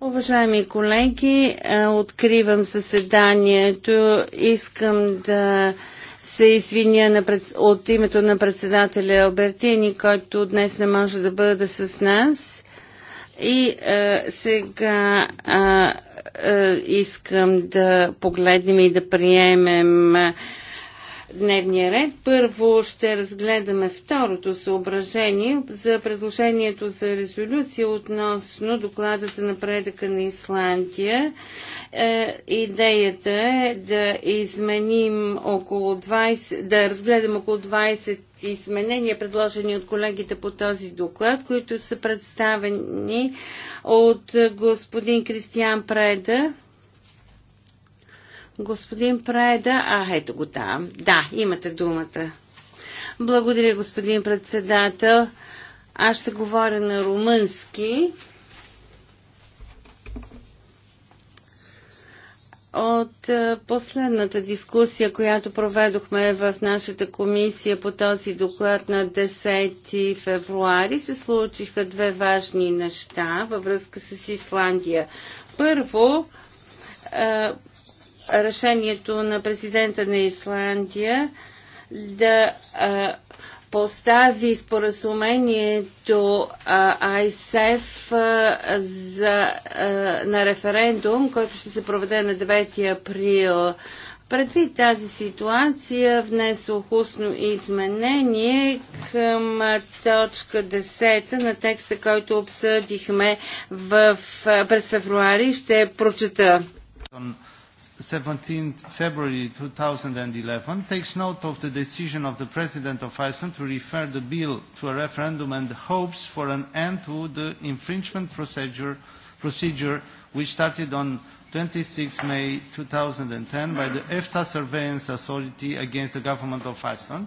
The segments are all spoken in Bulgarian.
Уважаеми колеги, е, откривам заседанието. Искам да се извиня от името на председателя Албертини, който днес не може да бъде с нас. И е, сега е, искам да погледнем и да приемем дневния ред. Първо ще разгледаме второто съображение за предложението за резолюция относно доклада за напредъка на Исландия. Е, идеята е да изменим около 20, да разгледам около 20 изменения, предложени от колегите по този доклад, които са представени от господин Кристиан Преда Господин Прайда, а ето го там. Да, имате думата. Благодаря, господин председател. Аз ще говоря на румънски. От е, последната дискусия, която проведохме в нашата комисия по този доклад на 10 февруари, се случиха две важни неща във връзка с Исландия. Първо, е, решението на президента на Исландия да а, постави споразумението АИСЕФ за, а, на референдум, който ще се проведе на 9 април. Предвид тази ситуация внесох устно изменение към точка 10 на текста, който обсъдихме в, през февруари. Ще прочета. 17 February 2011 takes note of the decision of the President of Iceland to refer the bill to a referendum and hopes for an end to the infringement procedure, procedure which started on 26 May 2010 by the EFTA Surveillance Authority against the Government of Iceland.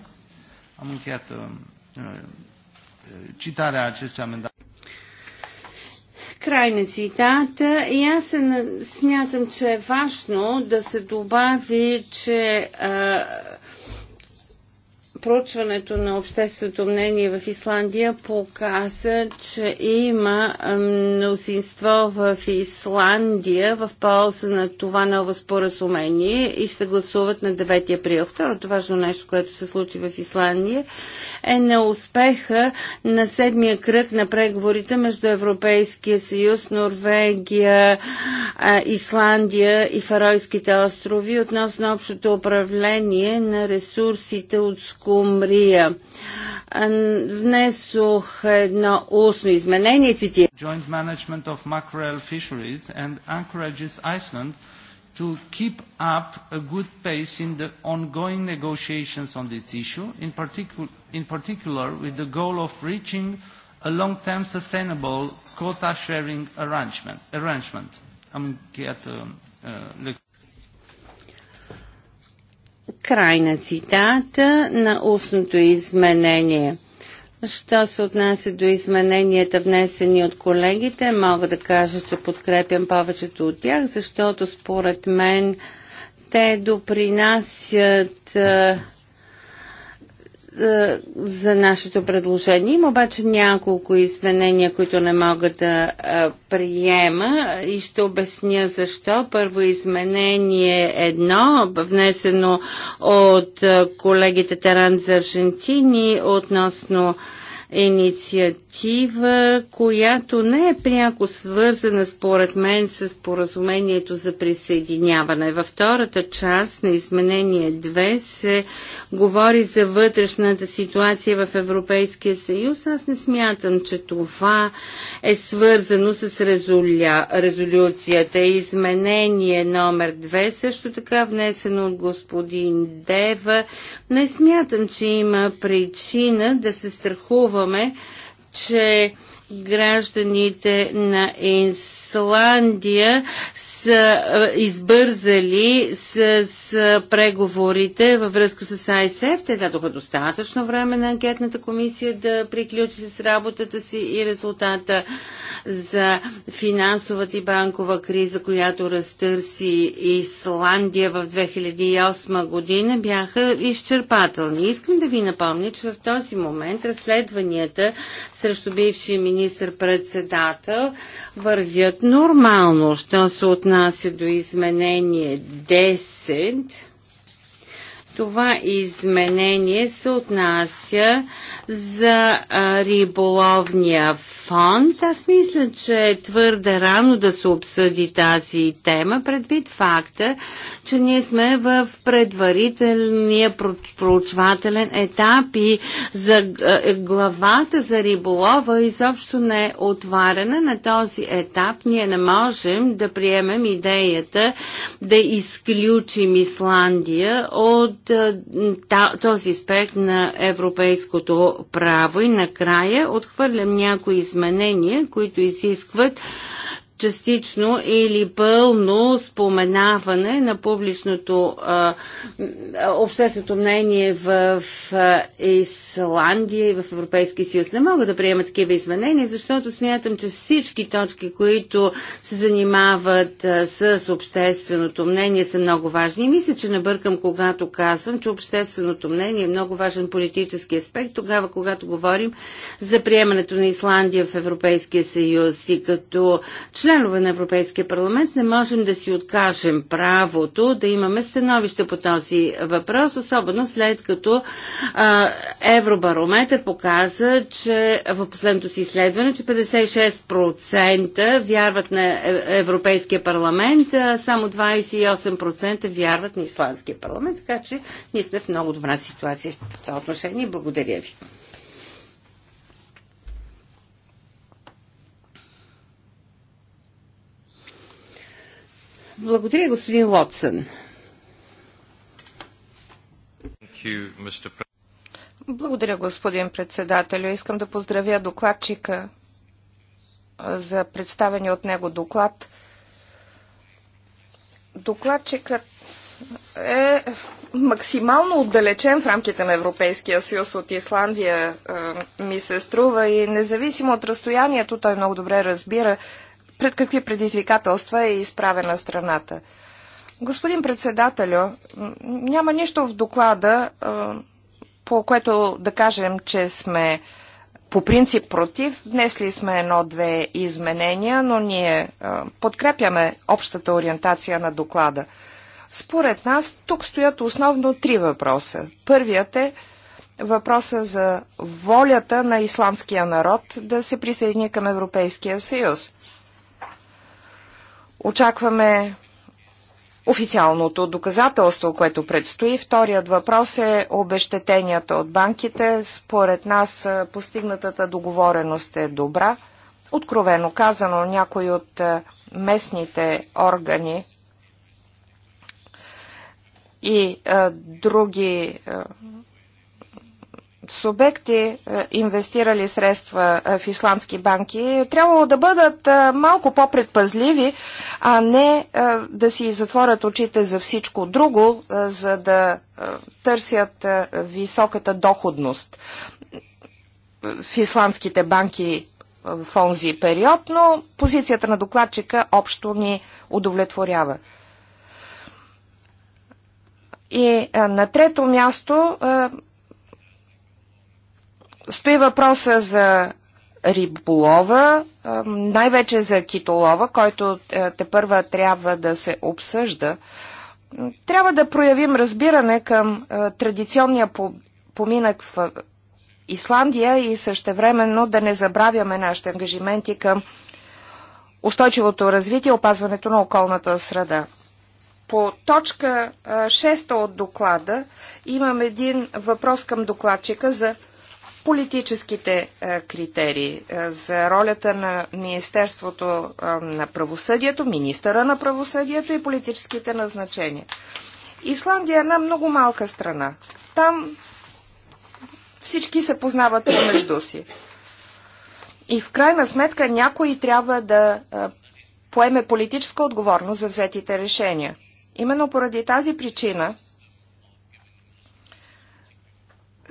Am încheiat citarea acestui amendament. Край на цитата. И аз се смятам, че е важно да се добави, че а, проучването на общественото мнение в Исландия показа, че има мнозинство в Исландия в полза на това ново споразумение и ще гласуват на 9 април. Второто важно нещо, което се случи в Исландия е на успеха на седмия кръг на преговорите между Европейския съюз, Норвегия, Исландия и Фаройските острови относно общото управление на ресурсите от Скумрия. Внесох едно устно изменение, цитирам to keep up a good pace in the ongoing negotiations on this issue, in particular with the goal of reaching a long-term sustainable quota sharing arrangement. Край на цитата на устното изменение – Що се отнася до измененията, внесени от колегите, мога да кажа, че подкрепям повечето от тях, защото според мен те допринасят е, за нашето предложение. Има обаче няколко изменения, които не мога да е, приема и ще обясня защо. Първо изменение едно, внесено от е, колегите Таран за Аржентини относно инициатива, която не е пряко свързана според мен с поразумението за присъединяване. Във втората част на изменение 2 се говори за вътрешната ситуация в Европейския съюз, аз не смятам, че това е свързано с резоля, резолюцията. Изменение номер 2, също така внесено от господин Дева, не смятам, че има причина да се страхуваме, че гражданите на ИНС Исландия са избързали с, с преговорите във връзка с АСФ. Те дадоха достатъчно време на анкетната комисия да приключи с работата си и резултата за финансовата и банкова криза, която разтърси Исландия в 2008 година, бяха изчерпателни. Искам да ви напомня, че в този момент разследванията срещу бившия министр-председател вървят от нормално, що се отнася до изменение 10. Това изменение се отнася за риболовния фонд, аз мисля, че е твърде рано да се обсъди тази тема, предвид факта, че ние сме в предварителния проучвателен етап и за е, главата за риболова изобщо не е отварена на този етап. Ние не можем да приемем идеята да изключим Исландия от този аспект на европейското право и накрая отхвърлям някои изменения, които изискват частично или пълно споменаване на публичното а, общественото мнение в, Исландия и в Европейския съюз. Не мога да приема такива изменения, защото смятам, че всички точки, които се занимават а, с общественото мнение, са много важни. И мисля, че набъркам, когато казвам, че общественото мнение е много важен политически аспект, тогава, когато говорим за приемането на Исландия в Европейския съюз и като член членове на Европейския парламент не можем да си откажем правото да имаме становище по този въпрос, особено след като а, Евробарометър показа, че в последното си изследване, че 56% вярват на е, Европейския парламент, а само 28% вярват на Исландския парламент, така че ние сме в много добра ситуация в това отношение. Благодаря ви. Благодаря, господин Лотсън. Благодаря, господин председателю. Искам да поздравя докладчика за представени от него доклад. Докладчикът е максимално отдалечен в рамките на Европейския съюз от Исландия, ми се струва и независимо от разстоянието, той много добре разбира пред какви предизвикателства е изправена страната. Господин председателю, няма нищо в доклада, по което да кажем, че сме по принцип против. Внесли сме едно-две изменения, но ние подкрепяме общата ориентация на доклада. Според нас тук стоят основно три въпроса. Първият е въпроса за волята на исламския народ да се присъедини към Европейския съюз. Очакваме официалното доказателство, което предстои. Вторият въпрос е обещетенията от банките. Според нас постигнатата договореност е добра. Откровено казано, някои от местните органи и а, други а, субекти, е, инвестирали средства е, в исландски банки, трябвало да бъдат е, малко по-предпазливи, а не да си затворят очите за всичко друго, за да търсят високата доходност в исландските банки в онзи период, но позицията на докладчика общо ни удовлетворява. И на трето място стои въпроса за риболова, най-вече за китолова, който е, те първа трябва да се обсъжда. Трябва да проявим разбиране към е, традиционния поминък в е, Исландия и същевременно да не забравяме нашите ангажименти към устойчивото развитие и опазването на околната среда. По точка 6 от доклада имам един въпрос към докладчика за политическите е, критерии е, за ролята на Министерството е, на правосъдието, министъра на правосъдието и политическите назначения. Исландия е една много малка страна. Там всички се познават помежду си. И в крайна сметка някой трябва да поеме политическа отговорност за взетите решения. Именно поради тази причина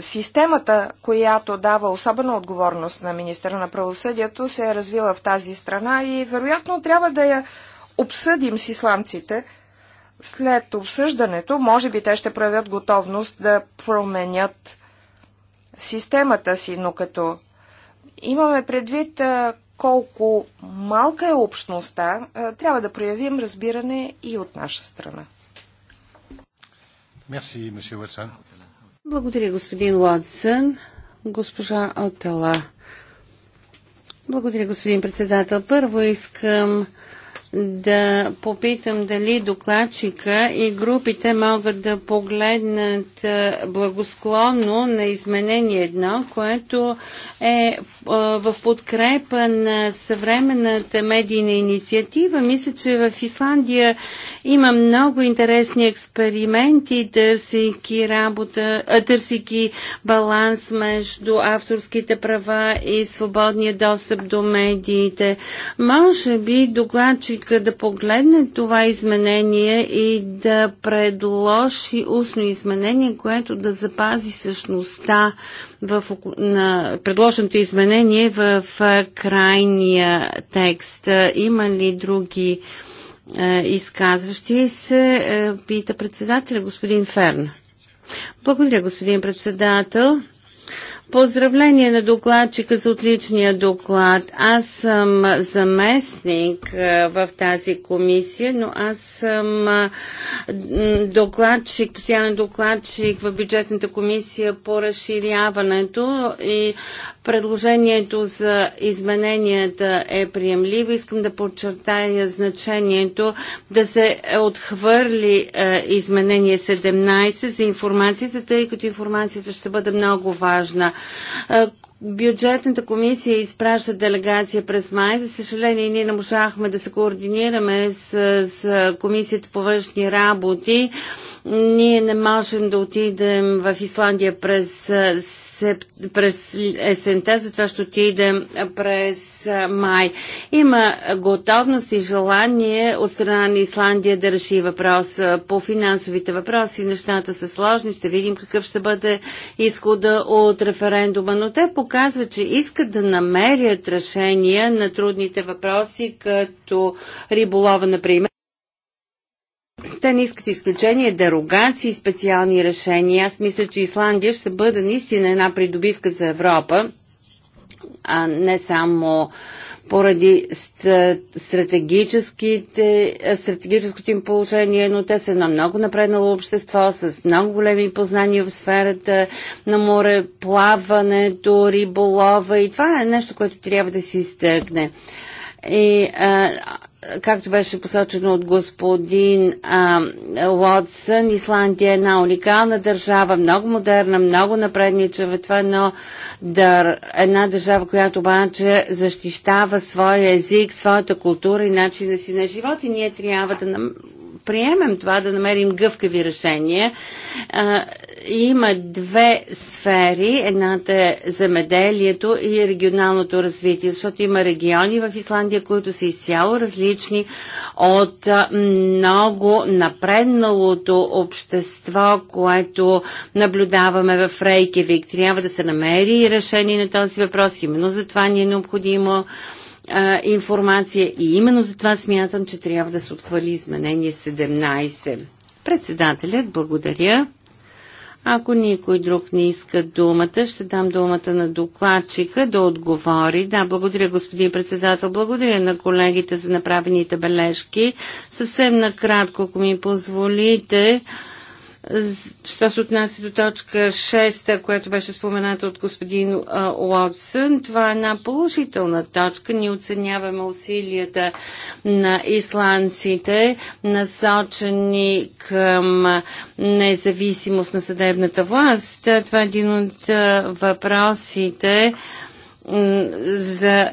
Системата, която дава особена отговорност на министра на правосъдието, се е развила в тази страна и вероятно трябва да я обсъдим с исландците. След обсъждането, може би те ще проявят готовност да променят системата си, но като имаме предвид колко малка е общността, трябва да проявим разбиране и от наша страна. Мерси, месье Уотсън. Благодаря, господин Уотсън. Госпожа Отела. Благодаря, господин председател. Първо искам да попитам дали докладчика и групите могат да погледнат е, благосклонно на изменение едно, което е, е в подкрепа на съвременната медийна инициатива. Мисля, че в Исландия има много интересни експерименти, търсики работа, е, търсики баланс между авторските права и свободния достъп до медиите. Може би докладчик докладчика да погледне това изменение и да предложи устно изменение, което да запази същността в, на предложеното изменение в крайния текст. Има ли други е, изказващи се? Е, пита председателя господин Ферн. Благодаря, господин председател. Поздравление на докладчика за отличния доклад. Аз съм заместник в тази комисия, но аз съм докладчик, постоянен докладчик в бюджетната комисия по разширяването и Предложението за измененията е приемливо. Искам да подчертая значението да се отхвърли е, изменение 17 за информацията, тъй като информацията ще бъде много важна. Е, бюджетната комисия изпраща делегация през май. За съжаление, ние не можахме да се координираме с, с комисията по външни работи. Ние не можем да отидем в Исландия през през есента, затова ще отидем през май. Има готовност и желание от страна на Исландия да реши въпрос по финансовите въпроси. Нещата са сложни, ще видим какъв ще бъде изхода от референдума, но те показват, че искат да намерят решения на трудните въпроси, като риболова, например те не искат изключение, дерогации, специални решения. Аз мисля, че Исландия ще бъде наистина една придобивка за Европа, а не само поради стратегическите, стратегическото им положение, но те са едно много напреднало общество с много големи познания в сферата на море, плаването, риболова и това е нещо, което трябва да се изтъкне. И а, както беше посочено от господин а, Исландия е една уникална държава, много модерна, много напредничава. Това е едно, дър, една държава, която обаче защищава своя език, своята култура и начина си на живот. И ние трябва да нам... приемем това, да намерим гъвкави решения. А, има две сфери. Едната е земеделието и регионалното развитие, защото има региони в Исландия, които са изцяло различни от много напредналото общество, което наблюдаваме в Рейкевик. Трябва да се намери решение на този въпрос. Именно за това ни е необходимо информация и именно за това смятам, че трябва да се отхвали изменение 17. Председателят, благодаря. Ако никой друг не иска думата, ще дам думата на докладчика да отговори. Да, благодаря господин председател, благодаря на колегите за направените бележки. Съвсем накратко, ако ми позволите, Що се отнася до точка 6, която беше спомената от господин Уотсън, това е една положителна точка. Ние оценяваме усилията на исландците, насочени към независимост на съдебната власт. Това е един от въпросите, за,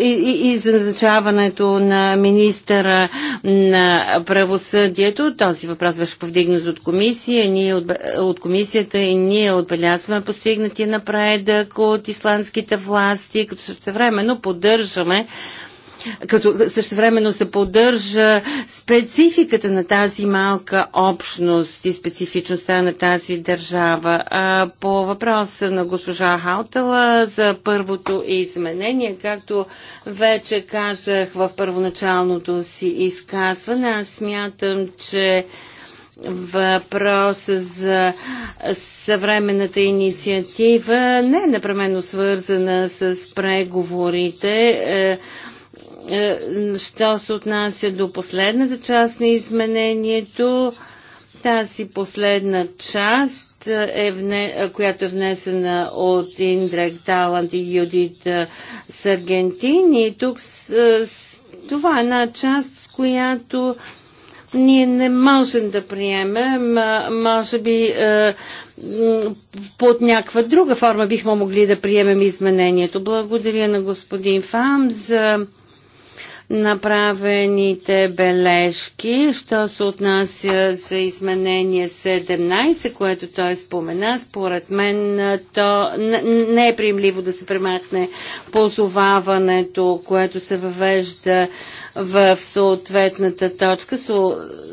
и, и за назначаването на министъра на правосъдието. Този въпрос беше повдигнат от комисия, ние от, от комисията и ние отбелязваме постигнатия напредък от исландските власти, като същевременно поддържаме като същевременно се поддържа спецификата на тази малка общност и специфичността на тази държава. А, по въпроса на госпожа Хаутела за първото изменение, както вече казах в първоначалното си изказване, аз смятам, че въпроса за съвременната инициатива не е непременно свързана с преговорите. Е, е, що се отнася до последната част на изменението, тази последна част, е вне, която е внесена от Индрек Талант и Юдит е, Саргентини, тук с, е, с, това е една част, с която ние не можем да приемем, може би под някаква друга форма бихме могли да приемем изменението. Благодаря на господин Фам за направените бележки, що се отнася за изменение 17, което той спомена. Според мен то не е приемливо да се премахне позоваването, което се въвежда в съответната точка.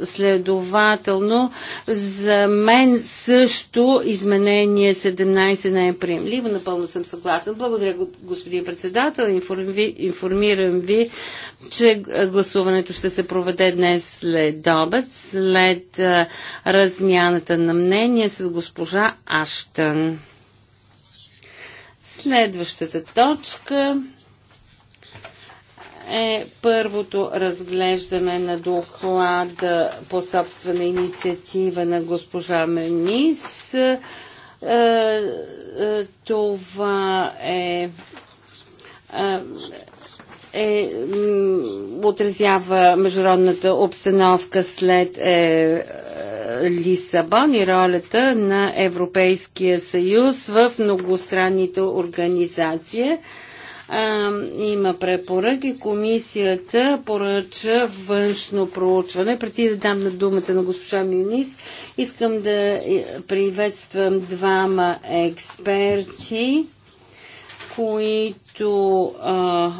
Следователно, за мен също изменение 17 не е приемливо. Напълно съм съгласен. Благодаря, господин председател. информирам ви, че е, гласуването ще се проведе днес след обед, след е, размяната на мнение с госпожа Аштън. Следващата точка е първото разглеждане на доклада по собствена инициатива на госпожа Менис. Е, е, това е, е, е отразява международната обстановка след е, Лисабон и ролята на Европейския съюз в многостранните организации а, има препоръки. Комисията поръча външно проучване. Преди да дам на думата на госпожа Мюнис, искам да е, приветствам двама експерти, които а,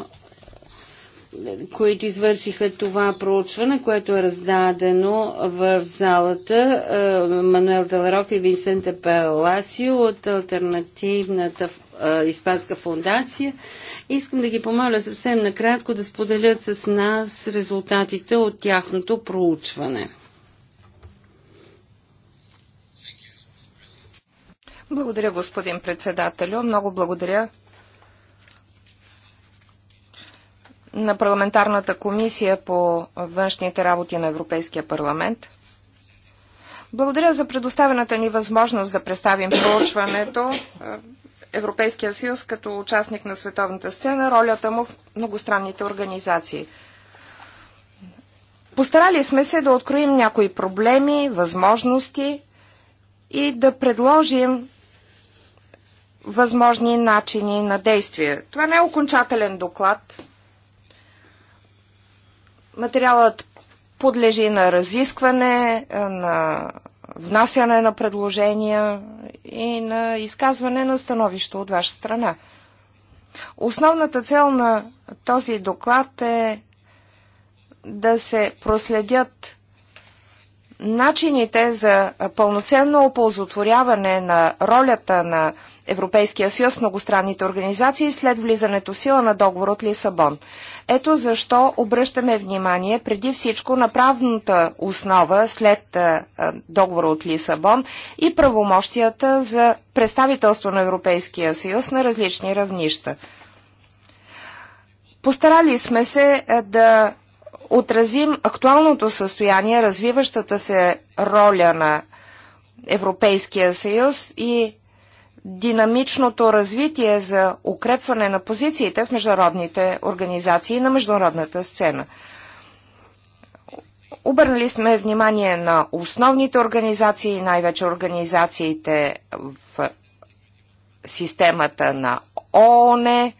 които извършиха това проучване, което е раздадено в залата. Е, Мануел Деларок и Винсента Паласио от Альтернативната е, Испанска фундация. Искам да ги помоля съвсем накратко да споделят с нас резултатите от тяхното проучване. Благодаря, господин председателю. Много благодаря на парламентарната комисия по външните работи на Европейския парламент. Благодаря за предоставената ни възможност да представим проучването е, Европейския съюз като участник на световната сцена, ролята му в многостранните организации. Постарали сме се да откроим някои проблеми, възможности и да предложим възможни начини на действие. Това не е окончателен доклад, Материалът подлежи на разискване, е, на внасяне на предложения и на изказване на становище от ваша страна. Основната цел на този доклад е да се проследят начините за пълноценно оползотворяване на ролята на Европейския съюз в многостранните организации след влизането в сила на договор от Лисабон. Ето защо обръщаме внимание преди всичко на правната основа след договора от Лисабон и правомощията за представителство на Европейския съюз на различни равнища. Постарали сме се да отразим актуалното състояние, развиващата се роля на Европейския съюз и динамичното развитие за укрепване на позициите в международните организации на международната сцена. Обърнали сме внимание на основните организации, най-вече организациите в системата на ООН,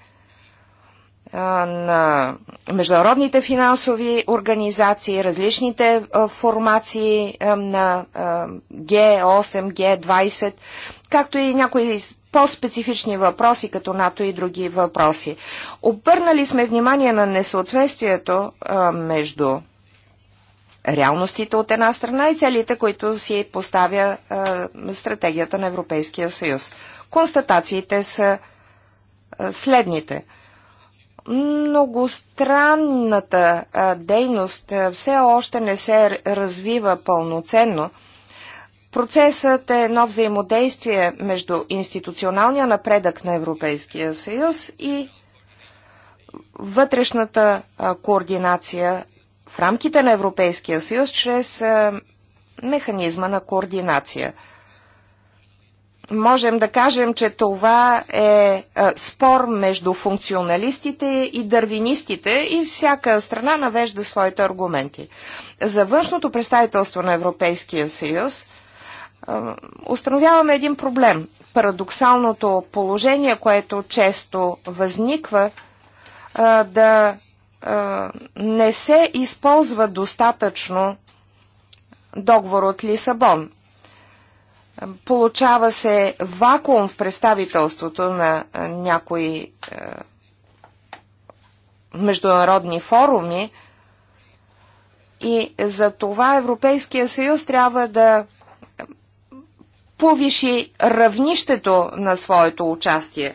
на международните финансови организации, различните формации на Г8, Г20 както и някои по-специфични въпроси, като НАТО и други въпроси. Обърнали сме внимание на несъответствието а, между реалностите от една страна и целите, които си поставя а, стратегията на Европейския съюз. Констатациите са а, следните. Многостранната а, дейност а, все още не се развива пълноценно. А, Процесът е едно взаимодействие между институционалния напредък на Европейския съюз и вътрешната координация в рамките на Европейския съюз чрез механизма на координация. Можем да кажем, че това е спор между функционалистите и дървинистите и всяка страна навежда своите аргументи. За външното представителство на Европейския съюз – е, установяваме един проблем. Парадоксалното положение, което често възниква, е, да е, не се използва достатъчно договор от Лисабон. Получава се вакуум в представителството на някои международни форуми и за това Европейския съюз трябва да повиши равнището на своето участие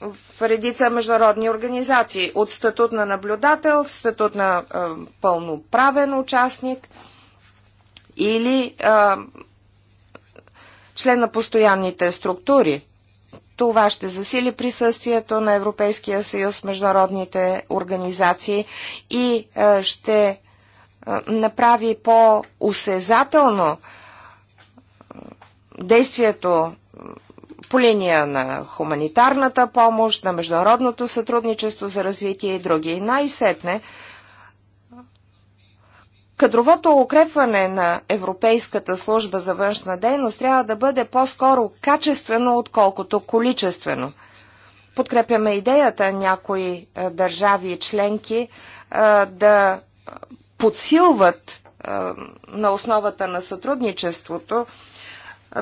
в редица международни организации. От статут на наблюдател в статут на е, пълноправен участник или е, член на постоянните структури. Това ще засили присъствието на Европейския съюз в международните организации и е, ще е, направи по-осезателно е, действието по линия на хуманитарната помощ, на международното сътрудничество за развитие и други. И най-сетне, кадровото укрепване на Европейската служба за външна дейност трябва да бъде по-скоро качествено, отколкото количествено. Подкрепяме идеята някои е, държави и членки е, да подсилват е, на основата на сътрудничеството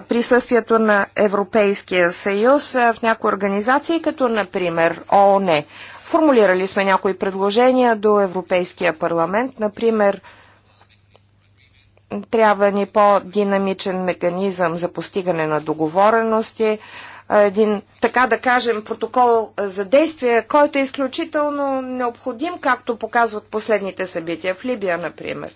присъствието на Европейския съюз в някои организации, като например ООН. Формулирали сме някои предложения до Европейския парламент, например трябва ни по-динамичен механизъм за постигане на договорености, един, така да кажем, протокол за действие, който е изключително необходим, както показват последните събития в Либия, например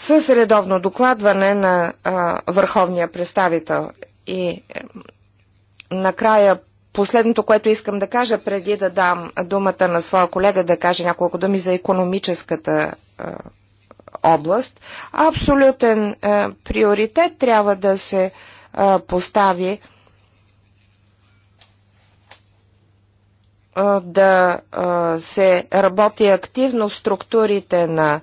с редовно докладване на а, върховния представител. И е, накрая последното, което искам да кажа, преди да дам думата на своя колега да каже няколко думи за економическата а, е, област, абсолютен а, е, приоритет трябва да се а, е, постави да се работи активно в структурите на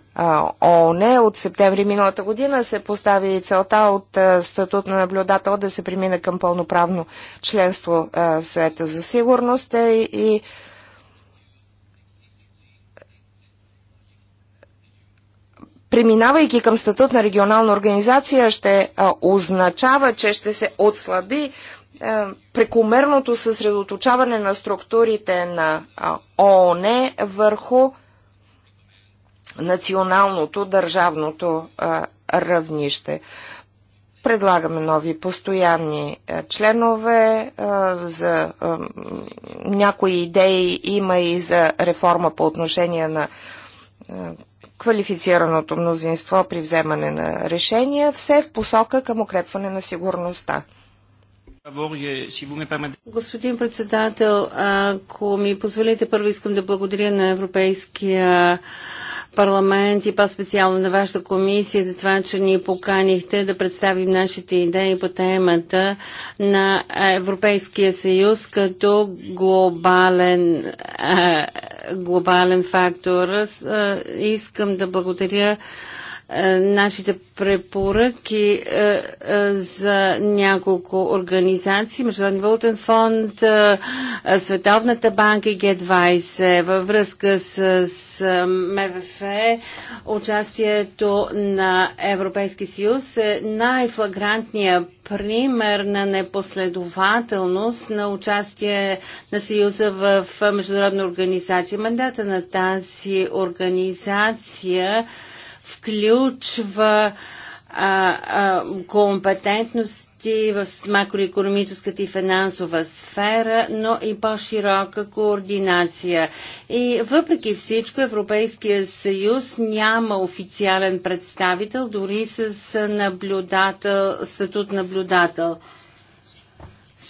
ООН. От септември миналата година се постави и целта от статут на наблюдател да се премине към пълноправно членство в света за сигурност е, и преминавайки към статут на регионална организация, ще означава, че ще се отслаби е, прекомерното съсредоточаване на структурите на ООН върху националното държавното равнище. Предлагаме нови постоянни е, членове е, за някои идеи има и за реформа по отношение на квалифицираното мнозинство при вземане на решения, все в посока към укрепване на сигурността. Господин председател, ако ми позволите, първо искам да благодаря на Европейския парламент и по-специално на вашата комисия за това, че ни поканихте да представим нашите идеи по темата на Европейския съюз като глобален, глобален фактор. Искам да благодаря е, нашите препоръки е, е, за няколко организации, Международен валутен фонд, Световната банка и Г20 във връзка с, с МВФ. Участието на Европейски съюз е най-флагрантният пример на непоследователност на участие на Съюза в международна организация. Мандата на тази организация включва а, а, компетентности в макроекономическата и финансова сфера, но и по-широка координация. И въпреки всичко Европейския съюз няма официален представител, дори с наблюдател, статут наблюдател.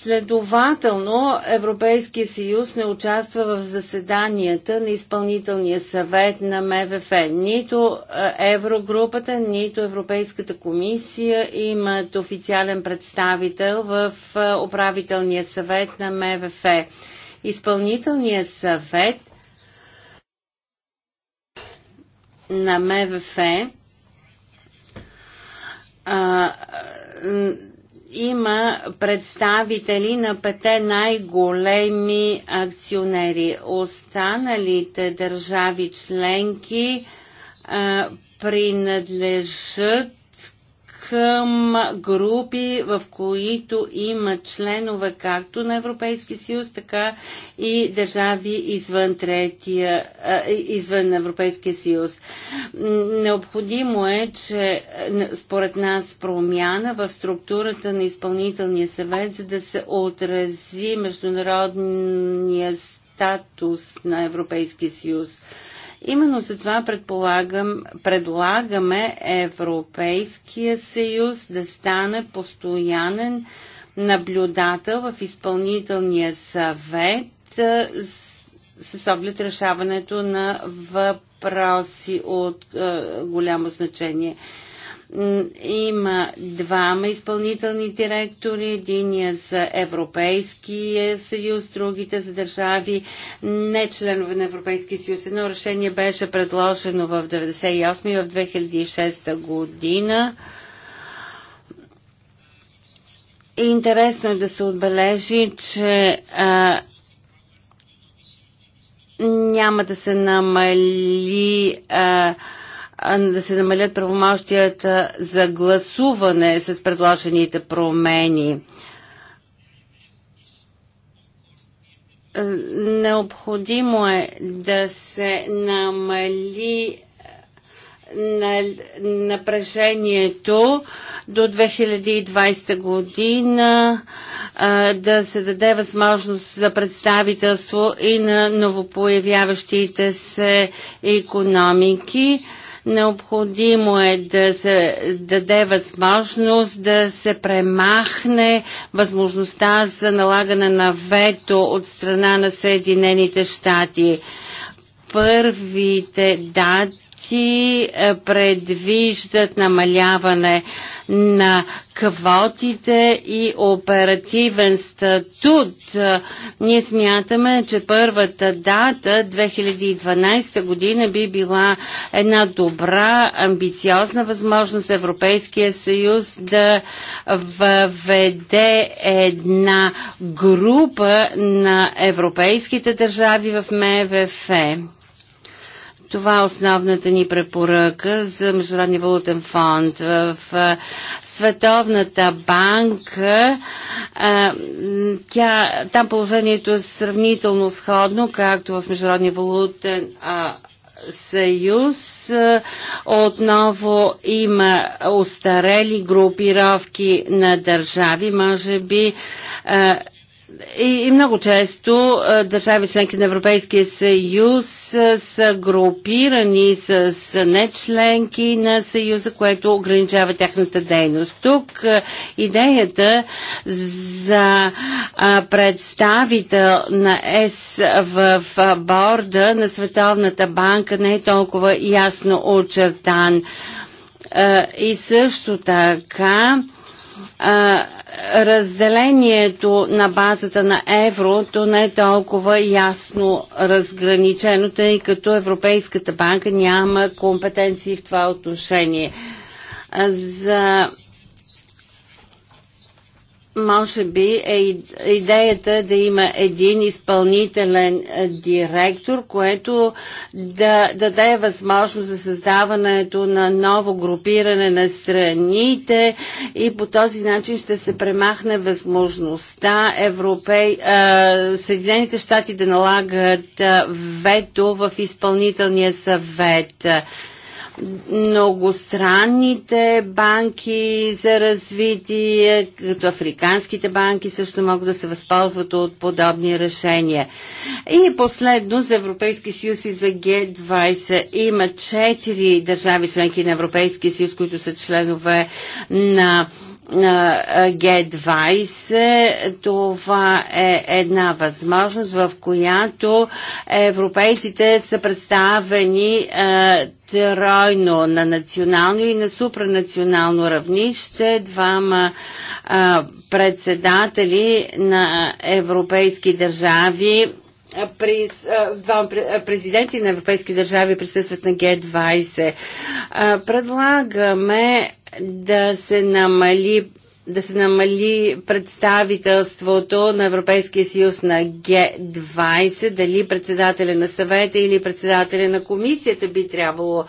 Следователно, Европейския съюз не участва в заседанията на изпълнителния съвет на МВФ. Нито е, Еврогрупата, нито Европейската комисия имат официален представител в е, управителния съвет на МВФ. Изпълнителният съвет на МВФ а, има представители на пете най-големи акционери. Останалите държави членки принадлежат към групи, в които има членове както на Европейски съюз, така и държави извън, третия, извън Европейския съюз. Необходимо е, че според нас промяна в структурата на изпълнителния съвет, за да се отрази международния статус на Европейския съюз. Именно за това предполагам, предлагаме Европейския съюз да стане постоянен наблюдател в изпълнителния съвет с, с оглед решаването на въпроси от е, голямо значение има двама изпълнителни директори, единия за Европейския съюз, другите за държави, не членове на Европейския съюз. Едно решение беше предложено в 1998 и в 2006 година. Интересно е да се отбележи, че а, няма да се намали а, да се намалят правомощията за гласуване с предложените промени. Необходимо е да се намали на напрежението до 2020 година да се даде възможност за представителство и на новопоявяващите се економики. Необходимо е да се даде възможност да се премахне възможността за налагане на вето от страна на Съединените щати първите дати проекти е, предвиждат намаляване на квотите и оперативен статут. Ние смятаме, че първата дата 2012 година би била една добра, амбициозна възможност Европейския съюз да въведе една група на европейските държави в МВФ. Това е основната ни препоръка за Международния валутен фонд. В Световната банка тя, там положението е сравнително сходно, както в Международния валутен съюз. Отново има остарели групировки на държави. Може би и, и много често държави членки на Европейския съюз са групирани с нечленки на съюза, което ограничава тяхната дейност. Тук идеята за представител на ЕС в борда на Световната банка не е толкова ясно очертан. И също така разделението на базата на еврото не е толкова ясно разграничено, тъй като Европейската банка няма компетенции в това отношение. За може би е идеята да има един изпълнителен е, директор, което да, даде възможност за създаването на ново групиране на страните и по този начин ще се премахне възможността Европей, е, Съединените щати да налагат е, вето в изпълнителния съвет многостранните банки за развитие, като африканските банки също могат да се възползват от подобни решения. И последно за Европейски съюз и за Г20 има четири държави членки на Европейския съюз, които са членове на г20 това е една възможност, в която европейците са представени тройно на национално и на супранационално равнище. Двама председатели на европейски държави през, двама президенти на европейски държави присъстват на Г-20. Предлагаме да се намали да се намали представителството на Европейския съюз на Г-20, дали председателя на съвета или председателя на комисията би трябвало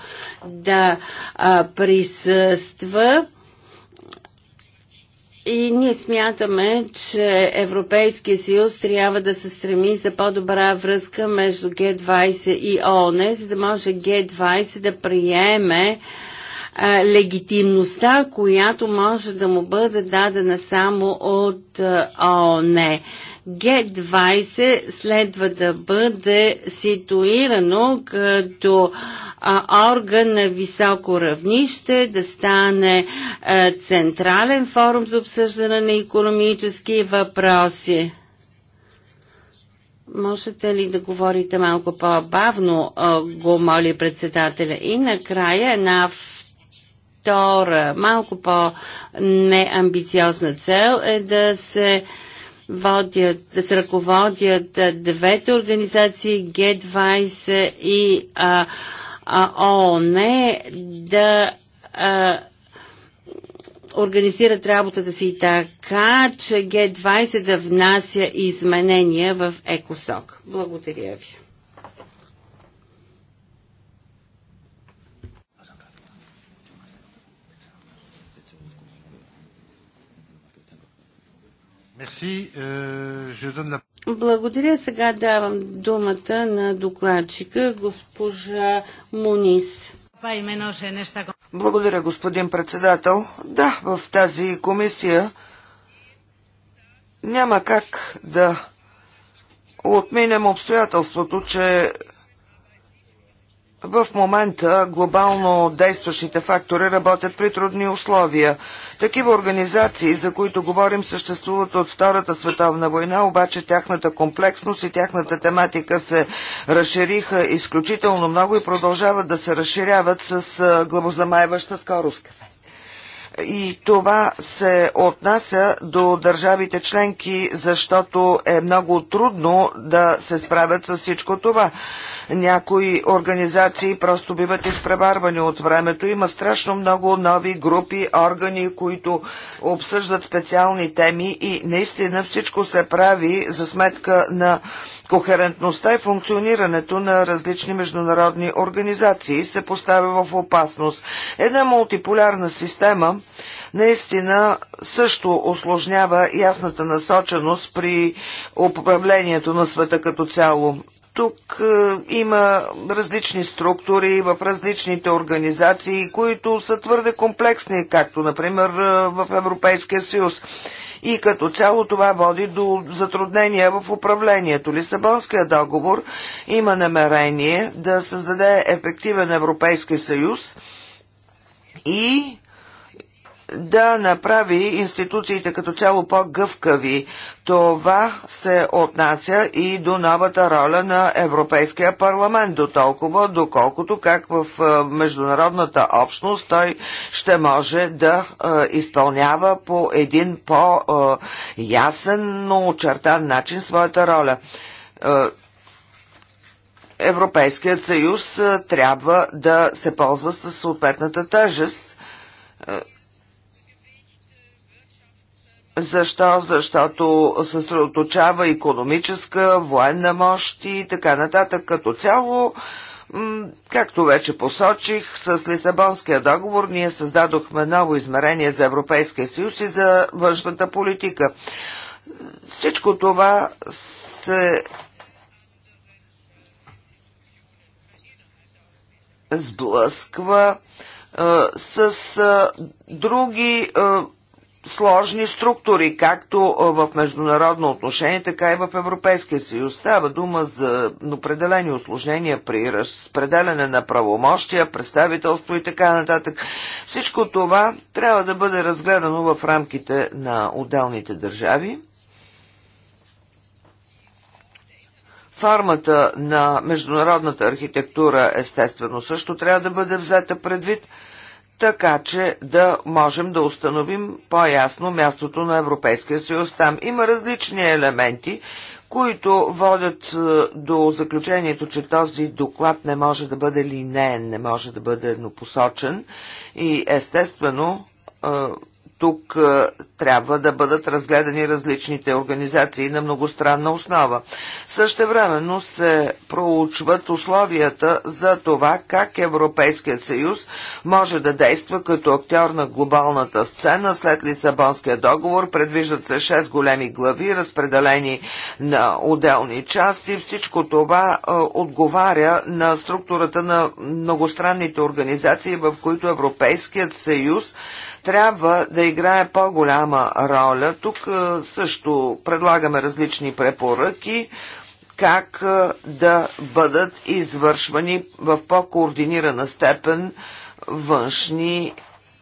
да а, присъства и ние смятаме, че Европейския съюз трябва да се стреми за по-добра връзка между Г20 и ООН, за да може Г20 да приеме легитимността, която може да му бъде дадена само от ООН. Г20 следва да бъде ситуирано като а, орган на високо равнище, да стане а, централен форум за обсъждане на економически въпроси. Можете ли да говорите малко по-бавно, го моли председателя. И накрая една втора, малко по-неамбициозна цел е да се а, водят, да се ръководят двете организации G20 и а, а ООН да а, организират работата си така, че G20 да внася изменения в ЕКОСОК. Благодаря ви. Euh, Благодаря. Сега давам думата на докладчика госпожа Мунис. Благодаря, господин председател. Да, в тази комисия няма как да отминем обстоятелството, че в момента глобално действащите фактори работят при трудни условия. Такива организации, за които говорим, съществуват от Втората световна война, обаче тяхната комплексност и тяхната тематика се разшириха изключително много и продължават да се разширяват с главозамайваща скорост и това се отнася до държавите членки, защото е много трудно да се справят с всичко това. Някои организации просто биват изпреварвани от времето. Има страшно много нови групи, органи, които обсъждат специални теми и наистина всичко се прави за сметка на Кохерентността и функционирането на различни международни организации се поставя в опасност. Една мултиполярна система наистина също осложнява ясната насоченост при управлението на света като цяло тук е, има различни структури в различните организации, които са твърде комплексни, както например е, в Европейския съюз и като цяло това води до затруднения в управлението. Лисабонския договор има намерение да създаде ефективен Европейски съюз и да направи институциите като цяло по-гъвкави. Това се отнася и до новата роля на Европейския парламент, до толкова, доколкото как в е, международната общност той ще може да е, изпълнява по един по-ясен, но очертан начин своята роля. Е, Европейският съюз трябва да се ползва с съответната тъжест Защо? Защото съсредоточава економическа, военна мощ и така нататък. Като цяло, както вече посочих, с Лисабонския договор ние създадохме ново измерение за Европейския съюз и за външната политика. Всичко това се сблъсква е, с е, други е, сложни структури, както в международно отношение, така и в Европейския съюз. Става дума за определени осложнения при разпределяне на правомощия, представителство и така нататък. Всичко това трябва да бъде разгледано в рамките на отделните държави. Формата на международната архитектура естествено също трябва да бъде взета предвид – така че да можем да установим по-ясно мястото на Европейския съюз там. Има различни елементи, които водят е, до заключението, че този доклад не може да бъде линеен, не може да бъде еднопосочен и естествено е, тук е, трябва да бъдат разгледани различните организации на многостранна основа. времено се проучват условията за това как Европейският съюз може да действа като актьор на глобалната сцена след Лисабонския договор. Предвиждат се 6 големи глави, разпределени на отделни части. Всичко това е, отговаря на структурата на многостранните организации, в които Европейският съюз трябва да играе по-голяма роля. Тук е, също предлагаме различни препоръки как е, да бъдат извършвани в по-координирана степен външни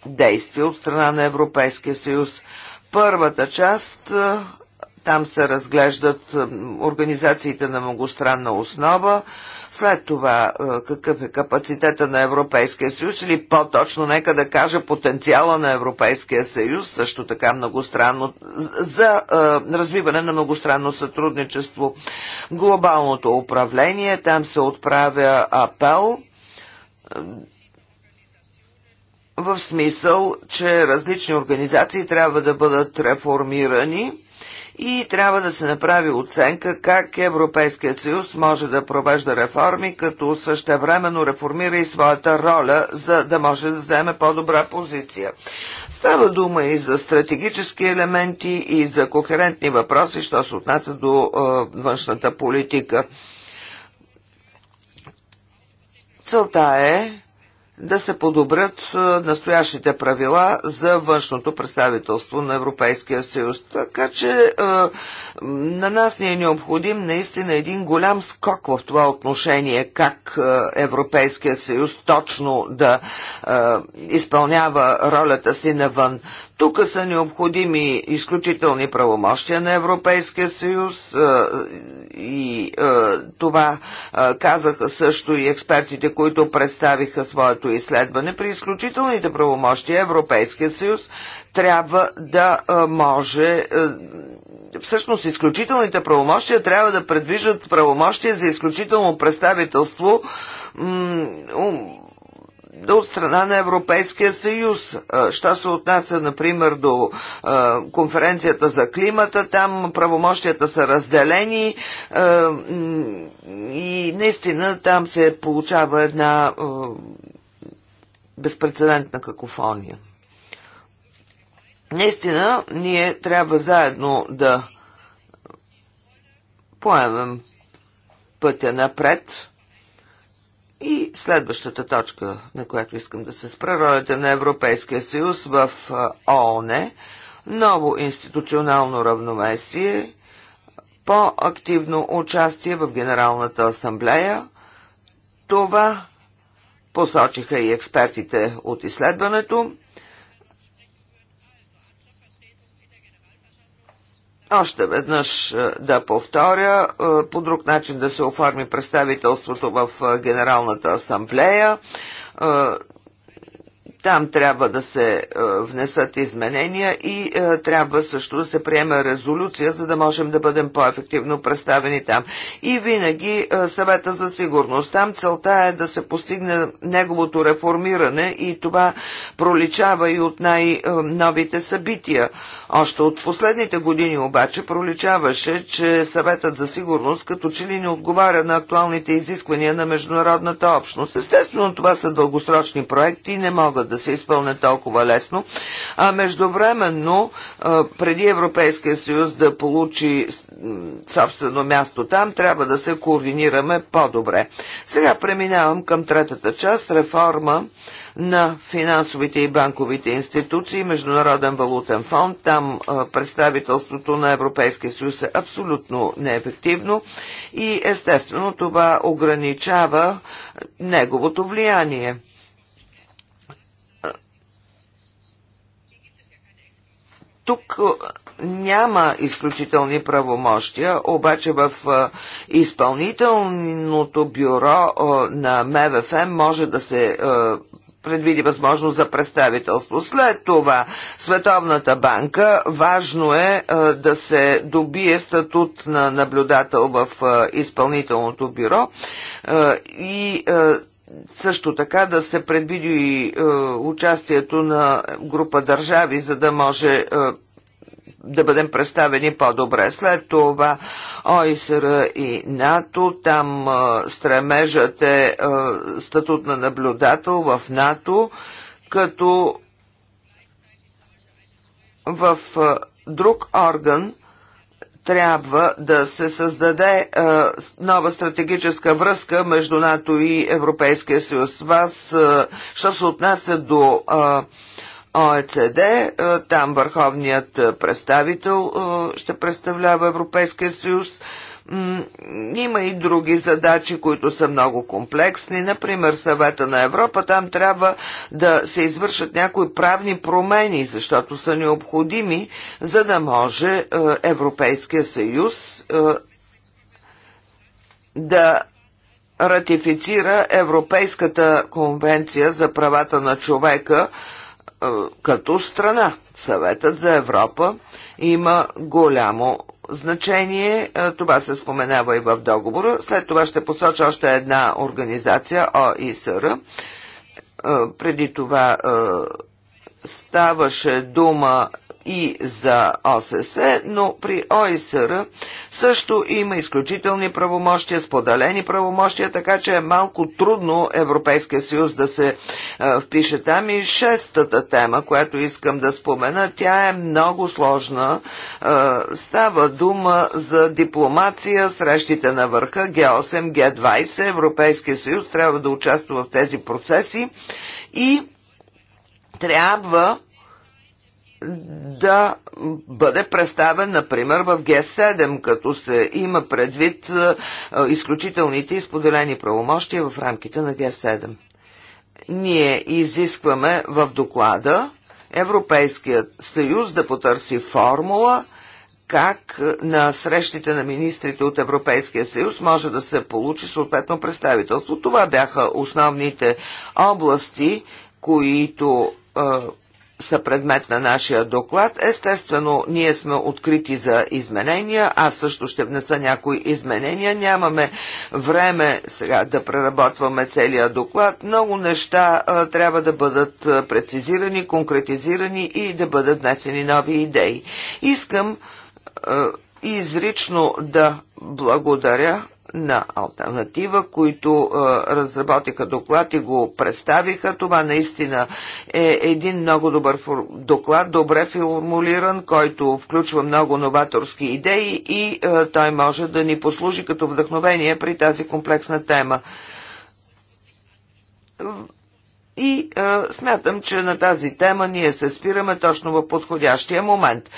действия от страна на Европейския съюз. Първата част е, там се разглеждат организациите на многостранна основа, след това е, какъв е капацитета на Европейския съюз или по-точно нека да кажа потенциала на Европейския съюз, също така многостранно, за е, развиване на многостранно сътрудничество. Глобалното управление, там се отправя апел е, в смисъл, че различни организации трябва да бъдат реформирани и трябва да се направи оценка как Европейският съюз може да провежда реформи, като същевременно реформира и своята роля, за да може да вземе по-добра позиция. Става дума и за стратегически елементи и за кохерентни въпроси, що се отнася до е, външната политика. Целта е да се подобрят настоящите правила за външното представителство на Европейския съюз. Така че на нас ни е необходим наистина един голям скок в това отношение, как Европейският съюз точно да изпълнява ролята си навън. Тук са необходими изключителни правомощия на Европейския съюз и това казаха също и експертите, които представиха своето изследване. При изключителните правомощия Европейския съюз трябва да може всъщност изключителните правомощия трябва да предвижат правомощия за изключително представителство от страна на Европейския съюз. Що се отнася, например, до конференцията за климата, там правомощията са разделени и наистина там се получава една безпредседентна какофония. Наистина, ние трябва заедно да поемем пътя напред. И следващата точка, на която искам да се спра, ролята на Европейския съюз в ООН, ново институционално равновесие, по-активно участие в Генералната асамблея. Това посочиха и експертите от изследването. още веднъж е, да повторя, е, по друг начин да се оформи представителството в е, Генералната асамблея. Там трябва да се е, внесат изменения и е, трябва също да се приема резолюция, за да можем да бъдем по-ефективно представени там. И винаги е, съвета за сигурност. Там целта е да се постигне неговото реформиране и това проличава и от най-новите събития. Още от последните години обаче проличаваше, че съветът за сигурност като че ли не отговаря на актуалните изисквания на международната общност. Естествено, това са дългосрочни проекти и не могат да да се изпълнят толкова лесно. А междувременно, преди Европейския съюз да получи собствено място там, трябва да се координираме по-добре. Сега преминавам към третата част реформа на финансовите и банковите институции, Международен валутен фонд. Там представителството на Европейския съюз е абсолютно неефективно и естествено това ограничава неговото влияние. тук няма изключителни правомощия, обаче в изпълнителното бюро на МВФ може да се предвиди възможност за представителство. След това Световната банка важно е да се добие статут на наблюдател в изпълнителното бюро и също така да се предвиди и е, участието на група държави, за да може е, да бъдем представени по-добре. След това ОИСР и НАТО, там е, стремежът е, е статут на наблюдател в НАТО, като в е, друг орган е, трябва да се създаде а, нова стратегическа връзка между НАТО и Европейския съюз. Вас, а, що се отнася до а, ОЕЦД, а, там върховният представител а, ще представлява Европейския съюз. А, има и други задачи, които са много комплексни. Например, съвета на Европа, там трябва да се извършат някои правни промени, защото са необходими, за да може е, Европейския съюз е, да ратифицира Европейската конвенция за правата на човека е, като страна. Съветът за Европа има голямо значение. Това се споменава и в договора. След това ще посоча още една организация, ОИСР. Преди това ставаше дума и за ОССЕ, но при ОИСР също има изключителни правомощия, споделени правомощия, така че е малко трудно Европейския съюз да се впише там. И шестата тема, която искам да спомена, тя е много сложна. става дума за дипломация, срещите на върха, Г8, Г20. Европейския съюз трябва да участва в тези процеси и трябва да бъде представен, например, в Г7, като се има предвид е, е, изключителните изподелени правомощия в рамките на Г7. Ние изискваме в доклада Европейският съюз да потърси формула – как е, на срещите на министрите от Европейския съюз може да се получи съответно представителство. Това бяха основните области, които са предмет на нашия доклад. Естествено, ние сме открити за изменения. Аз също ще внеса някои изменения. Нямаме време сега да преработваме целия доклад. Много неща а, трябва да бъдат прецизирани, конкретизирани и да бъдат внесени нови идеи. Искам а, изрично да благодаря на альтернатива, които е, разработиха доклад и го представиха. Това наистина е един много добър доклад, добре формулиран, който включва много новаторски идеи и е, той може да ни послужи като вдъхновение при тази комплексна тема. И е, смятам, че на тази тема ние се спираме точно в подходящия момент.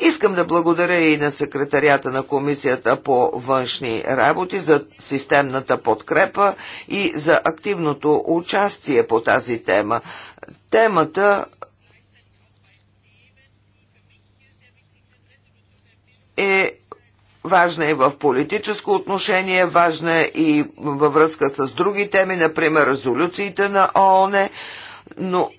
Искам да благодаря и на секретарията на Комисията по външни работи за системната подкрепа и за активното участие по тази тема. Темата е важна и в политическо отношение, важна е и във връзка с други теми, например резолюциите на ООН, но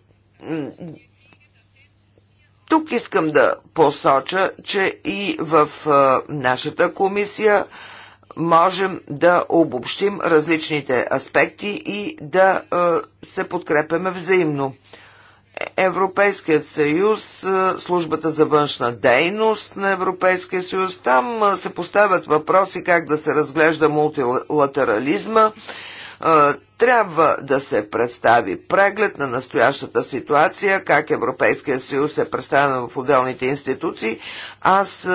тук искам да посоча, че и в нашата комисия можем да обобщим различните аспекти и да се подкрепяме взаимно. Европейският съюз, службата за външна дейност на Европейския съюз, там се поставят въпроси как да се разглежда мултилатерализма трябва да се представи преглед на настоящата ситуация, как Европейския съюз е представен в отделните институции. Аз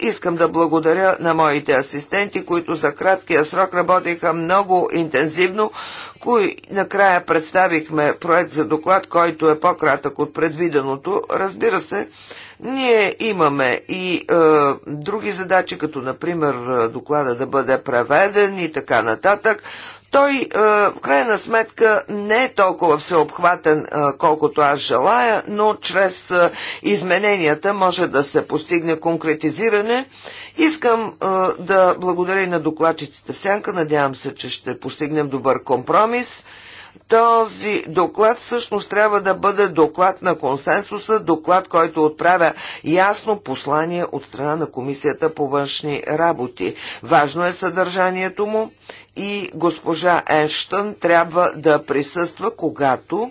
Искам да благодаря на моите асистенти, които за краткия срок работиха много интензивно, кои накрая представихме проект за доклад, който е по-кратък от предвиденото. Разбира се, ние имаме и е, други задачи, като например доклада да бъде преведен и така нататък, той е, в крайна сметка не е толкова всеобхватен, е, колкото аз желая, но чрез е, измененията може да се постигне конкретизиране. Искам да благодаря и на докладчиците в сянка. Надявам се, че ще постигнем добър компромис. Този доклад всъщност трябва да бъде доклад на консенсуса, доклад, който отправя ясно послание от страна на Комисията по външни работи. Важно е съдържанието му и госпожа Енштън трябва да присъства, когато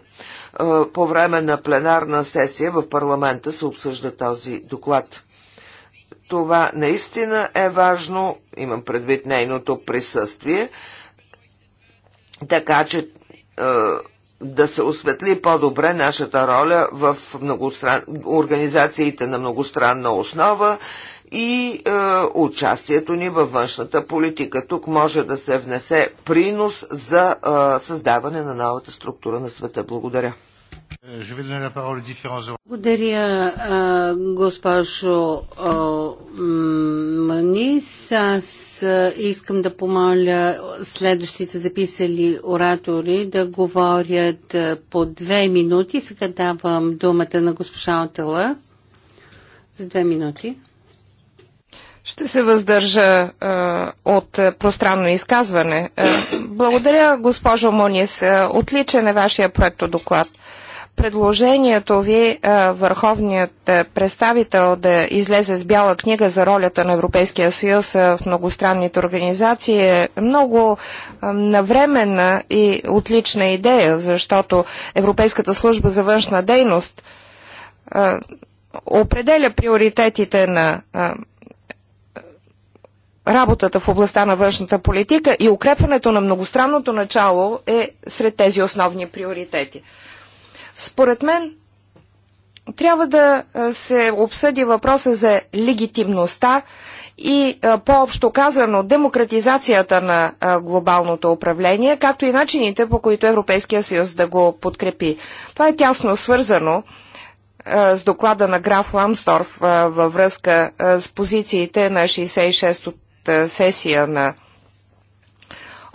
е, по време на пленарна сесия в парламента се обсъжда този доклад. Това наистина е важно, имам предвид нейното присъствие, така че е, да се осветли по-добре нашата роля в многостран... организациите на многостранна основа и е, участието ни във външната политика. Тук може да се внесе принос за е, създаване на новата структура на света. Благодаря. Благодаря, госпожо Манис. Аз искам да помоля следващите записали оратори да говорят по две минути. Сега давам думата на госпожа Отела за две минути. Ще се въздържа а, от а, пространно изказване. А, благодаря, госпожо Мунис. Отличен е вашия проектодоклад. доклад предложението ви върховният е, представител да излезе с бяла книга за ролята на Европейския съюз в многостранните организации е много навременна и отлична идея, защото Европейската служба за външна дейност определя приоритетите на работата в областта на външната политика и укрепването на многостранното начало е сред тези основни приоритети. Според мен, трябва да се обсъди въпроса за легитимността и по-общо казано демократизацията на глобалното управление, както и начините по които Европейския съюз да го подкрепи. Това е тясно свързано с доклада на граф Ламсторф във връзка с позициите на 66-та сесия на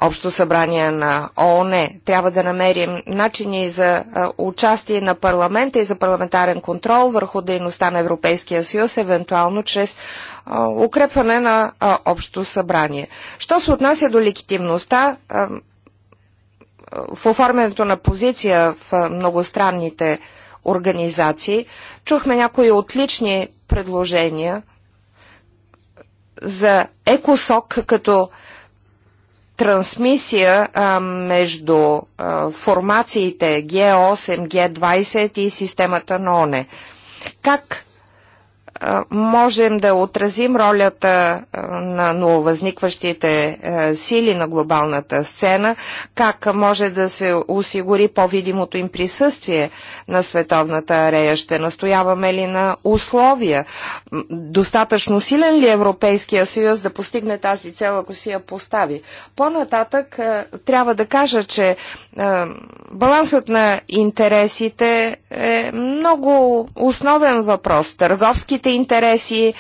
Общо събрание на ООН. Трябва да намерим начини за участие на парламента и за парламентарен контрол върху дейността на Европейския съюз, евентуално чрез укрепване на Общо събрание. Що се отнася до легитимността, в оформянето на позиция в многостранните организации. Чухме някои отлични предложения за ЕКОСОК като трансмисия а, между а, формациите г 8 г 20 и системата на ОНЕ. Как можем да отразим ролята на нововъзникващите сили на глобалната сцена, как може да се осигури по-видимото им присъствие на световната арея, ще настояваме ли на условия, достатъчно силен ли е Европейския съюз да постигне тази цел, ако си я постави. По-нататък трябва да кажа, че е, балансът на интересите е много основен въпрос. Търговските интереси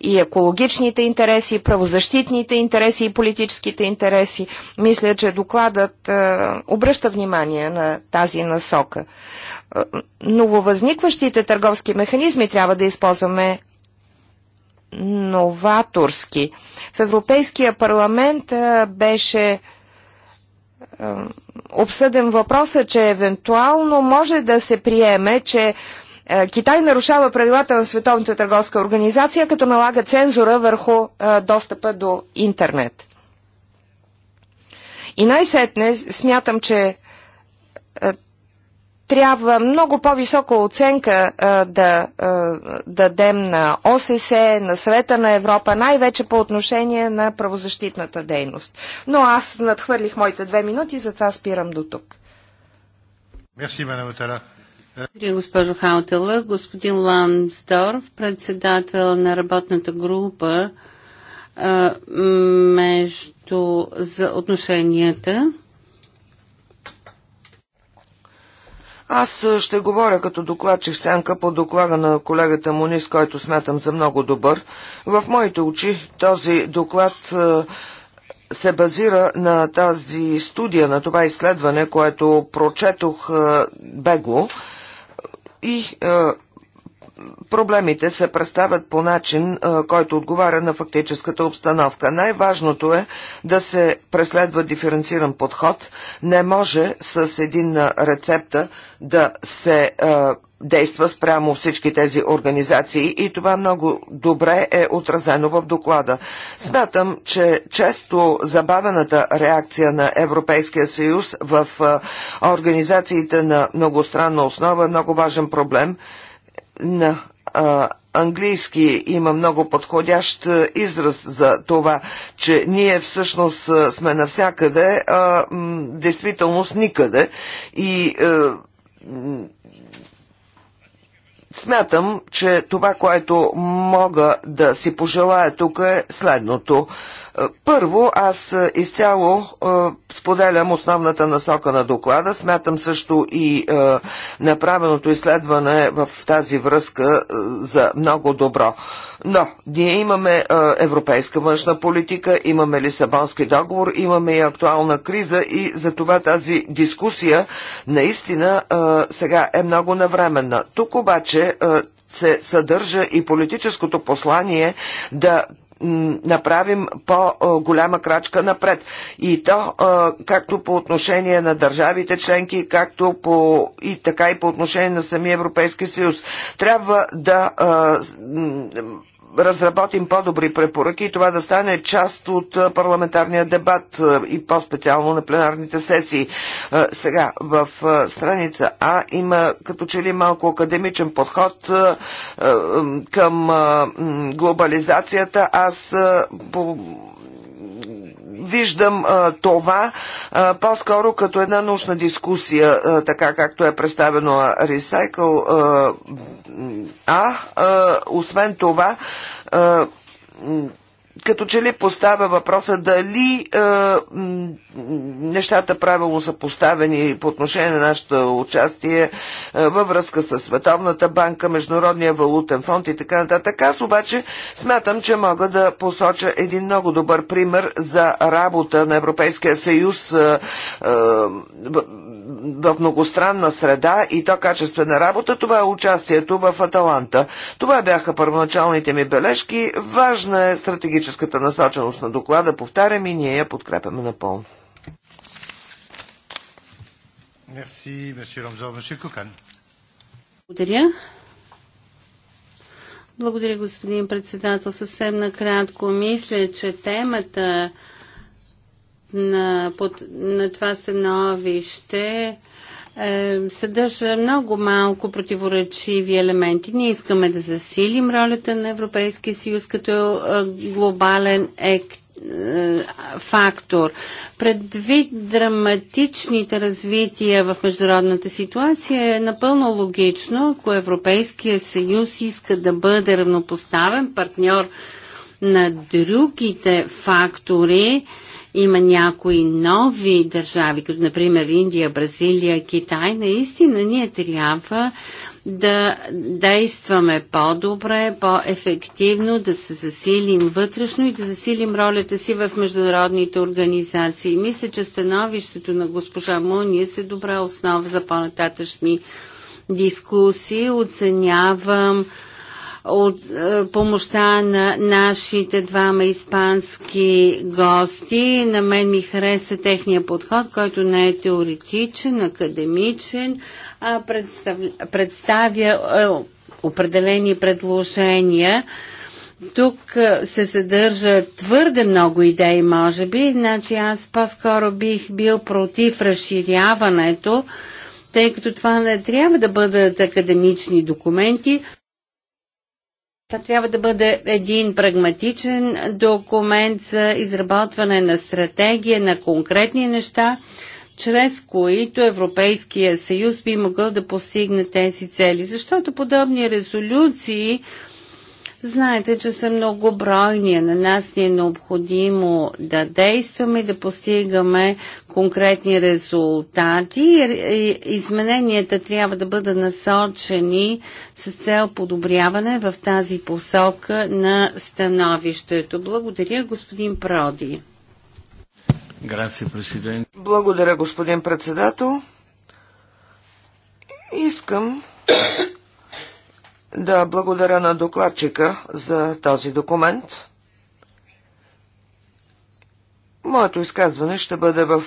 и екологичните интереси, и правозащитните интереси и политическите интереси. Мисля, че докладът е, обръща внимание на тази насока. Е, нововъзникващите търговски механизми трябва да използваме новаторски. В Европейския парламент беше обсъден въпроса, че евентуално може да се приеме, че е, Китай нарушава правилата на Световната търговска организация, като налага цензура върху е, достъпа до интернет. И най-сетне смятам, че е, трябва много по-висока оценка а, да а, дадем на ОССЕ, на Съвета на Европа, най-вече по отношение на правозащитната дейност. Но аз надхвърлих моите две минути, затова спирам до тук. Мерси, Благодаря, госпожо Хаутела. Господин Ландсдорф, председател на работната група а, между за отношенията Аз ще говоря като докладчик Сянка по доклада на колегата Монис, който смятам за много добър. В моите очи този доклад се базира на тази студия, на това изследване, което прочетох бегло и проблемите се представят по начин, е, който отговаря на фактическата обстановка. Най-важното е да се преследва диференциран подход. Не може с един е, рецепта да се е, действа спрямо всички тези организации и това много добре е отразено в доклада. Смятам, че често забавената реакция на Европейския съюз в организациите на многостранна основа е много важен проблем – на а, английски има много подходящ израз за това, че ние всъщност сме навсякъде, а действителност никъде. И а, смятам, че това, което мога да си пожелая тук е следното. А, първо, аз изцяло споделям основната насока на доклада. Смятам също и направеното изследване в тази връзка за много добро. Но ние имаме европейска външна политика, имаме Лисабонски договор, имаме и актуална криза и за това тази дискусия наистина сега е много навременна. Тук обаче се съдържа и политическото послание да направим по-голяма крачка напред. И то както по отношение на държавите членки, както по, и така и по отношение на самия Европейски съюз. Трябва да разработим по-добри препоръки и това да стане част от парламентарния дебат и по-специално на пленарните сесии. Сега, в страница А има като че ли малко академичен подход към глобализацията. Аз по виждам а, това а, по-скоро като една научна дискусия, а, така както е представено Recycle А. а освен това, като че ли поставя въпроса дали е, нещата правилно са поставени по отношение на нашето участие е, във връзка с Световната банка, Международния валутен фонд и така нататък. Аз обаче смятам, че мога да посоча един много добър пример за работа на Европейския съюз е, е, в многостранна среда и то качествена работа, това е участието в Аталанта. Това бяха първоначалните ми бележки. Важна е стратегическата насоченост на доклада, повтарям и ние я подкрепяме напълно. Мерси, Кукан. Благодаря. Благодаря, господин председател. Съвсем накратко мисля, че темата на, под, на това становище е, съдържа много малко противоречиви елементи. Ние искаме да засилим ролята на Европейския съюз като е, глобален е, фактор. Предвид драматичните развития в международната ситуация е напълно логично, ако Европейския съюз иска да бъде равнопоставен партньор на другите фактори, има някои нови държави, като например Индия, Бразилия, Китай. Наистина ние трябва да действаме по-добре, по-ефективно, да се засилим вътрешно и да засилим ролята си в международните организации. Мисля, че становището на госпожа Муния се добра основа за по-нататъчни дискусии. Оценявам от е, помощта на нашите двама испански гости. На мен ми хареса техния подход, който не е теоретичен, академичен, а представ, представя е, определени предложения. Тук е, се съдържа твърде много идеи, може би, значи аз по-скоро бих бил против разширяването, тъй като това не трябва да бъдат академични документи, това трябва да бъде един прагматичен документ за изработване на стратегия на конкретни неща, чрез които Европейския съюз би могъл да постигне тези цели. Защото подобни резолюции Знаете, че са многобройни. На нас ни е необходимо да действаме и да постигаме конкретни резултати. Измененията трябва да бъдат насочени с цел подобряване в тази посока на становището. Благодаря, господин Проди. Благодаря, господин председател. Искам да благодаря на докладчика за този документ. Моето изказване ще бъде в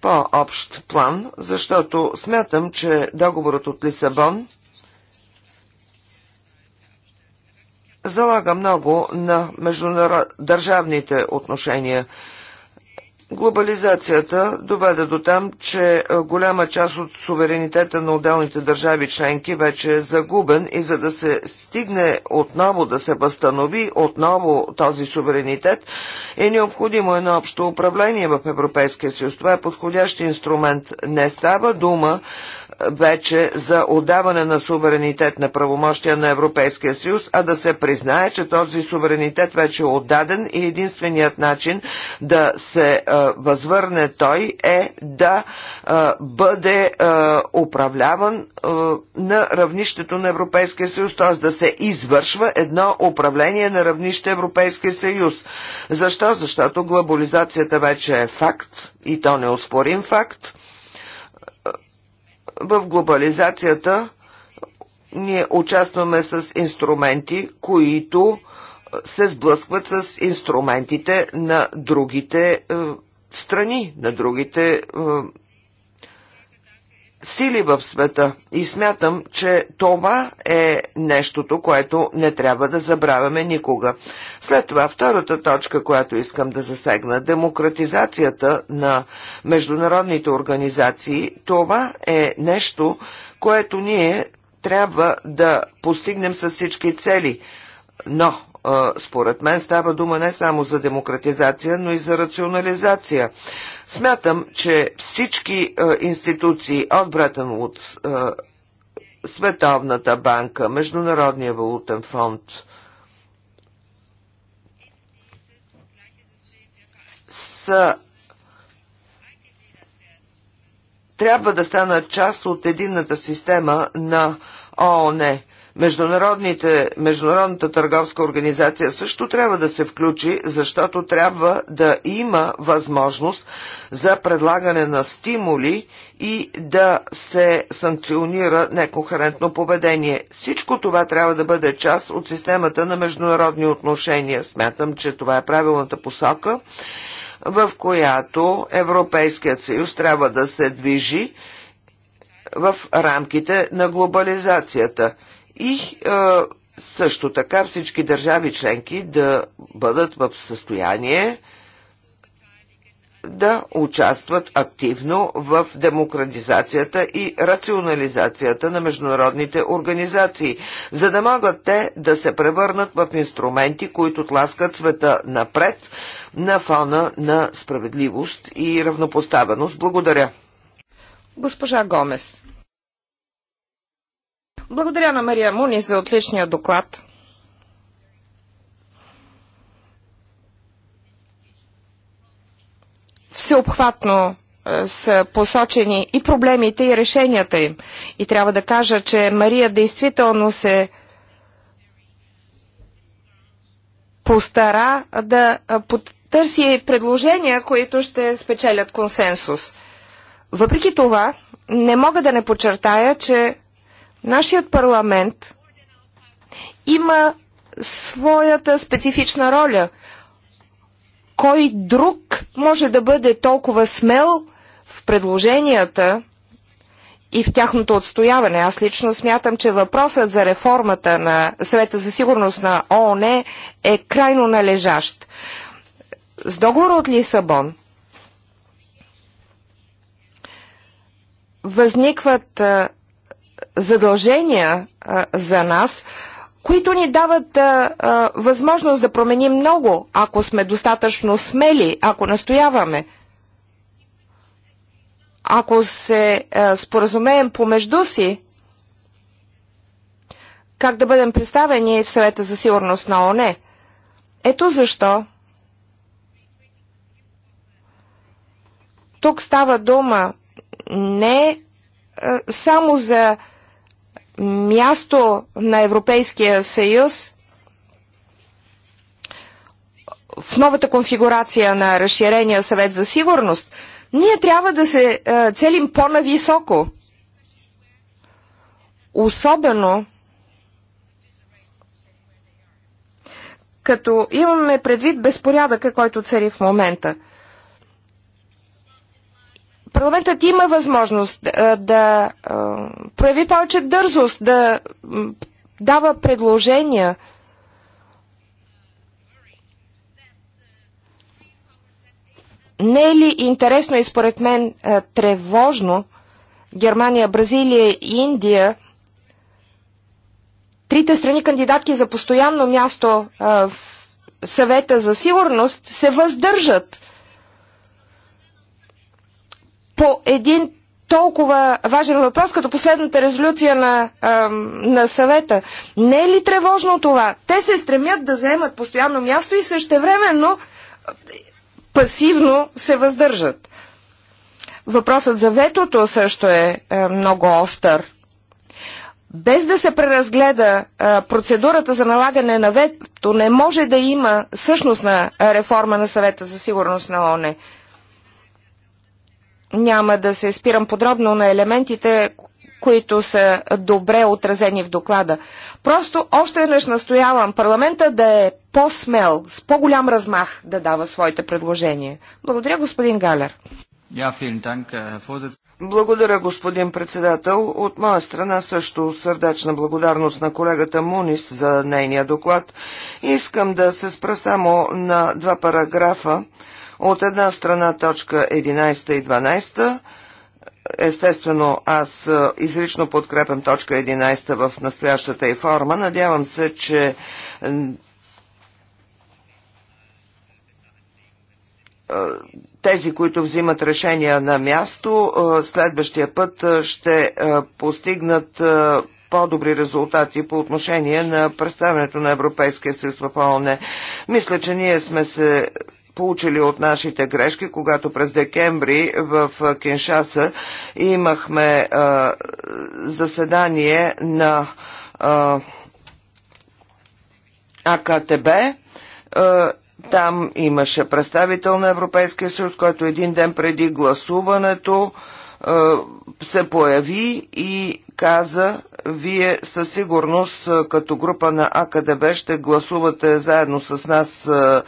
по-общ план, защото смятам, че договорът от Лисабон залага много на междудържавните отношения – Глобализацията доведе до там, че е, голяма част от суверенитета на отделните държави членки вече е загубен и за да се стигне отново да се възстанови отново този суверенитет, е необходимо едно общо управление в Европейския съюз. Това е подходящ инструмент. Не става дума вече за отдаване на суверенитет на правомощия на Европейския съюз, а да се признае, че този суверенитет вече е отдаден и единственият начин да се а, е, възвърне той е да а, е, бъде а, е, управляван на равнището на Европейския съюз, т.е. да се извършва едно управление на равнище Европейския съюз. Защо? Защото глобализацията вече е факт и то неоспорим факт в глобализацията ние участваме с инструменти, които е, се сблъскват с инструментите на другите е, страни, на другите е, сили в света. И смятам, че това е нещото, което не трябва да забравяме никога. След това втората точка, която искам да засегна, демократизацията на международните организации, това е нещо, което ние трябва да постигнем с всички цели. Но според мен става дума не само за демократизация, но и за рационализация. Смятам, че всички институции от Бретън Вудс, Световната банка, Международния валутен фонд, са трябва да станат част от единната система на ООН. Международната търговска организация също трябва да се включи, защото трябва да има възможност за предлагане на стимули и да се санкционира некохерентно поведение. Всичко това трябва да бъде част от системата на международни отношения. Смятам, че това е правилната посока, в която Европейският съюз трябва да се движи в рамките на глобализацията и също така всички държави членки да бъдат в състояние да участват активно в демократизацията и рационализацията на международните организации, за да могат те да се превърнат в инструменти, които тласкат света напред на фона на справедливост и равнопоставеност. Благодаря. Госпожа Гомес. Благодаря на Мария Муни за отличния доклад. Всеобхватно е, са посочени и проблемите, и решенията им. И трябва да кажа, че Мария действително се постара да е, потърси предложения, които ще спечелят консенсус. Въпреки това, не мога да не подчертая, че Нашият парламент има своята специфична роля. Кой друг може да бъде толкова смел в предложенията и в тяхното отстояване? Аз лично смятам, че въпросът за реформата на Съвета за сигурност на ООН е крайно належащ. С договора от Лисабон възникват задължения а, за нас, които ни дават а, а, възможност да променим много, ако сме достатъчно смели, ако настояваме. Ако се а, споразумеем помежду си, как да бъдем представени в съвета за сигурност на ОНЕ. Ето защо тук става дума не само за място на Европейския съюз в новата конфигурация на разширения съвет за сигурност, ние трябва да се целим по-нависоко. Особено като имаме предвид безпорядъка, който цари в момента – Парламентът има възможност да прояви повече дързост, да дава предложения. Не е ли интересно и според мен тревожно Германия, Бразилия и Индия, трите страни кандидатки за постоянно място в съвета за сигурност, се въздържат по един толкова важен въпрос, като последната резолюция на, на съвета. Не е ли тревожно това? Те се стремят да заемат постоянно място и същевременно пасивно се въздържат. Въпросът за ветото също е, е много остър. Без да се преразгледа е, процедурата за налагане на вето, не може да има същностна реформа на съвета за сигурност на ОНЕ. Няма да се спирам подробно на елементите, които са добре отразени в доклада. Просто още веднъж настоявам парламента да е по-смел, с по-голям размах да дава своите предложения. Благодаря, господин Галер. Благодаря, господин председател. От моя страна също сърдечна благодарност на колегата Мунис за нейния доклад. Искам да се спра само на два параграфа от една страна точка 11 и 12 Естествено, аз е, изрично подкрепям точка 11 в настоящата и форма. Надявам се, че е, тези, които взимат решения на място, е, следващия път ще постигнат по-добри резултати по отношение на представянето на Европейския съюз в ООН. Мисля, че ние сме се получили от нашите грешки, когато през декември в Киншаса имахме а, заседание на а, АКТБ. А, там имаше представител на Европейския съюз, който един ден преди гласуването а, се появи и каза, вие със сигурност като група на АКДБ ще гласувате заедно с нас а,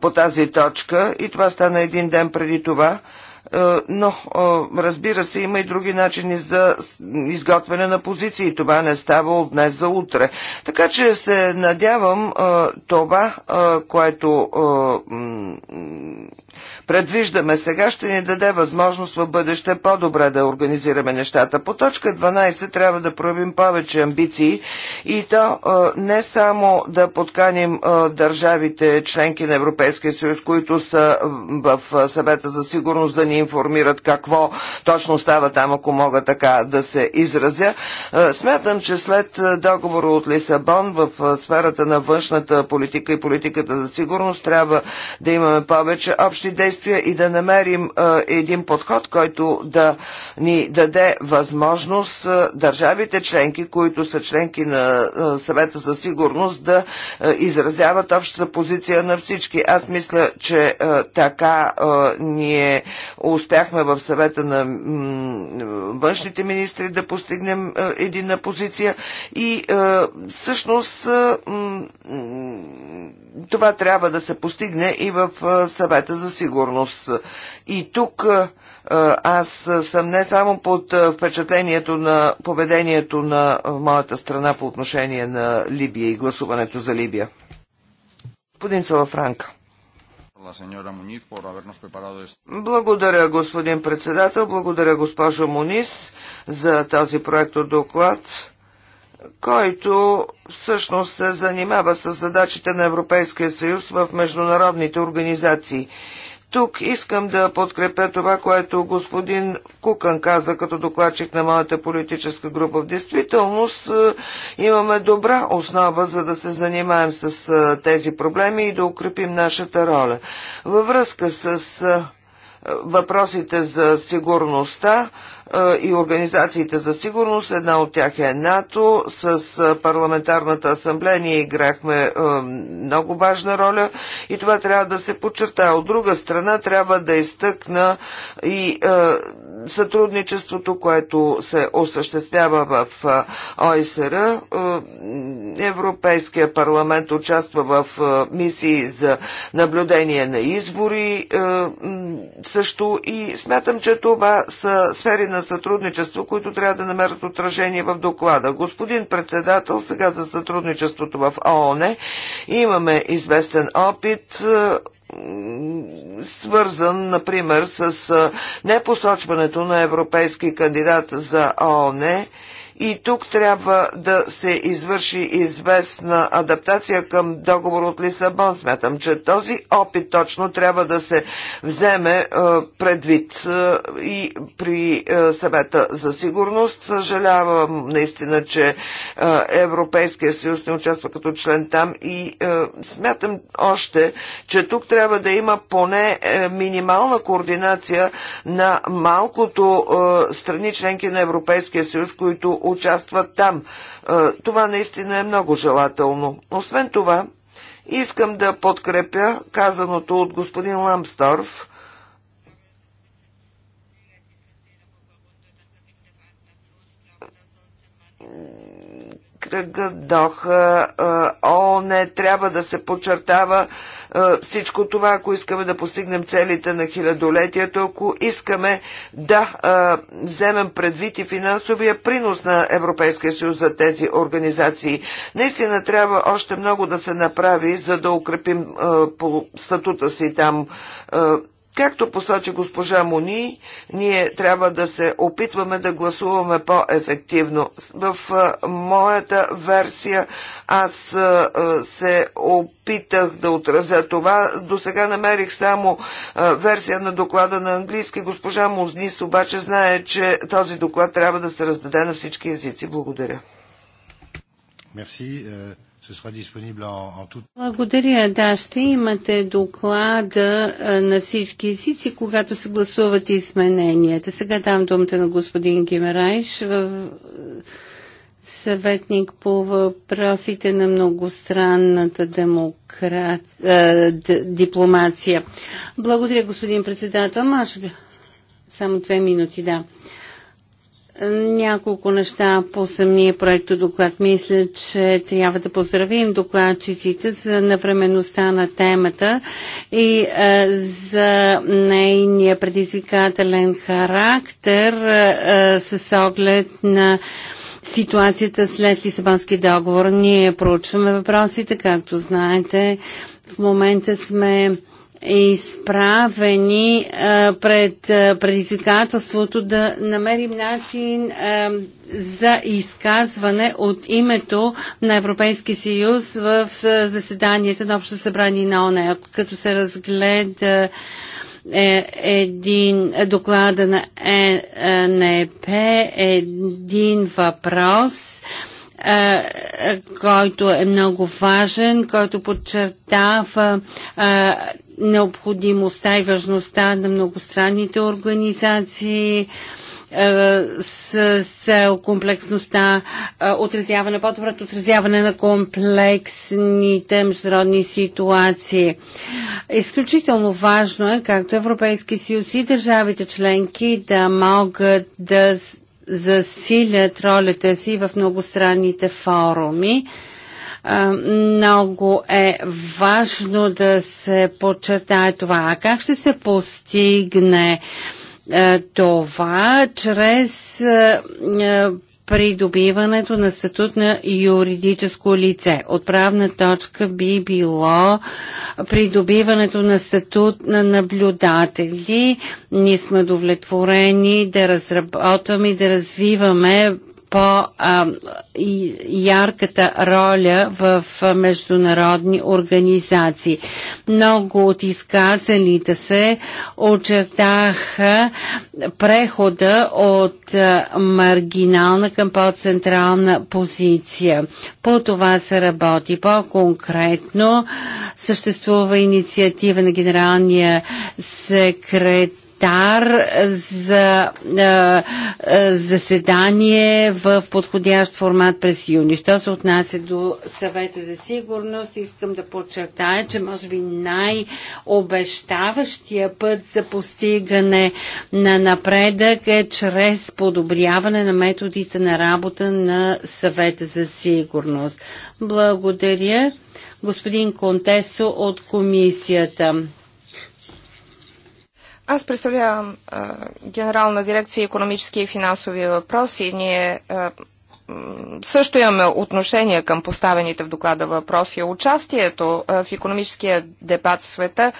по тази точка и това стана един ден преди това. Е, но е, разбира се, има и други начини за изготвяне на позиции. Това не става от днес за утре. Така че се надявам е, това, което предвиждаме сега, ще ни даде възможност в бъдеще по-добре да организираме нещата. По точка 12 трябва да проявим повече амбиции и то не само да подканим държавите членки на Европейския съюз, които са в съвета за сигурност да ни ни информират какво точно става там, ако мога така да се изразя. Е, смятам, че след е, договора от Лисабон в е, сферата на външната политика и политиката за сигурност трябва да имаме повече общи действия и да намерим един подход, който да ни даде възможност държавите членки, които са членки на съвета за сигурност, да изразяват общата позиция на всички. Аз мисля, че така ние успяхме в съвета на външните министри да постигнем е, едина позиция и е, всъщност е, това трябва да се постигне и в съвета за сигурност. И тук аз съм не само под впечатлението на поведението на моята страна по отношение на Либия и гласуването за Либия. Господин Салафранка. Благодаря, господин председател. Благодаря, госпожо Мунис, за този проект от доклад, който всъщност се занимава с задачите на Европейския съюз в международните организации. Тук искам да подкрепя това, което господин Кукан каза като докладчик на моята политическа група. В действителност е, имаме добра основа за да се занимаем с е, тези проблеми и да укрепим нашата роля. Във връзка с е, въпросите за сигурността, и организациите за сигурност. Една от тях е НАТО. С парламентарната асамблея ние играхме много важна роля и това трябва да се подчертая. От друга страна трябва да изтъкна и сътрудничеството, което се осъществява в ОИСР. Европейския парламент участва в мисии за наблюдение на избори също и смятам, че това са сфери на сътрудничество, които трябва да намерят отражение в доклада. Господин председател, сега за сътрудничеството в ООН имаме известен опит свързан, например, с непосочването на европейски кандидат за ООН и тук трябва да се извърши известна адаптация към договор от Лисабон. Смятам, че този опит точно трябва да се вземе е, предвид е, и при е, съвета за сигурност. Съжалявам наистина, че Европейския съюз не участва като член там и смятам още, че тук трябва да има поне минимална координация на малкото страни членки на Европейския съюз, които участват там. Е, това наистина е много желателно. Освен това, искам да подкрепя казаното от господин Ламсторф, Кръгът Доха, е, ООН трябва да се подчертава всичко това, ако искаме да постигнем целите на хилядолетието, ако искаме да вземем предвид и финансовия принос на Европейския съюз за тези организации. Наистина трябва още много да се направи, за да укрепим статута си там Както посочи госпожа Муни, ние трябва да се опитваме да гласуваме по-ефективно. В моята версия аз се опитах да отразя това. До сега намерих само версия на доклада на английски. Госпожа Мознис обаче знае, че този доклад трябва да се раздаде на всички езици. Благодаря. Merci. Благодаря. Да, ще имате доклада на всички езици, когато се гласуват измененията. Сега дам думата на господин Гимерайш, в... съветник по въпросите на многостранната демократ... дипломация. Благодаря, господин председател. Може би само две минути, да. Няколко неща по самия проекто доклад. Мисля, че трябва да поздравим докладчиците за навременността на темата и а, е, за нейния предизвикателен характер а, е, е, с оглед на ситуацията след Лисабонски договор. Ние проучваме въпросите, както знаете. В момента сме изправени пред предизвикателството да намерим начин за изказване от името на Европейския съюз в заседанията на Общо събрание на ОНЕ, като се разгледа е, един доклад на е НЕП, един въпрос който е много важен, който подчертава необходимостта и важността на многостранните организации, е, с цел комплексността, е, отразяване, по-доброто отразяване на комплексните международни ситуации. Изключително важно е, както Европейски съюз и държавите членки да могат да засилят ролята си в многостранните форуми. Много е важно да се подчертае това. А как ще се постигне това чрез придобиването на статут на юридическо лице. Отправна точка би било придобиването на статут на наблюдатели. Ние сме удовлетворени да разработваме и да развиваме по-ярката роля в международни организации. Много от изказалите се очертаха прехода от маргинална към по-централна позиция. По това се работи. По-конкретно съществува инициатива на генералния секрет календар за а, а, заседание в подходящ формат през юни. Що се отнася до съвета за сигурност, искам да подчертая, че може би най-обещаващия път за постигане на напредък е чрез подобряване на методите на работа на съвета за сигурност. Благодаря господин Контесо от комисията. Аз представлявам а, Генерална дирекция економически и финансови въпроси. Ние а, също имаме отношение към поставените в доклада въпроси. Участието в економическия дебат в света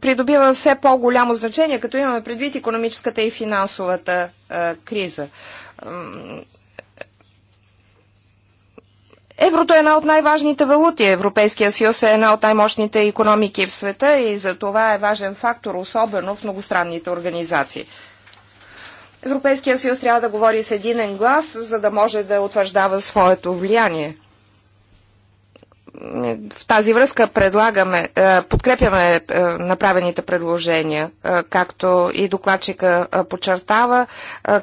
придобива все по-голямо значение, като имаме предвид економическата и финансовата криза. Еврото е една от най-важните валути. Европейския съюз е една от най-мощните економики в света и за това е важен фактор, особено в многостранните организации. Европейския съюз трябва да говори с единен глас, за да може да утвърждава своето влияние в тази връзка предлагаме, е, подкрепяме е, направените предложения, е, както и докладчика подчертава,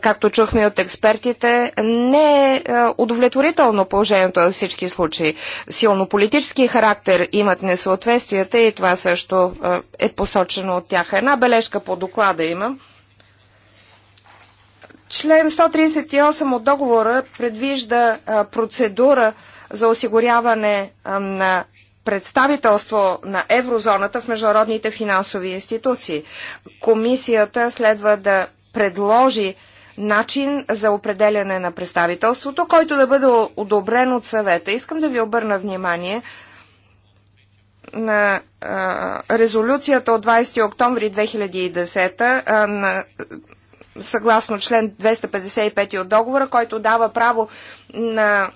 както чухме от експертите, не е удовлетворително положението във всички случаи. Силно политически характер имат несъответствията и това също е посочено от тях. Една бележка по доклада имам. Член 138 от договора предвижда процедура, за осигуряване на представителство на еврозоната в международните финансови институции. Комисията следва да предложи начин за определяне на представителството, който да бъде одобрен от съвета. Искам да ви обърна внимание на а, резолюцията от 20 октомври 2010 а, на, съгласно член 255 от договора, който дава право на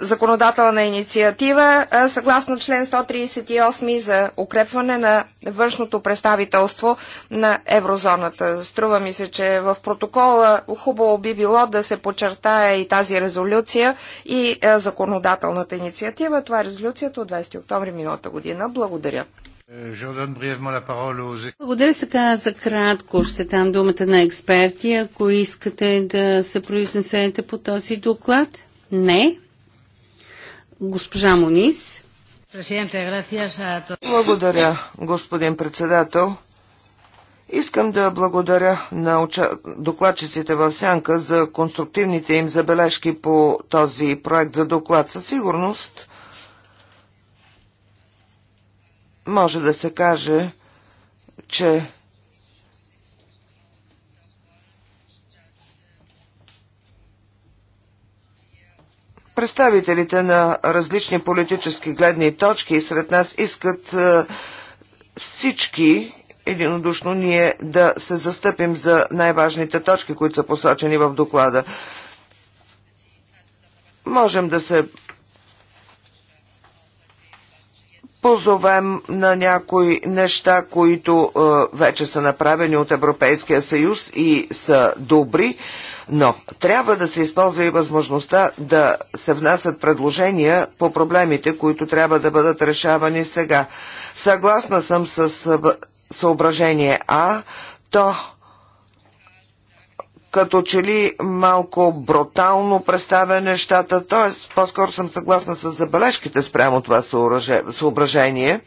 законодателна инициатива съгласно член 138 за укрепване на външното представителство на еврозоната. Струва ми се, че в протокола хубаво би било да се подчертае и тази резолюция и законодателната инициатива. Това е резолюцията от 20 октомври миналата година. Благодаря. Благодаря сега за кратко. Ще там думата на експерти, ако искате да се произнесете по този доклад. Не. Госпожа Монис. Благодаря, господин председател. Искам да благодаря на докладчиците в Сянка за конструктивните им забележки по този проект за доклад. Със сигурност може да се каже, че Представителите на различни политически гледни точки сред нас искат е, всички единодушно ние да се застъпим за най-важните точки, които са посочени в доклада. Можем да се позовем на някои неща, които е, вече са направени от Европейския съюз и са добри. Но трябва да се използва и възможността да се внасят предложения по проблемите, които трябва да бъдат решавани сега. Съгласна съм с съображение А, то като че ли малко брутално представя нещата, т.е. по-скоро съм съгласна с забележките спрямо това съображение.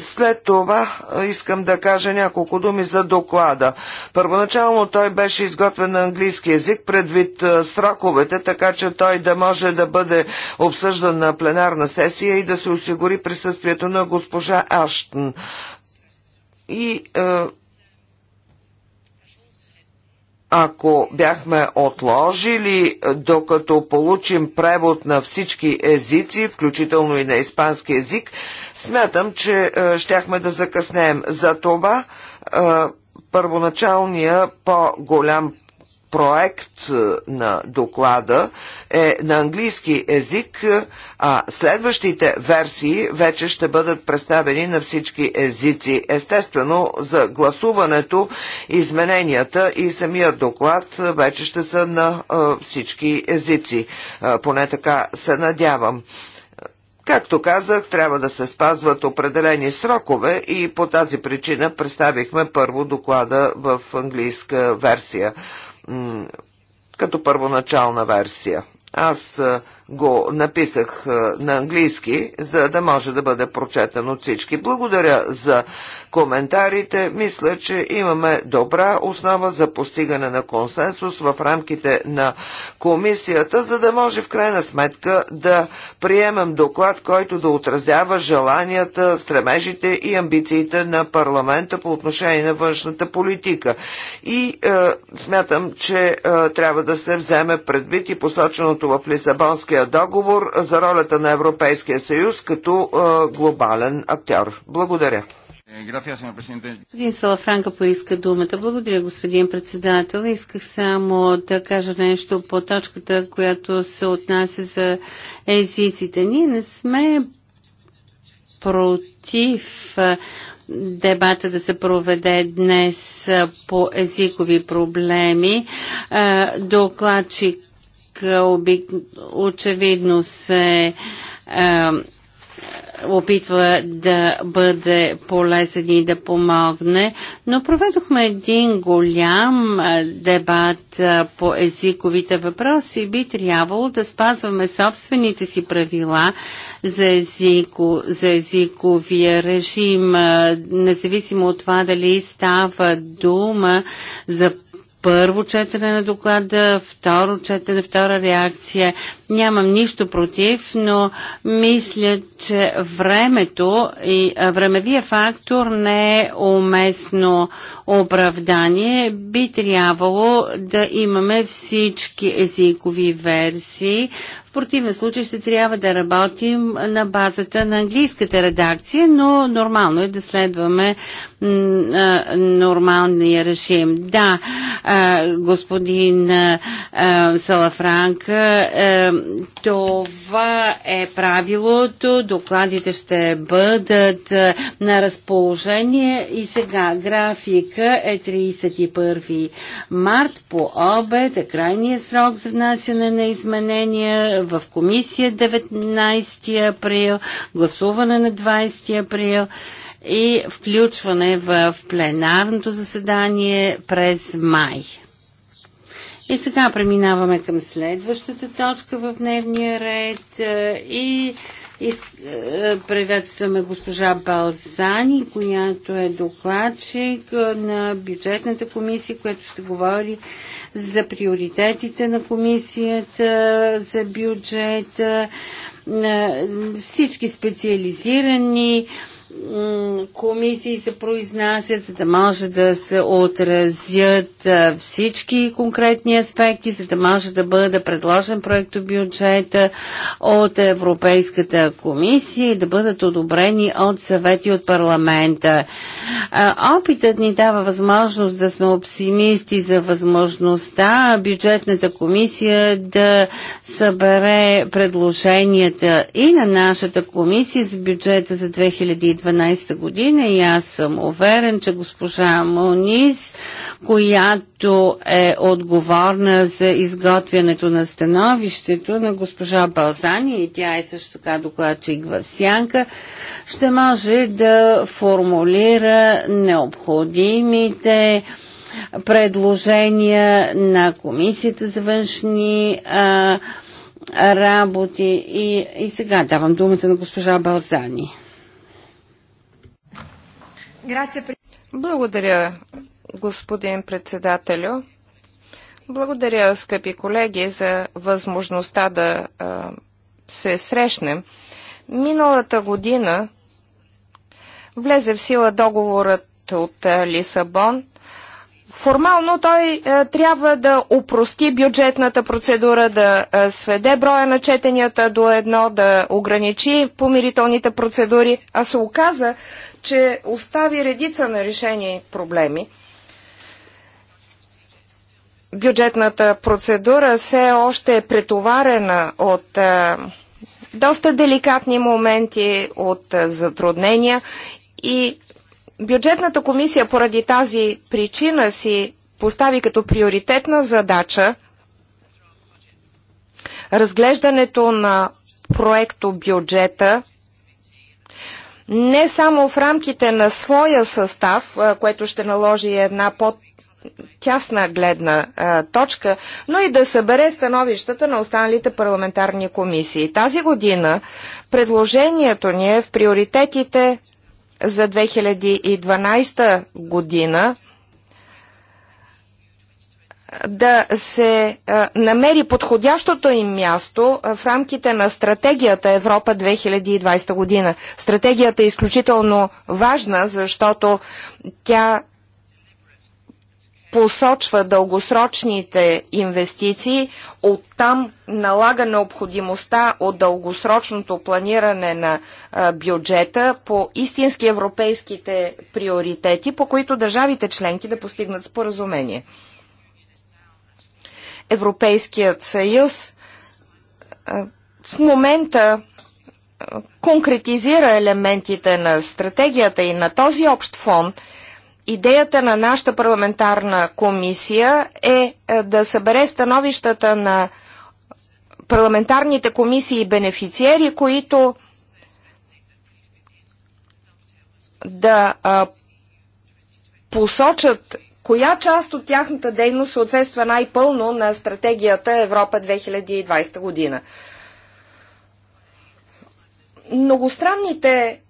След това искам да кажа няколко думи за доклада. Първоначално той беше изготвен на английски язик предвид сроковете, така че той да може да бъде обсъждан на пленарна сесия и да се осигури присъствието на госпожа Аштън. И ако бяхме отложили, е, докато получим превод на всички езици, включително и на испански език, смятам, че е, щяхме да закъснеем. За това е, първоначалния по-голям проект е, на доклада е на английски език. Е, а следващите версии вече ще бъдат представени на всички езици. Естествено, за гласуването, измененията и самия доклад вече ще са на всички езици. Поне така се надявам. Както казах, трябва да се спазват определени срокове и по тази причина представихме първо доклада в английска версия, като първоначална версия. Аз го написах е, на английски, за да може да бъде прочетен от всички. Благодаря за коментарите. Мисля, че имаме добра основа за постигане на консенсус в рамките на комисията, за да може в крайна сметка да приемем доклад, който да отразява желанията, стремежите и амбициите на парламента по отношение на външната политика. И е, смятам, че е, трябва да се вземе предвид и посоченото в Лисабонския Лисабонския договор за ролята на Европейския съюз като глобален актьор. Благодаря. Господин Салафранка поиска думата. Благодаря, господин председател. Исках само да кажа нещо по точката, която се отнася за езиците. Ние не сме против дебата да се проведе днес по езикови проблеми. Докладчик обик... очевидно се е, опитва да бъде полезен и да помогне, но проведохме един голям дебат по езиковите въпроси. Би трябвало да спазваме собствените си правила за, езико, за езиковия режим, независимо от това дали става дума за първо четене на доклада, второ четене, втора реакция. Нямам нищо против, но мисля, че времето и времевия фактор не е уместно оправдание. Би трябвало да имаме всички езикови версии. В противен случай ще трябва да работим на базата на английската редакция, но нормално е да следваме нормалния режим. Да, господин Салафранк, това е правилото. Докладите ще бъдат на разположение и сега графика е 31 март по обед, е крайния срок за внасяне на изменения в комисия 19 април, гласуване на 20 април и включване в пленарното заседание през май. И сега преминаваме към следващата точка в дневния ред е, и е, приветстваме госпожа Балзани, която е докладчик е, на бюджетната комисия, която ще говори за приоритетите на комисията, за бюджета, всички специализирани комисии се произнасят, за да може да се отразят всички конкретни аспекти, за да може да бъде предложен проекто бюджета от Европейската комисия и да бъдат одобрени от съвети от парламента. Опитът ни дава възможност да сме оптимисти за възможността бюджетната комисия да събере предложенията и на нашата комисия за бюджета за 2020 2012 година и аз съм уверен, че госпожа Монис, която е отговорна за изготвянето на становището на госпожа Балзани и тя е също така докладчик в Сянка, ще може да формулира необходимите предложения на Комисията за външни а, работи. И, и сега давам думата на госпожа Балзани. Благодаря, господин председателю. Благодаря, скъпи колеги, за възможността да се срещнем. Миналата година влезе в сила договорът от Лисабон, Формално той е, трябва да упрости бюджетната процедура, да е, сведе броя на четенията до едно, да ограничи помирителните процедури, а се оказа, че остави редица на решени проблеми. Бюджетната процедура все още е претоварена от е, доста деликатни моменти, от е, затруднения и Бюджетната комисия поради тази причина си постави като приоритетна задача разглеждането на проекто бюджета не само в рамките на своя състав, което ще наложи една под тясна гледна а, точка, но и да събере становищата на останалите парламентарни комисии. Тази година предложението ни е в приоритетите за 2012 година да се намери подходящото им място в рамките на стратегията Европа 2020 година. Стратегията е изключително важна, защото тя посочва дългосрочните инвестиции, оттам налага необходимостта от дългосрочното планиране на бюджета по истински европейските приоритети, по които държавите членки да постигнат споразумение. Европейският съюз в момента конкретизира елементите на стратегията и на този общ фонд. Идеята на нашата парламентарна комисия е, е да събере становищата на парламентарните комисии и бенефициери, които да а, посочат коя част от тяхната дейност съответства най-пълно на стратегията Европа 2020 година. Многостранните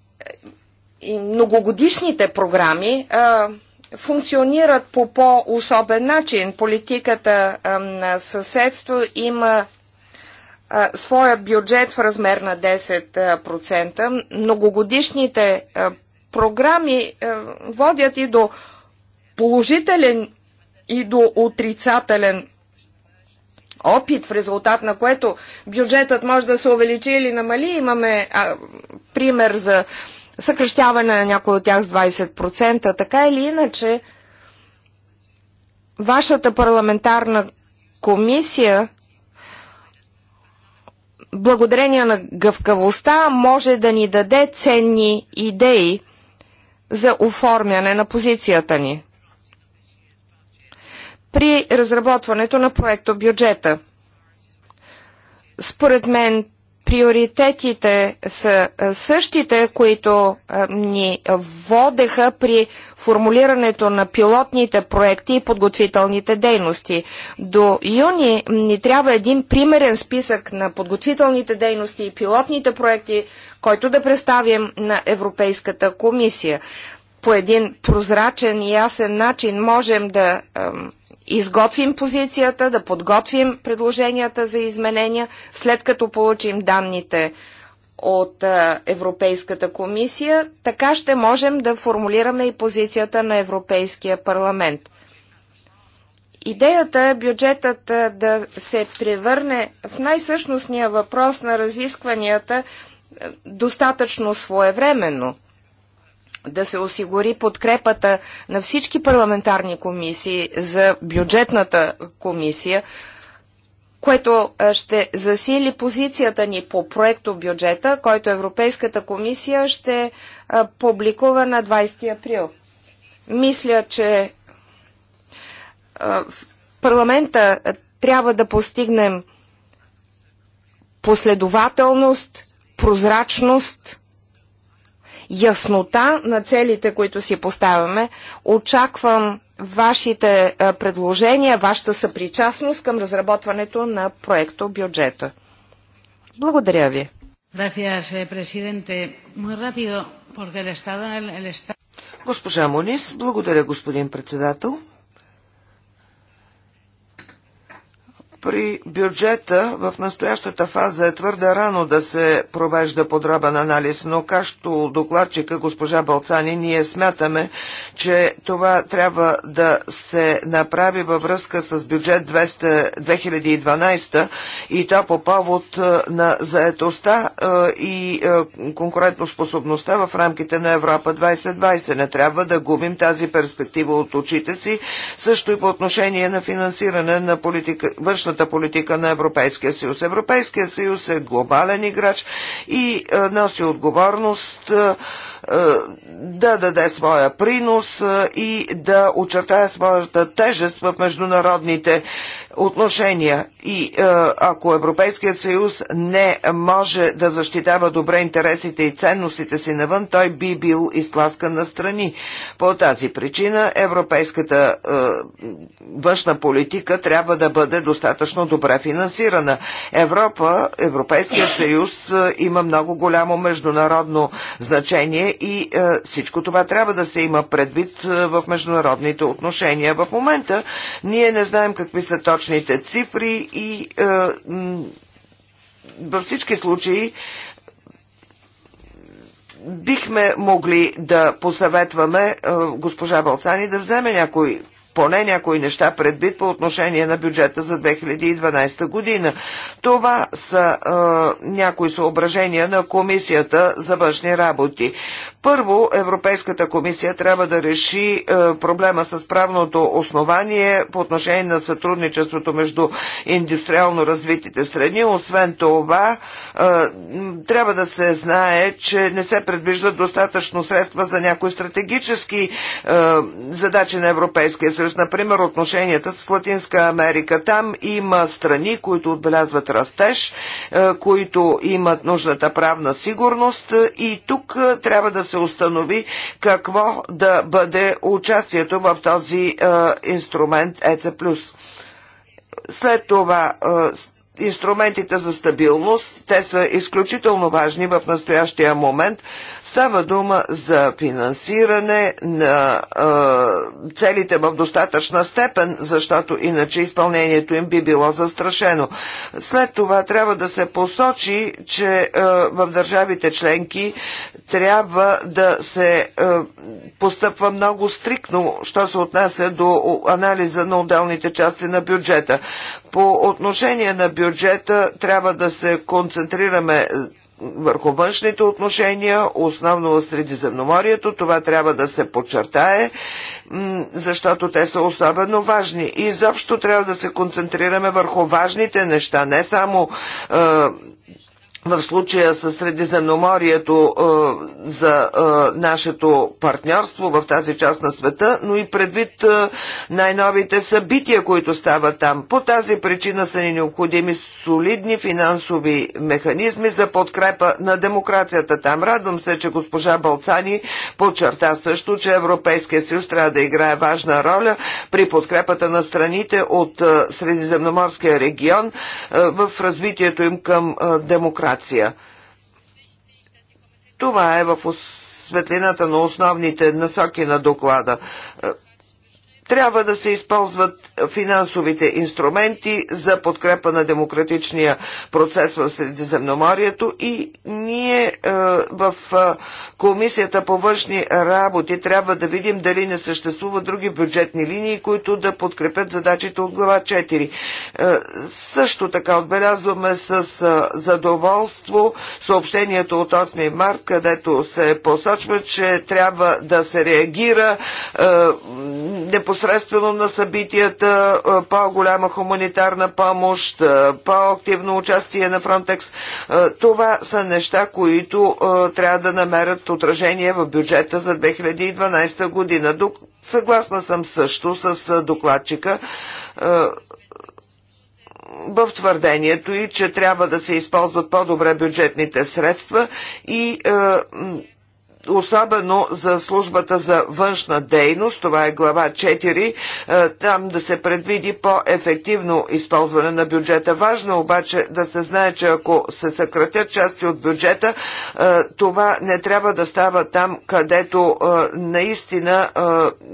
и многогодишните програми а, функционират по по-особен начин. Политиката а, на съседство има а, своя бюджет в размер на 10%. Многогодишните а, програми а, водят и до положителен и до отрицателен опит, в резултат на което бюджетът може да се увеличи или намали. Имаме а, пример за а, съкръщаване на някои от тях с 20%. Така или иначе, вашата парламентарна комисия благодарение на гъвкавостта може да ни даде ценни идеи за оформяне на позицията ни при разработването на проекто бюджета. Според мен приоритетите са същите, които ни водеха при формулирането на пилотните проекти и подготвителните дейности. До юни ни трябва един примерен списък на подготвителните дейности и пилотните проекти, който да представим на Европейската комисия. По един прозрачен и ясен начин можем да изготвим позицията, да подготвим предложенията за изменения, след като получим данните от Европейската комисия, така ще можем да формулираме и позицията на Европейския парламент. Идеята е бюджетът да се превърне в най-същностния въпрос на разискванията достатъчно своевременно – да се осигури подкрепата на всички парламентарни комисии за бюджетната комисия, което ще засили позицията ни по проекто бюджета, който Европейската комисия ще публикува на 20 април. Мисля, че в парламента трябва да постигнем последователност, прозрачност – яснота на целите, които си поставяме. Очаквам вашите предложения, вашата съпричастност към разработването на проекто бюджета. Благодаря ви. Eh, Госпожа Монис, благодаря господин председател. При бюджета в настоящата фаза е твърде рано да се провежда подробен анализ, но както докладчика госпожа Балцани, ние смятаме, че това трябва да се направи във връзка с бюджет 200, 2012 и то по повод е, на заетостта е, и е, конкурентоспособността в рамките на Европа 2020. Не трябва да губим тази перспектива от очите си, също и по отношение на финансиране на политика, външна външната политика на Европейския съюз. Европейския съюз е глобален играч и е, носи отговорност е, е, да даде своя принос и да очертая своята тежест в международните отношения и е, ако Европейският съюз не може да защитава добре интересите и ценностите си навън, той би бил изтласкан на страни. По тази причина европейската е, външна политика трябва да бъде достатъчно добре финансирана. Европа, Европейският съюз е, има много голямо международно значение и е, всичко това трябва да се има предвид е, в международните отношения. В момента ние не знаем какви са точно точните цифри и е, във всички случаи бихме могли да посъветваме е, госпожа Балцани да вземе някои поне някои неща предвид по отношение на бюджета за 2012 година. Това са е, някои съображения на Комисията за външни работи. Първо, Европейската комисия трябва да реши е, проблема с правното основание по отношение на сътрудничеството между индустриално развитите страни. Освен това, е, трябва да се знае, че не се предвиждат достатъчно средства за някои стратегически е, задачи на Европейския съюз. Например, отношенията с Латинска Америка. Там има страни, които отбелязват растеж, които имат нужната правна сигурност и тук трябва да се установи какво да бъде участието в този е, инструмент ЕЦ+. След това е, инструментите за стабилност. Те са изключително важни в настоящия момент. Става дума за финансиране на е, целите в достатъчна степен, защото иначе изпълнението им би било застрашено. След това трябва да се посочи, че е, в държавите членки трябва да се е, постъпва много стриктно, що се отнася до анализа на отделните части на бюджета. По отношение на бюджета трябва да се концентрираме е, върху външните отношения, основно в Средиземноморието. Това трябва да се подчертае, защото те са особено важни. И изобщо трябва да се концентрираме върху важните неща, не само е, в случая с Средиземноморието е, за е, нашето партньорство в тази част на света, но и предвид е, най-новите събития, които стават там. По тази причина са ни необходими солидни финансови механизми за подкрепа на демокрацията там. Радвам се, че госпожа Балцани подчерта също, че Европейския съюз трябва да играе важна роля при подкрепата на страните от Средиземноморския регион в развитието им към демокрация демокрация. Това е в светлината на основните насоки на доклада. Е, трябва да се използват финансовите инструменти за подкрепа на демократичния процес в Средиземноморието и ние е, в е, Комисията по външни работи трябва да видим дали не съществуват други бюджетни линии, които да подкрепят задачите от глава 4. Е, също така отбелязваме с задоволство съобщението от 8 март, където се посочва, че трябва да се реагира непосредствено непосредствено на събитията, по-голяма хуманитарна помощ, по-активно участие на фронтекс. Това са неща, които трябва да намерят отражение в бюджета за 2012 година. Съгласна съм също с докладчика в твърдението и, че трябва да се използват по-добре бюджетните средства и е, особено за службата за външна дейност, това е глава 4, е, там да се предвиди по-ефективно използване на бюджета. Важно обаче да се знае, че ако се съкратят части от бюджета, е, това не трябва да става там, където е, наистина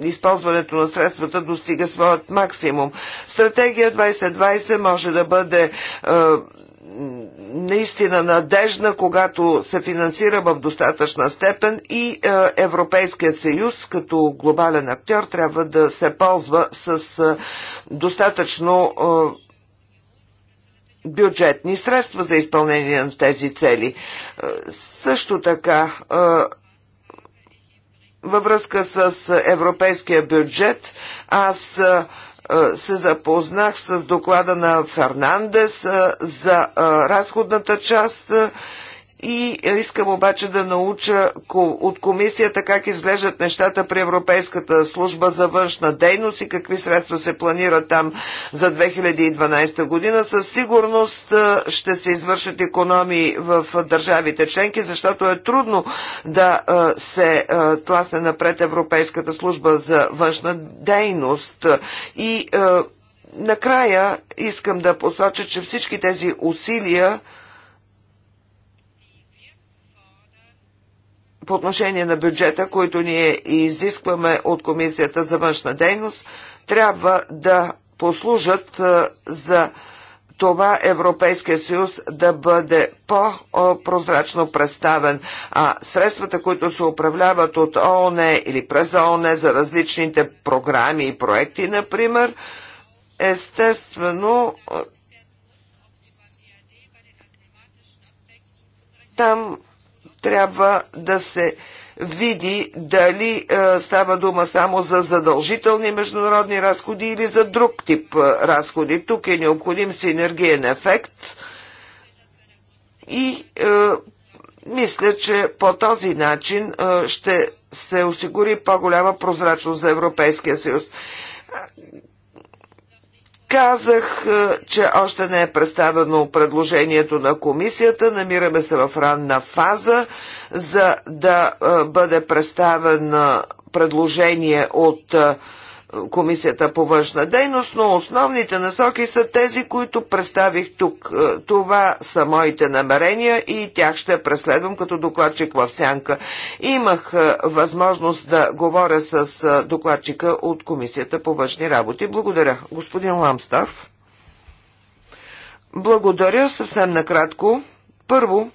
използването на средствата достига своят максимум. Стратегия 2020 може да бъде наистина надежна, когато се финансира в достатъчна степен и е, Европейският съюз като глобален актьор трябва да се ползва с е, достатъчно е, бюджетни средства за изпълнение на тези цели. Също така, във връзка с европейския бюджет, аз се запознах с доклада на Фернандес за разходната част и искам обаче да науча от комисията как изглеждат нещата при Европейската служба за външна дейност и какви средства се планират там за 2012 година. Със сигурност ще се извършат економии в държавите членки, защото е трудно да се тласне напред Европейската служба за външна дейност. И накрая искам да посоча, че всички тези усилия по отношение на бюджета, които ние изискваме от Комисията за външна дейност, трябва да послужат е, за това Европейския съюз да бъде по-прозрачно представен, а средствата, които се управляват от ООН или през ООН за различните програми и проекти, например, естествено е, там трябва да се види дали е, става дума само за задължителни международни разходи или за друг тип е, разходи. Тук е необходим синергиен ефект и е, мисля, че по този начин е, ще се осигури по-голяма прозрачност за Европейския съюз. Казах, е, че още не е представено предложението на комисията. Намираме се в ранна фаза, за да е, бъде представено предложение от комисията е, Комисията по външна дейност, но основните насоки са тези, които представих тук. Е, това са моите намерения и тях ще преследвам като докладчик в Сянка. Имах е, възможност да говоря с е, докладчика от Комисията по външни работи. Благодаря. Господин Ламстарф. Благодаря съвсем накратко. Първо,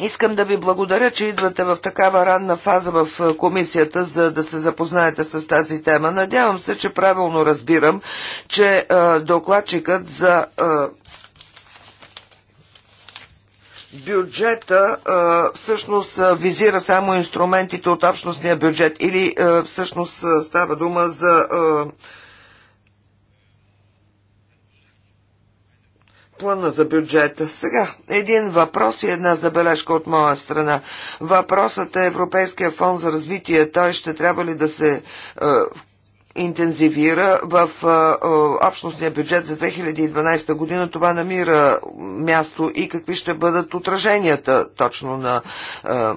Искам да ви благодаря, че идвате в такава ранна фаза в е, комисията, за да се запознаете с тази тема. Надявам се, че правилно разбирам, че е, докладчикът за е, бюджета е, всъщност е, визира само инструментите от общностния бюджет или е, всъщност е, става дума за Е, плана за бюджета. Сега, един въпрос и една забележка от моя страна. Въпросът е Европейския фонд за развитие. Той ще трябва ли да се е, интензивира в а, е, е, общностния бюджет за 2012 година. Това намира място и какви ще бъдат отраженията точно на а,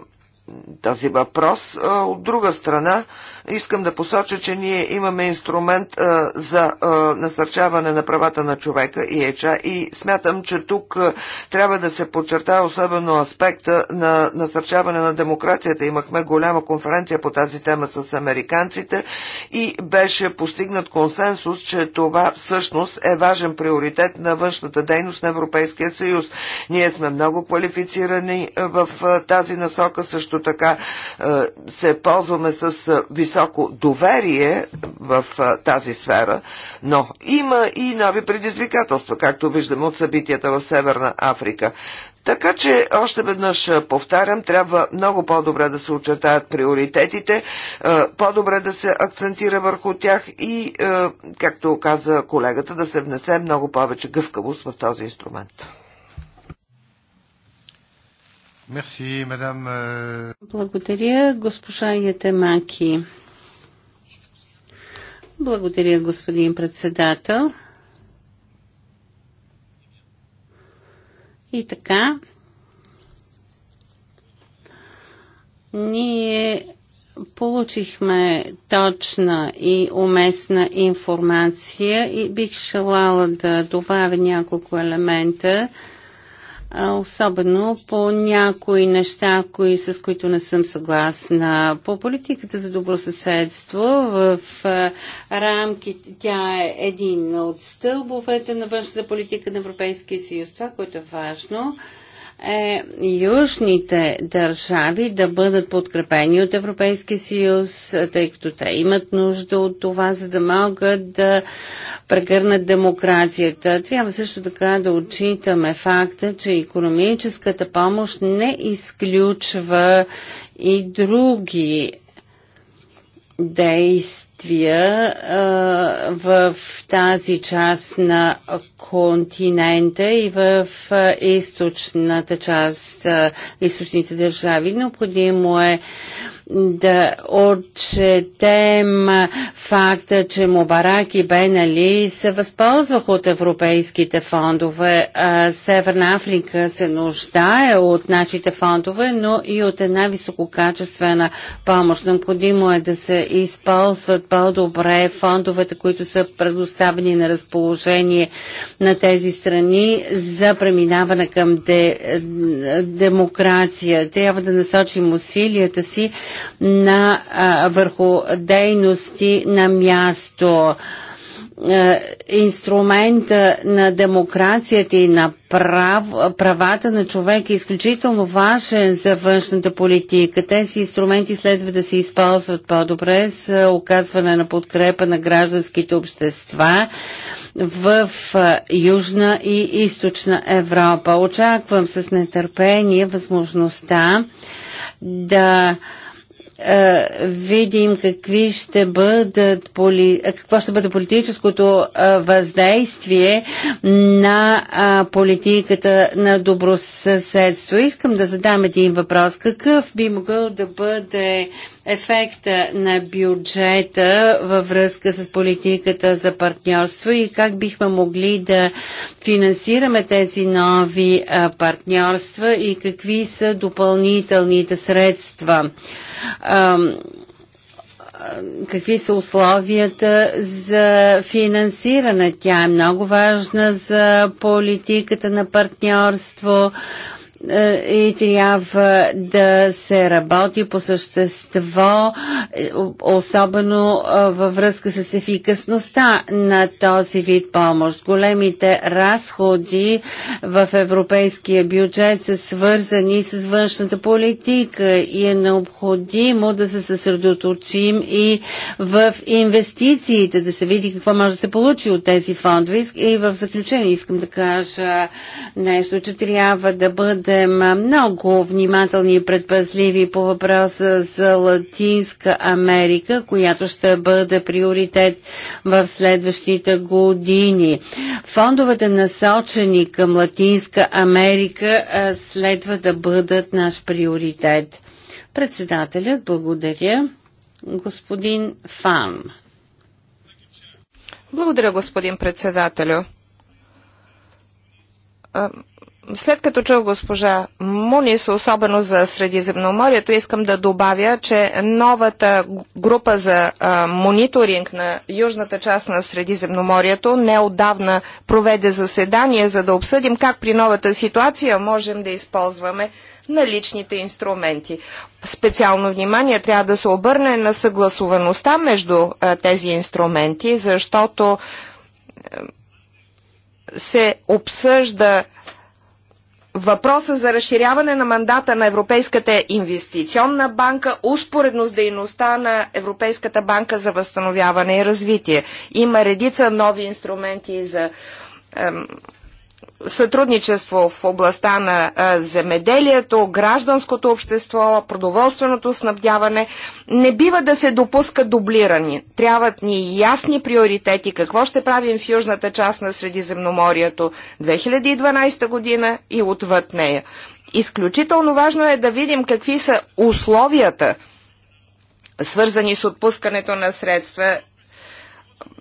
този въпрос. От друга страна, а, искам да посоча, че ние имаме инструмент а, за а, насърчаване на правата на човека и ЕЧА и смятам, че тук а, трябва да се подчертая особено аспекта на насърчаване на демокрацията. Имахме голяма конференция по тази тема с американците и беше постигнат консенсус, че това всъщност е важен приоритет на външната дейност на Европейския съюз. Ние сме много квалифицирани в тази насока, също така се ползваме с високо доверие в тази сфера, но има и нови предизвикателства, както виждаме от събитията в Северна Африка. Така че, още веднъж повтарям, трябва много по-добре да се очертаят приоритетите, по-добре да се акцентира върху тях и, както каза колегата, да се внесе много повече гъвкавост в този инструмент. мадам. Euh, Благодаря, госпожа Етемаки. Благодаря, господин председател. И така, ние получихме точна и уместна информация и бих желала да добавя няколко елемента особено по някои неща, кои, с които не съм съгласна. По политиката за добросъседство в рамките, тя е един от стълбовете на външната политика на Европейския съюз. Това, което е важно, е южните държави да бъдат подкрепени от Европейския съюз, тъй като те имат нужда от това, за да могат да прегърнат демокрацията. Трябва също така да отчитаме факта, че економическата помощ не изключва и други действия действия в тази част на континента и в източната част, източните държави. Необходимо е да отчетем факта, че Мубарак и Бенали се възползвах от европейските фондове. Северна Африка се нуждае от нашите фондове, но и от една висококачествена помощ. Необходимо е да се използват по-добре фондовете, които са предоставени на разположение на тези страни за преминаване към де, демокрация. Трябва да насочим усилията си на, а, върху дейности на място. Инструмента на демокрацията и на прав, правата на човек е изключително важен за външната политика. Тези инструменти следва да се използват по-добре за оказване на подкрепа на гражданските общества в Южна и Източна Европа. Очаквам с нетърпение възможността да е, видим какви ще бъдат поли... Е, какво ще бъде политическото е, въздействие на политиката на добросъседство. Искам да задам един въпрос. Какъв би могъл да бъде ефекта на бюджета във връзка с политиката за партньорство и как бихме могли да финансираме тези нови партньорства и какви са допълнителните средства какви са условията за финансиране. Тя е много важна за политиката на партньорство, е, и трябва да се работи по същество, е, особено е, във връзка с ефикасността на този вид помощ. Големите разходи в европейския бюджет са свързани с външната политика и е необходимо да се съсредоточим и в инвестициите, да се види какво може да се получи от тези фондове. И в заключение искам да кажа нещо, че трябва да бъде бъдем много внимателни и предпазливи по въпроса за Латинска Америка, която ще бъде приоритет в следващите години. Фондовете насочени към Латинска Америка следва да бъдат наш приоритет. Председателят, благодаря. Господин Фан. Благодаря, господин председателю след като чух госпожа Мунис, особено за Средиземноморието, искам да добавя, че новата група за а, мониторинг на южната част на Средиземноморието неодавна проведе заседание, за да обсъдим как при новата ситуация можем да използваме наличните инструменти. Специално внимание трябва да се обърне на съгласуваността между а, тези инструменти, защото а, се обсъжда въпроса за разширяване на мандата на Европейската инвестиционна банка успоредно с дейността на Европейската банка за възстановяване и развитие. Има редица нови инструменти за ем, сътрудничество в областта на земеделието, гражданското общество, продоволственото снабдяване. Не бива да се допуска дублирани. Трябват ни ясни приоритети какво ще правим в южната част на Средиземноморието 2012 година и отвъд нея. Изключително важно е да видим какви са условията, свързани с отпускането на средства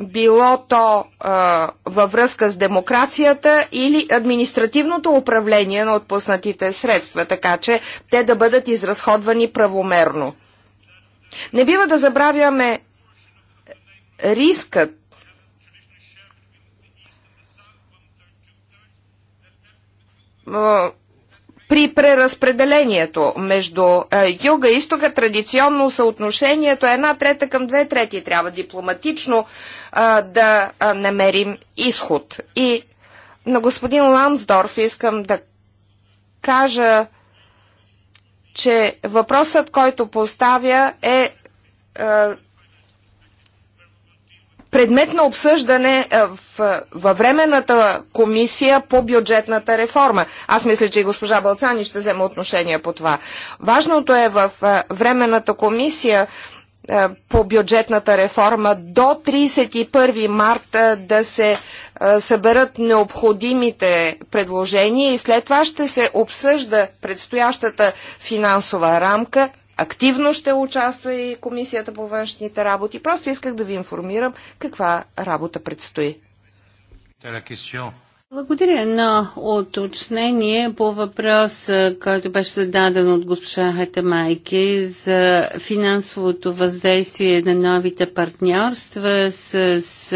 било то а, във връзка с демокрацията или административното управление на отпуснатите средства, така че те да бъдат изразходвани правомерно. Не бива да забравяме рискът а, при преразпределението между е, юга и изтока традиционно съотношението е една трета към две трети. Трябва дипломатично а, е, да е, намерим изход. И на господин Ламсдорф искам да кажа, че въпросът, който поставя е, е предмет на обсъждане е, в, е, във временната комисия по бюджетната реформа. Аз мисля, че и госпожа Балцани ще вземе отношение по това. Важното е в е, временната комисия по бюджетната реформа до 31 марта да се съберат необходимите предложения и след това ще се обсъжда предстоящата финансова рамка Активно ще участва и Комисията по външните работи. Просто исках да ви информирам каква работа предстои. Благодаря. Едно уточнение по въпрос, който беше зададен от госпожа Хатамайки за финансовото въздействие на новите партньорства с, с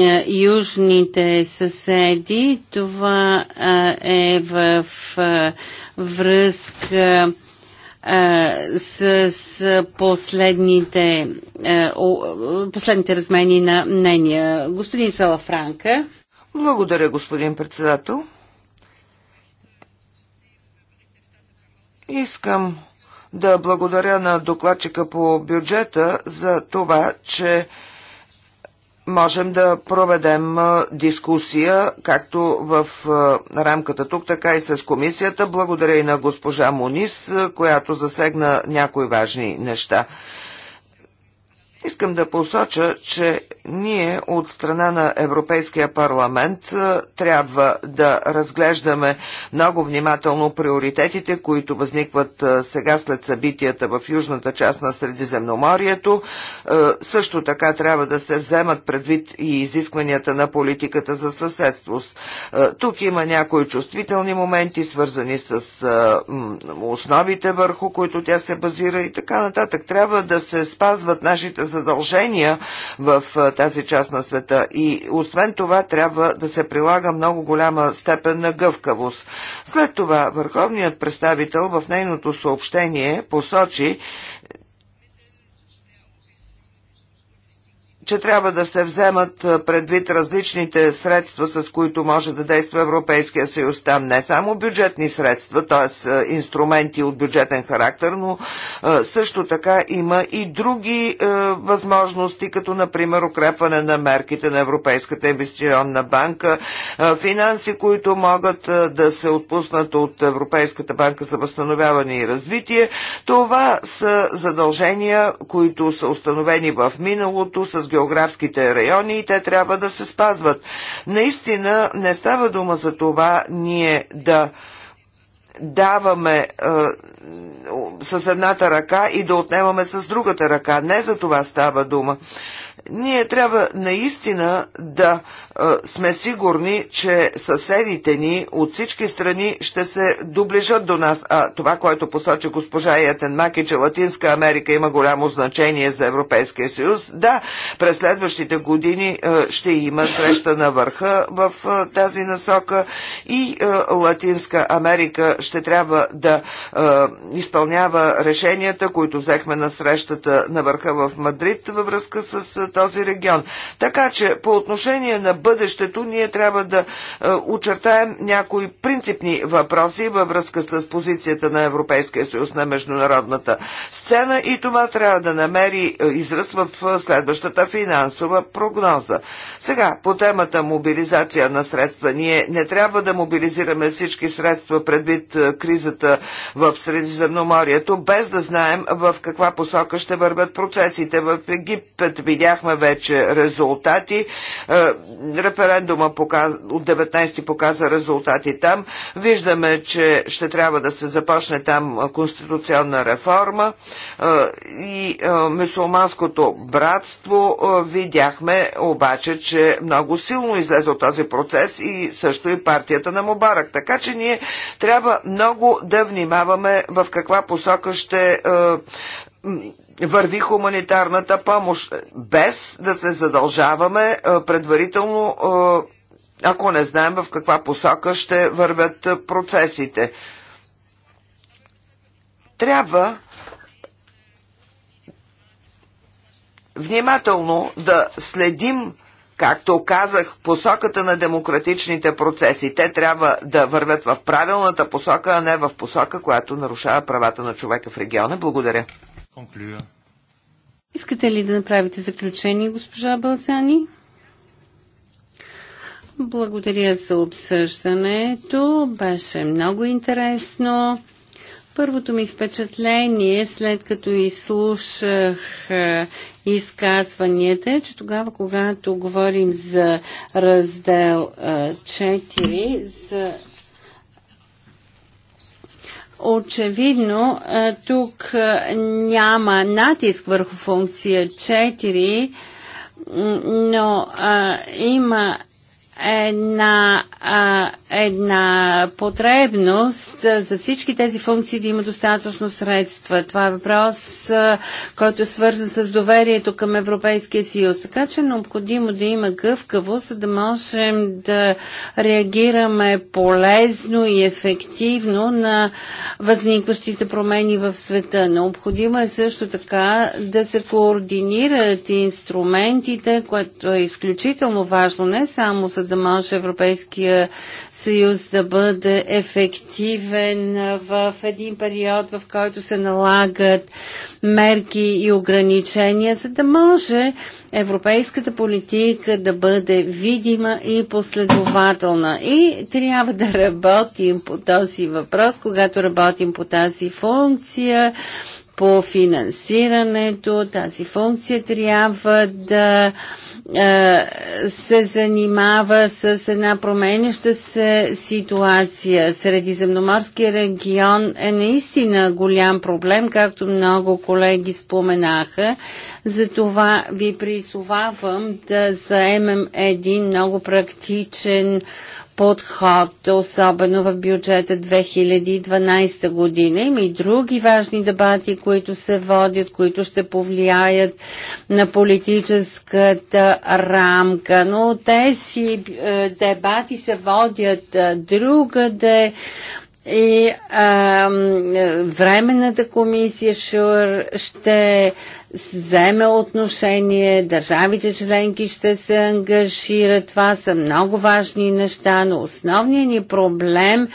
е, южните съседи. Това е, е в е, връзка с, с последните, последните размени на мнения. Господин Салафранка. Благодаря, господин председател. Искам да благодаря на докладчика по бюджета за това, че можем да проведем дискусия, както в рамката тук, така и с комисията. Благодаря и на госпожа Монис, която засегна някои важни неща. Искам да посоча, че ние от страна на Европейския парламент е, трябва да разглеждаме много внимателно приоритетите, които възникват е, сега след събитията в южната част на Средиземноморието. Е, също така трябва да се вземат предвид и изискванията на политиката за съседство. Тук има някои чувствителни моменти, свързани с основите върху които тя се базира и така нататък. Трябва да се спазват нашите задължения в тази част на света. И освен това трябва да се прилага много голяма степен на гъвкавост. След това върховният представител в нейното съобщение посочи, че трябва да се вземат предвид различните средства, с които може да действа Европейския съюз. Там не само бюджетни средства, т.е. инструменти от бюджетен характер, но също така има и други възможности, като например укрепване на мерките на Европейската инвестиционна банка, финанси, които могат да се отпуснат от Европейската банка за възстановяване и развитие. Това са задължения, които са установени в миналото с географските райони и те трябва да се спазват. Наистина не става дума за това ние да даваме е, с едната ръка и да отнемаме с другата ръка. Не за това става дума. Ние трябва наистина да сме сигурни, че съседите ни от всички страни ще се доближат до нас. А това, което посочи госпожа и че Латинска Америка има голямо значение за Европейския съюз, да, през следващите години ще има среща на върха в тази насока и Латинска Америка ще трябва да изпълнява решенията, които взехме на срещата на върха в Мадрид във връзка с този регион. Така че по отношение на бъдещето ние трябва да е, очертаем някои принципни въпроси във връзка с позицията на Европейския съюз на международната сцена и това трябва да намери е, израз в е, следващата финансова прогноза. Сега, по темата мобилизация на средства, ние не трябва да мобилизираме всички средства предвид кризата в Средиземноморието, без да знаем в каква посока ще вървят процесите. В Египет видяхме видяхме вече резултати. Е, референдума от 19 показа резултати там. Виждаме, че ще трябва да се започне там конституционна реформа е, и е, мусулманското братство видяхме обаче, че много силно излезе от този процес и също и партията на Мубарак. Така че ние трябва много да внимаваме в каква посока ще върви хуманитарната помощ, без да се задължаваме е, предварително, е, ако не знаем в каква посока ще вървят е, процесите. Трябва внимателно да следим Както казах, посоката на демократичните процеси, те трябва да вървят в правилната посока, а не в посока, която нарушава правата на човека в региона. Благодаря. Искате ли да направите заключение, госпожа Балзани? Благодаря за обсъждането. Беше много интересно. Първото ми впечатление, след като изслушах е, изказванията, е, че тогава, когато говорим за раздел 4, е, за Очевидно, е, тук е, няма натиск върху функция 4, но е, има една, а, една потребност за всички тези функции да има достатъчно средства. Това е въпрос, а, който е свързан с доверието към Европейския съюз. Така че е необходимо да има гъвкаво, за да можем да реагираме полезно и ефективно на възникващите промени в света. Необходимо е също така да се координират инструментите, което е изключително важно не само за да да може Европейския съюз да бъде ефективен в един период, в който се налагат мерки и ограничения, за да може европейската политика да бъде видима и последователна. И трябва да работим по този въпрос, когато работим по тази функция, по финансирането. Тази функция трябва да е, се занимава с една променяща се ситуация. Средиземноморския регион е наистина голям проблем, както много колеги споменаха. Затова ви призовавам да заемем един много практичен подход, особено в бюджета 2012 година. Има и други важни дебати, които се водят, които ще повлияят на политическата рамка. Но тези е, дебати се водят е, другаде. Да и а, Временната комисия ШУР ще вземе отношение, държавите членки ще се ангажират. Това са много важни неща, но основният ни проблем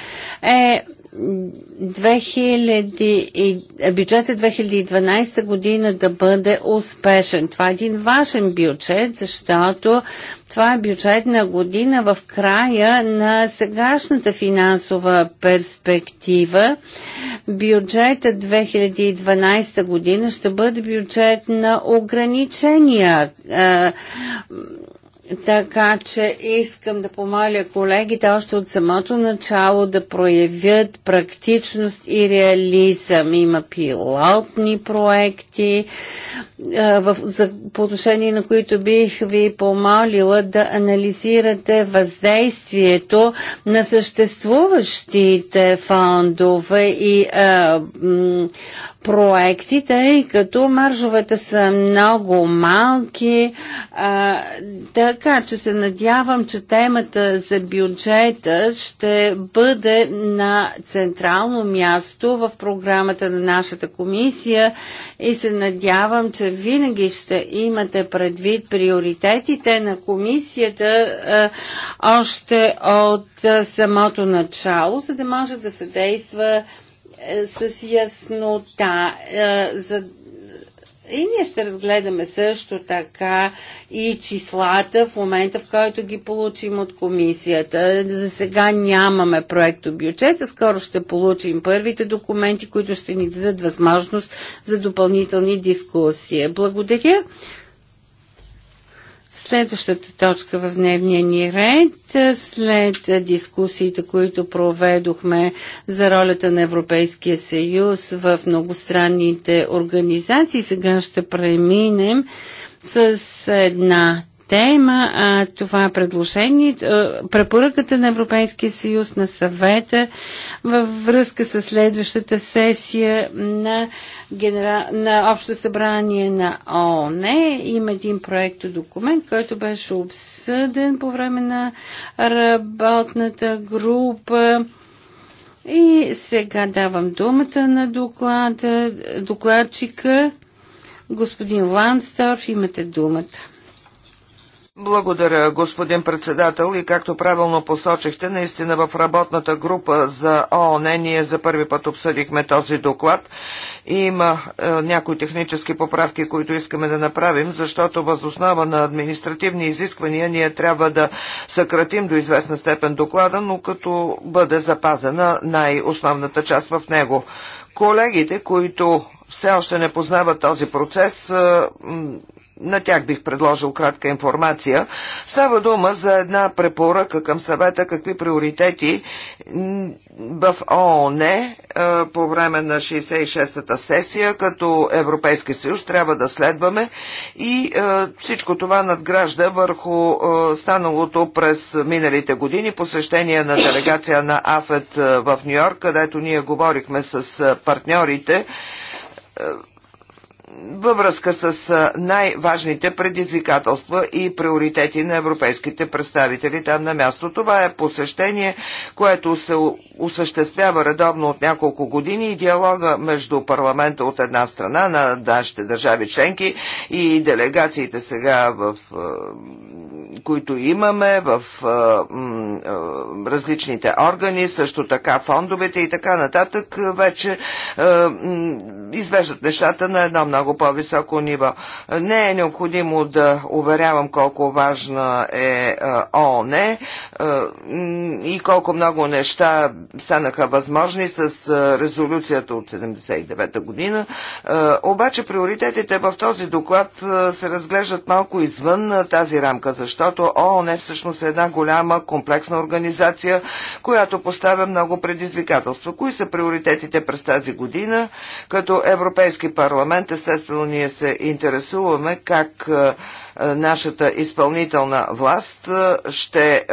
е 2000, бюджета 2012 година да бъде успешен. Това е един важен бюджет, защото това е бюджетна година в края на сегашната финансова перспектива. Бюджета 2012 година ще бъде бюджет на ограничения така че искам да помоля колегите още от самото начало да проявят практичност и реализъм. Има пилотни проекти, е, за, по отношение на които бих ви помолила да анализирате въздействието на съществуващите фондове и е, проекти, тъй като маржовете са много малки, а, така че се надявам, че темата за бюджета ще бъде на централно място в програмата на нашата комисия и се надявам, че винаги ще имате предвид приоритетите на комисията а, още от самото начало, за да може да се действа с яснота. Е, за... И ние ще разгледаме също така и числата в момента, в който ги получим от комисията. За сега нямаме проекто бюджета, скоро ще получим първите документи, които ще ни дадат възможност за допълнителни дискусии. Благодаря. Следващата точка в дневния ни ред, след дискусиите, които проведохме за ролята на Европейския съюз в многостранните организации, сега ще преминем с една тема, а това е предложение, препоръката на Европейския съюз на съвета във връзка с следващата сесия на генера... на Общо събрание на ООН. Има един проект документ, който беше обсъден по време на работната група. И сега давам думата на доклада, докладчика. Господин Ландсторф, имате думата. Благодаря, господин председател. И както правилно посочихте, наистина в работната група за ООН ние за първи път обсъдихме този доклад. И има е, някои технически поправки, които искаме да направим, защото възоснова на административни изисквания ние трябва да съкратим до известна степен доклада, но като бъде запазена най-основната част в него. Колегите, които все още не познават този процес, е, на тях бих предложил кратка информация. Става дума за една препоръка към съвета какви приоритети в ООН е, по време на 66-та сесия като Европейски съюз трябва да следваме и е, всичко това надгражда върху е, станалото през миналите години посещение на делегация на АФЕТ в Нью-Йорк, където ние говорихме с партньорите във връзка с най-важните предизвикателства и приоритети на европейските представители там на място. Това е посещение, което се осъществява редовно от няколко години и диалога между парламента от една страна на нашите държави членки и делегациите сега, в, които имаме в различните органи, също така фондовете и така нататък, вече извеждат нещата на едно много много по-високо ниво. Не е необходимо да уверявам колко важна е ООН и колко много неща станаха възможни с резолюцията от 79 та година. Обаче приоритетите в този доклад се разглеждат малко извън тази рамка, защото ООН е всъщност една голяма комплексна организация, която поставя много предизвикателства. Кои са приоритетите през тази година? Като Европейски парламент, естествено, Естествено, ние се интересуваме как е, нашата изпълнителна власт е, ще е,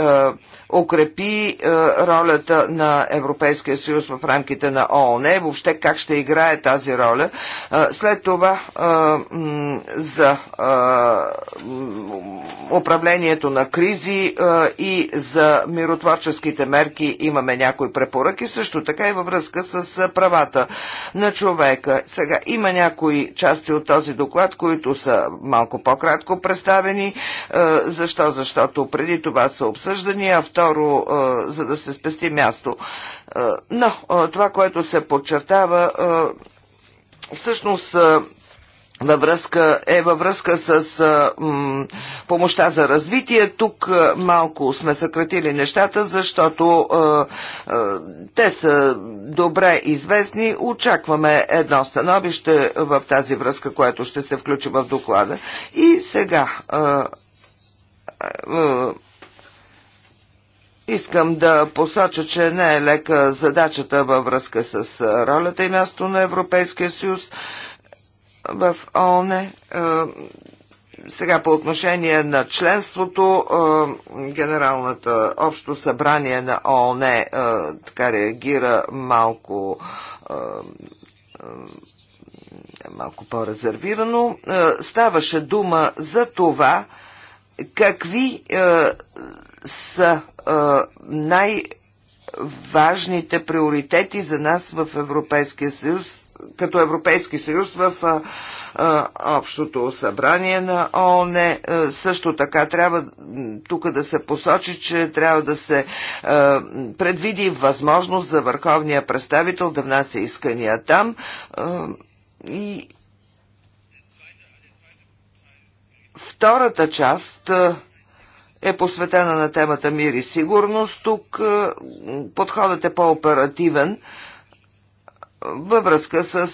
укрепи ролята на Европейския съюз в рамките на ООН въобще как ще играе тази роля. След това за управлението на кризи и за миротворческите мерки имаме някои препоръки, също така и във връзка с правата на човека. Сега има някои части от този доклад, които са малко по-кратко представени. Е, защо? Защото преди това са обсъждани, а второ, е, за да се спести място. Е, но това, което се подчертава, всъщност във връзка, е във връзка с а, м, помощта за развитие. Тук а, малко сме съкратили нещата, защото а, а, те са добре известни. Очакваме едно становище в тази връзка, което ще се включи в доклада. И сега. А, а, Искам да посоча, че не е лека задачата във връзка с ролята и място на Европейския съюз в ООН. Е, сега по отношение на членството, е, Генералната общо събрание на ООН е, така реагира малко малко по-резервирано. Ставаше дума за това, какви са най- важните приоритети за нас в Европейския съюз като Европейски съюз в Общото събрание на ООН. Е, също така трябва тук да се посочи, че трябва да се предвиди възможност за върховния представител да внася искания там. И втората част е посветена на темата мир и сигурност. Тук подходът е по-оперативен във връзка с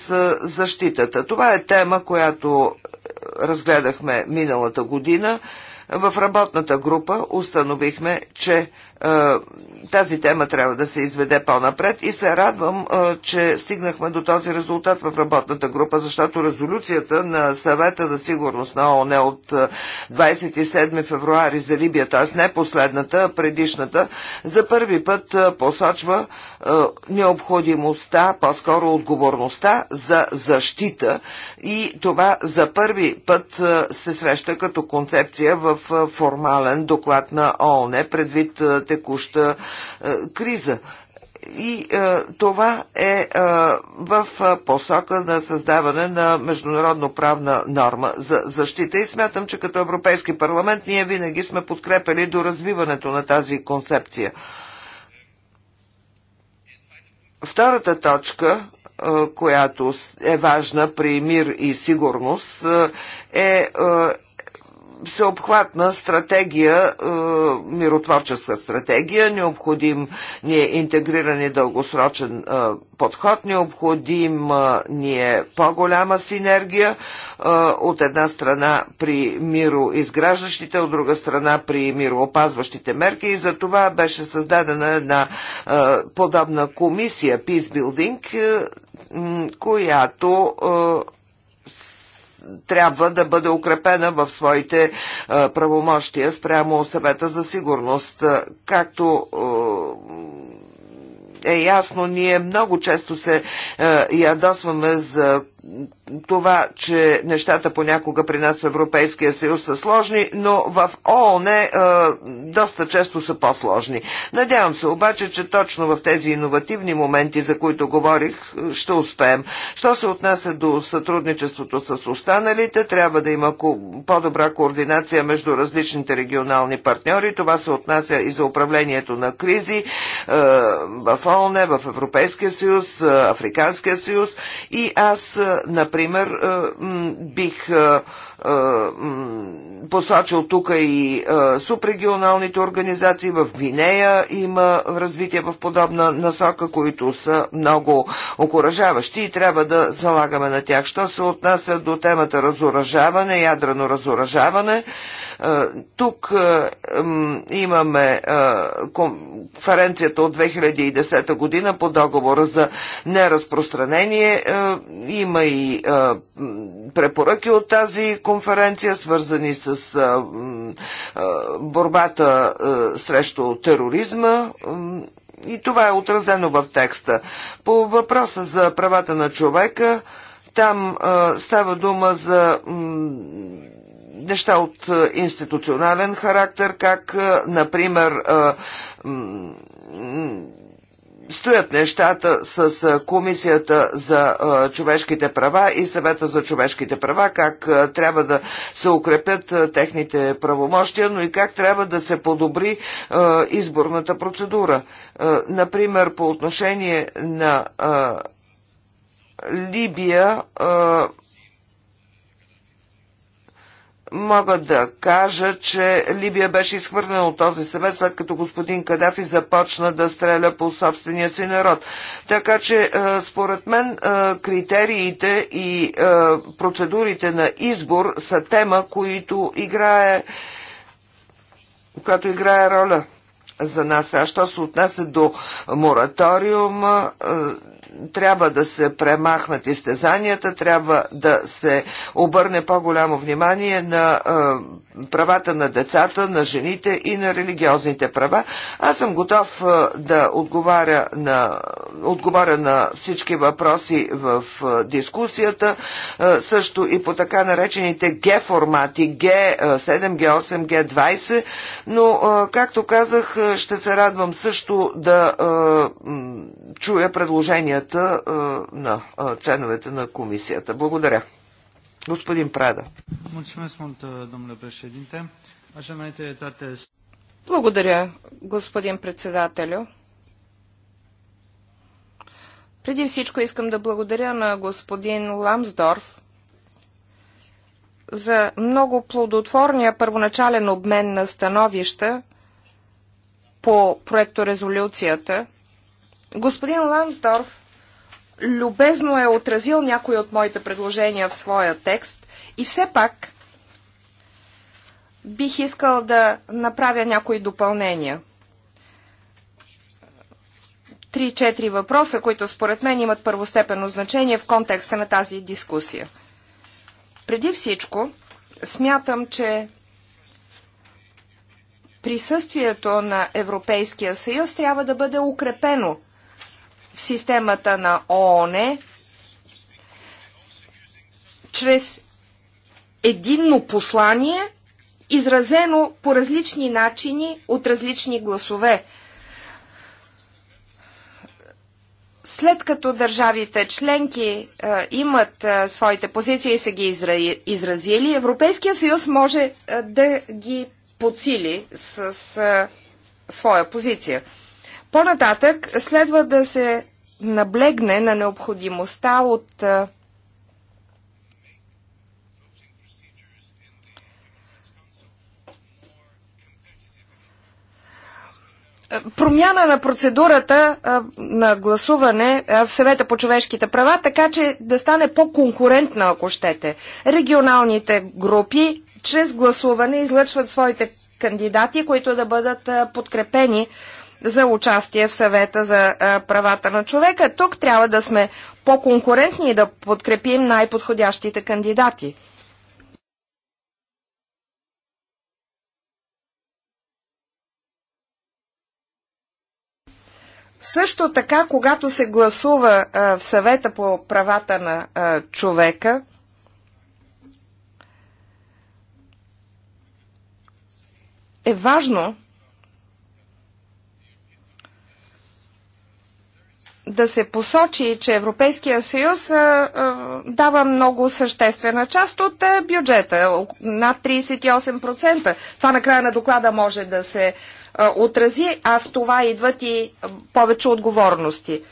защитата. Това е тема, която разгледахме миналата година. В работната група установихме, че е, тази тема трябва да се изведе по-напред и се радвам, е, че стигнахме до този резултат в работната група, защото резолюцията на съвета за сигурност на ООН от 27 е, февруари за Либия, т.е. не последната, а предишната, за първи път посочва необходимостта, по-скоро отговорността за защита и това за първи път се среща като концепция в формален доклад на ООН предвид текуща е, криза и е, това е, е в е, посока на създаване на международно правна норма за защита и смятам, че като Европейски парламент ние винаги сме подкрепили до развиването на тази концепция. Втората точка, е, която е важна при мир и сигурност, е, е всеобхватна стратегия, е, миротворческа стратегия, необходим ни е интегриран и дългосрочен е, подход, необходим е, ни е по-голяма синергия е, от една страна при мироизграждащите, от друга страна при мироопазващите мерки и за това беше създадена една е, подобна комисия Peace Building, е, която е, трябва да бъде укрепена в своите е, правомощия спрямо съвета за сигурност. Е, както е, е ясно, ние много често се ядосваме за това, че нещата понякога при нас в Европейския съюз са сложни, но в ООН е, доста често са по-сложни. Надявам се обаче, че точно в тези иновативни моменти, за които говорих, ще успеем. Що се отнася до сътрудничеството с останалите, трябва да има по-добра координация между различните регионални партньори. Това се отнася и за управлението на кризи е, в ООН, в Европейския съюз, е, Африканския съюз и аз е, на например, е, бих е, е, посочил тук и субрегионалните организации. В Гвинея има развитие в подобна насока, които са много окоръжаващи и трябва да залагаме на тях. Що се отнася до темата разоръжаване, ядрено разоръжаване, тук имаме конференцията от 2010 година по договора за неразпространение. Има и препоръки от тази конференция, свързани с борбата срещу тероризма. И това е отразено в текста. По въпроса за правата на човека, там а, става дума за неща от е, институционален характер, как, е, например, е, стоят нещата с Комисията за човешките права и съвета за човешките права, как трябва да се укрепят техните правомощия, но и как трябва да се подобри изборната процедура. Например, по отношение на Либия, мога да кажа, че Либия беше изхвърлена от този съвет, след като господин Кадафи започна да стреля по собствения си народ. Така че, е, според мен, е, критериите и е, процедурите на избор са тема, които играе, която играе роля за нас. А що се отнася до мораториума, е, трябва да се премахнат изтезанията, трябва да се обърне по-голямо внимание на е, правата на децата, на жените и на религиозните права. Аз съм готов е, да отговаря на, отговаря на всички въпроси в дискусията, също и по така наречените Г-формати, Г7, Г8, Г20, но, както казах, ще се радвам също да е, чуя предложенията а, на членовете на комисията. Благодаря. Господин Прада. Благодаря, господин председателю. Преди всичко искам да благодаря на господин Ламсдорф за много плодотворния първоначален обмен на становища по проекторезолюцията, господин Ламсдорф любезно е отразил някои от моите предложения в своя текст и все пак бих искал да направя някои допълнения. Три-четири въпроса, които според мен имат първостепенно значение в контекста на тази дискусия. Преди всичко, смятам, че присъствието на Европейския съюз трябва да бъде укрепено в системата на ООН чрез единно послание, изразено по различни начини от различни гласове. След като държавите членки а, имат а, своите позиции и са ги изра... изразили, Европейския съюз може а, да ги подсили с, с своя позиция. По-нататък следва да се наблегне на необходимостта от промяна на процедурата на гласуване в съвета по човешките права, така че да стане по-конкурентна, ако щете. Регионалните групи чрез гласуване излъчват своите кандидати, които да бъдат подкрепени за участие в съвета за правата на човека. Тук трябва да сме по-конкурентни и да подкрепим най-подходящите кандидати. Също така, когато се гласува а, в съвета по правата на а, човека, е важно да се посочи, че Европейския съюз дава много съществена част от бюджета, над 38%. Това накрая на доклада може да се отрази, а с това идват и повече отговорности.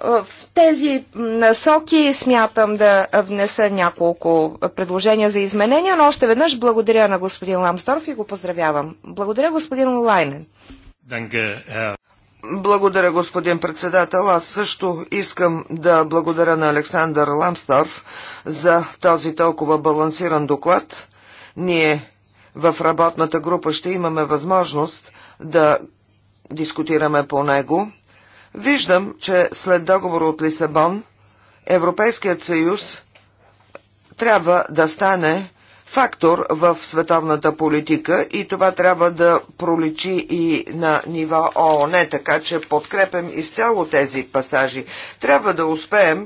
В тези насоки смятам да внеса няколко предложения за изменения, но още веднъж благодаря на господин Ламсторф и го поздравявам. Благодаря господин Лайнен. Благодаря, господин председател. Аз също искам да благодаря на Александър Ламсторф за този толкова балансиран доклад. Ние в работната група ще имаме възможност да дискутираме по него. Виждам, че след договора от Лисабон Европейският съюз трябва да стане фактор в световната политика и това трябва да проличи и на нива ООН, така че подкрепям изцяло тези пасажи. Трябва да успеем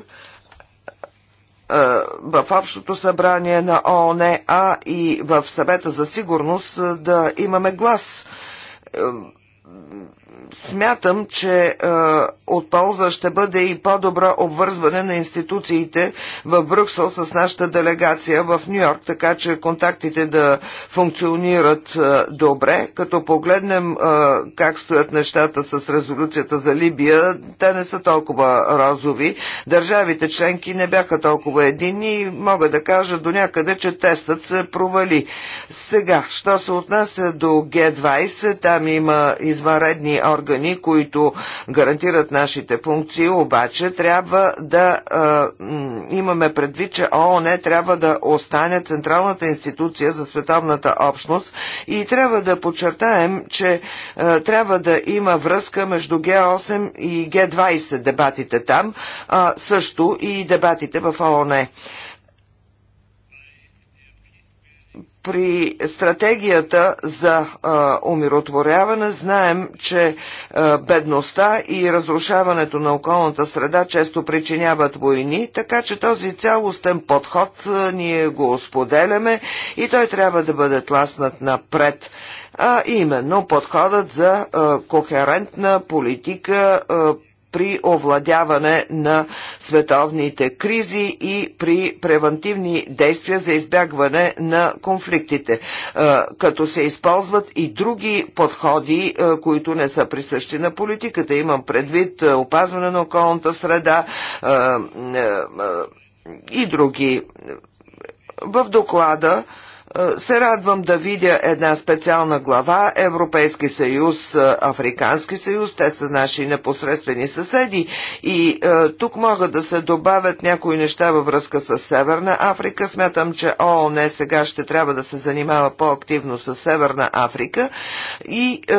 е, в Общото събрание на ООН, а и в съвета за сигурност е, да имаме глас. Е, смятам, че е, от полза ще бъде и по-добро обвързване на институциите в Брюксел с нашата делегация в Нью Йорк, така че контактите да функционират е, добре. Като погледнем е, как стоят нещата с резолюцията за Либия, те не са толкова розови. Държавите членки не бяха толкова едини и мога да кажа до някъде, че тестът се провали. Сега, що се отнася до Г20, там има и извънредни органи, които гарантират нашите функции, обаче трябва да а, имаме предвид, че ООН трябва да остане централната институция за световната общност и трябва да подчертаем, че а, трябва да има връзка между Г8 и Г20 дебатите там, а също и дебатите в ООН. при стратегията за а, умиротворяване знаем, че а, бедността и разрушаването на околната среда често причиняват войни, така че този цялостен подход а, ние го споделяме и той трябва да бъде тласнат напред а именно подходът за а, кохерентна политика а, при овладяване на световните кризи и при превентивни действия за избягване на конфликтите, е, като се използват и други подходи, е, които не са присъщи на политиката. Имам предвид е, опазване на околната среда и други. В доклада е, се радвам да видя една специална глава Европейски съюз, е, Африкански съюз, те са наши непосредствени съседи и е, тук могат да се добавят някои неща във връзка с Северна Африка. Смятам, че ООН сега ще трябва да се занимава по-активно с Северна Африка и е,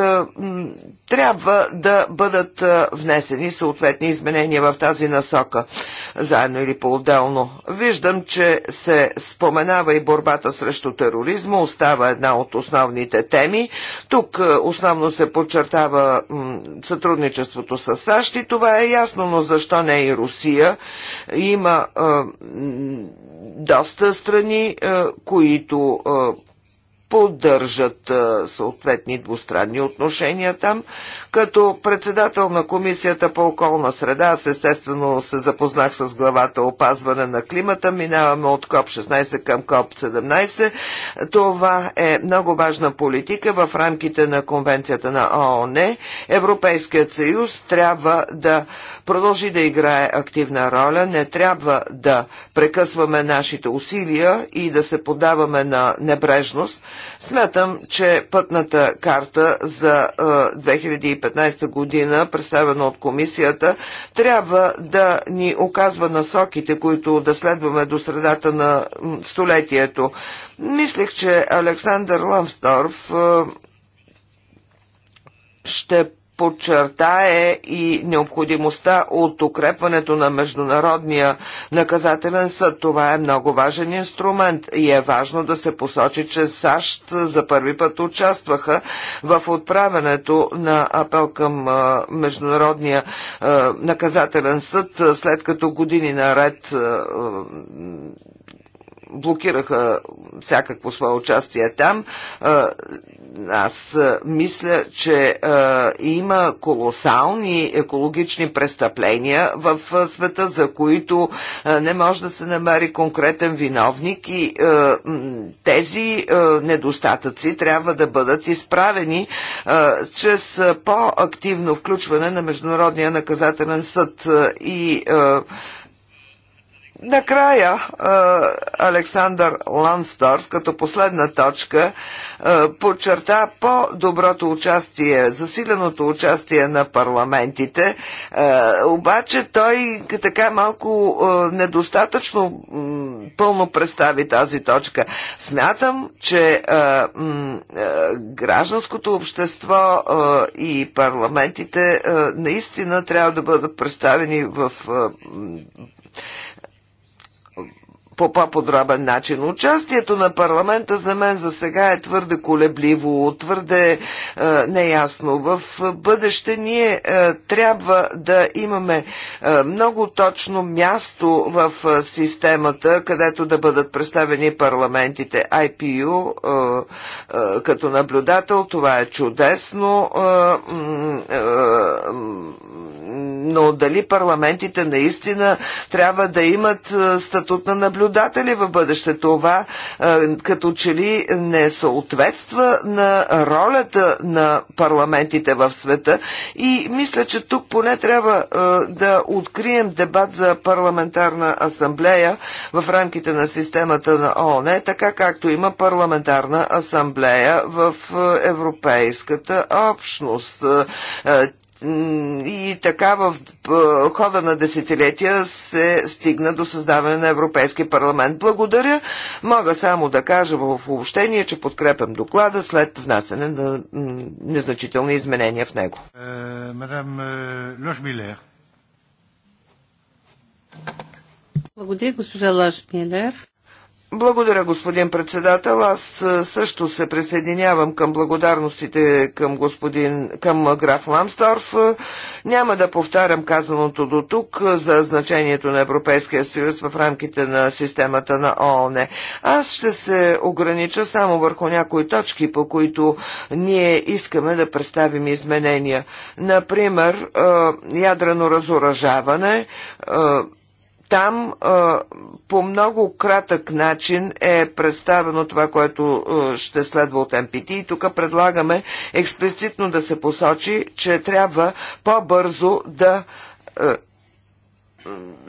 трябва да бъдат е, внесени съответни изменения в тази насока, заедно или по-отделно. Виждам, че се споменава и борбата срещу тероризма остава една от основните теми. Тук е, основно се подчертава сътрудничеството с САЩ и това е ясно, но защо не и Русия? Има е, доста страни, е, които поддържат съответни двустранни отношения там. Като председател на Комисията по околна среда, аз естествено се запознах с главата опазване на климата. Минаваме от КОП-16 към КОП-17. Това е много важна политика в рамките на Конвенцията на ООН. Европейският съюз трябва да продължи да играе активна роля. Не трябва да прекъсваме нашите усилия и да се подаваме на небрежност. Смятам, че пътната карта за 2015 е, 2015 година, представена от комисията, трябва да ни оказва насоките, които да следваме до средата на столетието. Мислех, че Александър Ламсдорф е, ще подчертае и необходимостта от укрепването на Международния наказателен съд. Това е много важен инструмент и е важно да се посочи, че САЩ за първи път участваха в отправянето на апел към Международния наказателен съд, след като години наред блокираха всякакво свое участие там. Аз мисля, че има колосални екологични престъпления в света, за които не може да се намери конкретен виновник и тези недостатъци трябва да бъдат изправени чрез по-активно включване на Международния наказателен съд и накрая Александър Ланстарф като последна точка подчерта по-доброто участие, засиленото участие на парламентите, обаче той така малко недостатъчно пълно представи тази точка. Смятам, че гражданското общество и парламентите наистина трябва да бъдат представени в по по-подробен начин. Участието на парламента за мен за сега е твърде колебливо, твърде е, неясно. В бъдеще ние е, трябва да имаме е, много точно място в е, системата, където да бъдат представени парламентите. IPU е, е, като наблюдател, това е чудесно. Е, е, но дали парламентите наистина трябва да имат е, статут на наблюдатели в бъдеще. Това е, като че ли не съответства на ролята на парламентите в света и мисля, че тук поне трябва е, да открием дебат за парламентарна асамблея в рамките на системата на ООН, така както има парламентарна асамблея в Европейската общност. И така в хода на десетилетия се стигна до създаване на Европейски парламент. Благодаря. Мога само да кажа в обобщение, че подкрепям доклада след внасене на незначителни изменения в него. Е, мадам е, Лош Милер. Благодаря, госпожа Лош Милер. Благодаря, господин председател. Аз също се присъединявам към благодарностите към, господин, към граф Ламсторф. Няма да повтарям казаното до тук за значението на Европейския съюз в рамките на системата на ООН. Аз ще се огранича само върху някои точки, по които ние искаме да представим изменения. Например, ядрено разоръжаване, там а, по много кратък начин е представено това, което а, ще следва от МПТ и тук предлагаме експлицитно да се посочи, че трябва по-бързо да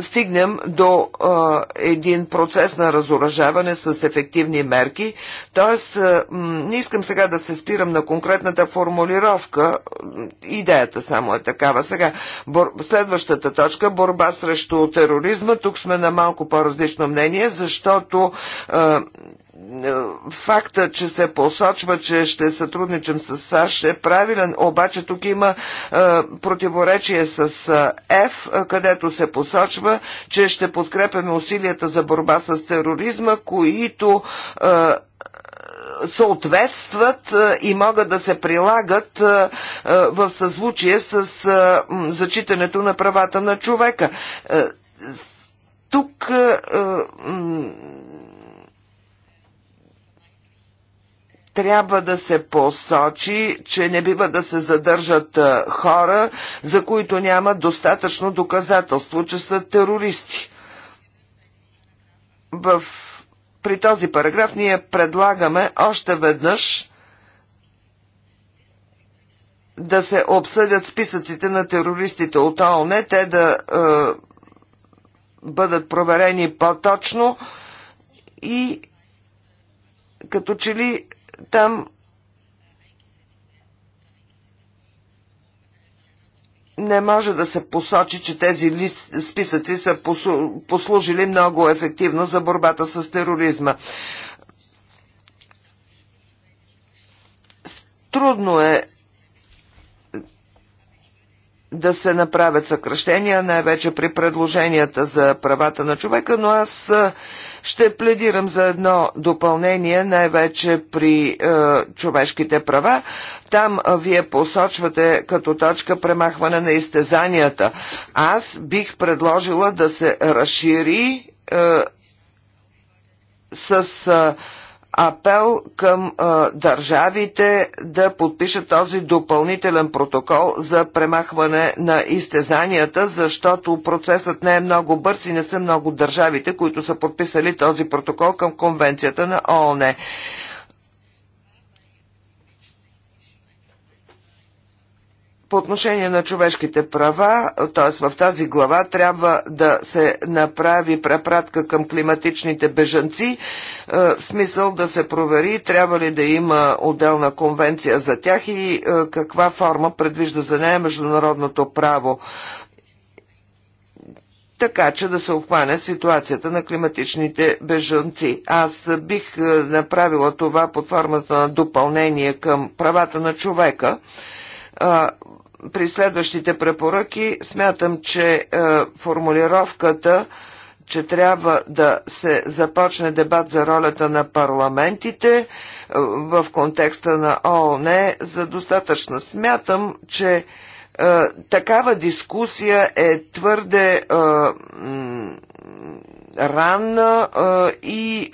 стигнем до а, един процес на разоръжаване с ефективни мерки. Тоест, а, не искам сега да се спирам на конкретната формулировка. Идеята само е такава. Сега, бор... следващата точка борба срещу тероризма. Тук сме на малко по-различно мнение, защото а, е, факта, че се посочва, че ще сътрудничим с САЩ е правилен, обаче тук има е, противоречие с F, е, където се посочва, че ще подкрепяме усилията за борба с тероризма, които съответстват и могат да се прилагат в съзвучие с зачитането на правата на човека. Тук трябва да се посочи, че не бива да се задържат хора, за които няма достатъчно доказателство, че са терористи. В... При този параграф ние предлагаме още веднъж да се обсъдят списъците на терористите от ООН, те да е, бъдат проверени по-точно и като че ли там не може да се посочи, че тези списъци са послужили много ефективно за борбата с тероризма. Трудно е да се направят съкръщения, най-вече при предложенията за правата на човека, но аз ще пледирам за едно допълнение, най-вече при е, човешките права. Там е, вие посочвате като точка премахване на изтезанията. Аз бих предложила да се разшири е, с. Е, апел към а, държавите да подпишат този допълнителен протокол за премахване на изтезанията, защото процесът не е много бърз и не са много държавите, които са подписали този протокол към конвенцията на ООН. По отношение на човешките права, т.е. в тази глава трябва да се направи препратка към климатичните бежанци, е, в смисъл да се провери трябва ли да има отделна конвенция за тях и е, каква форма предвижда за нея международното право така че да се обхване ситуацията на климатичните бежанци. Аз бих е, направила това под формата на допълнение към правата на човека при следващите препоръки смятам, че е, формулировката, че трябва да се започне дебат за ролята на парламентите е, в контекста на ООН е за достатъчна. Смятам, че е, такава дискусия е твърде е, ранна е, и е,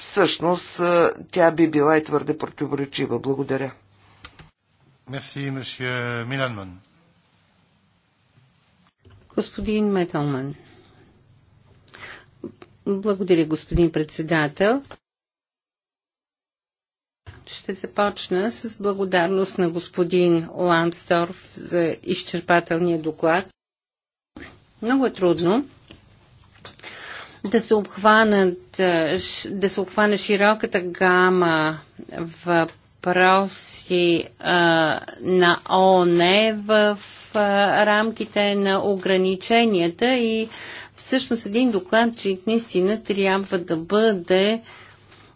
всъщност е, тя би била и твърде противоречива. Благодаря. Мерси, месье Миланман. Господин Металман. Благодаря, господин председател. Ще започна с благодарност на господин Ламсторф за изчерпателния доклад. Много е трудно да се обхванат, да се обхване широката гама в въпроси а, на ООН в а, рамките на ограниченията и всъщност един докладчик наистина трябва да бъде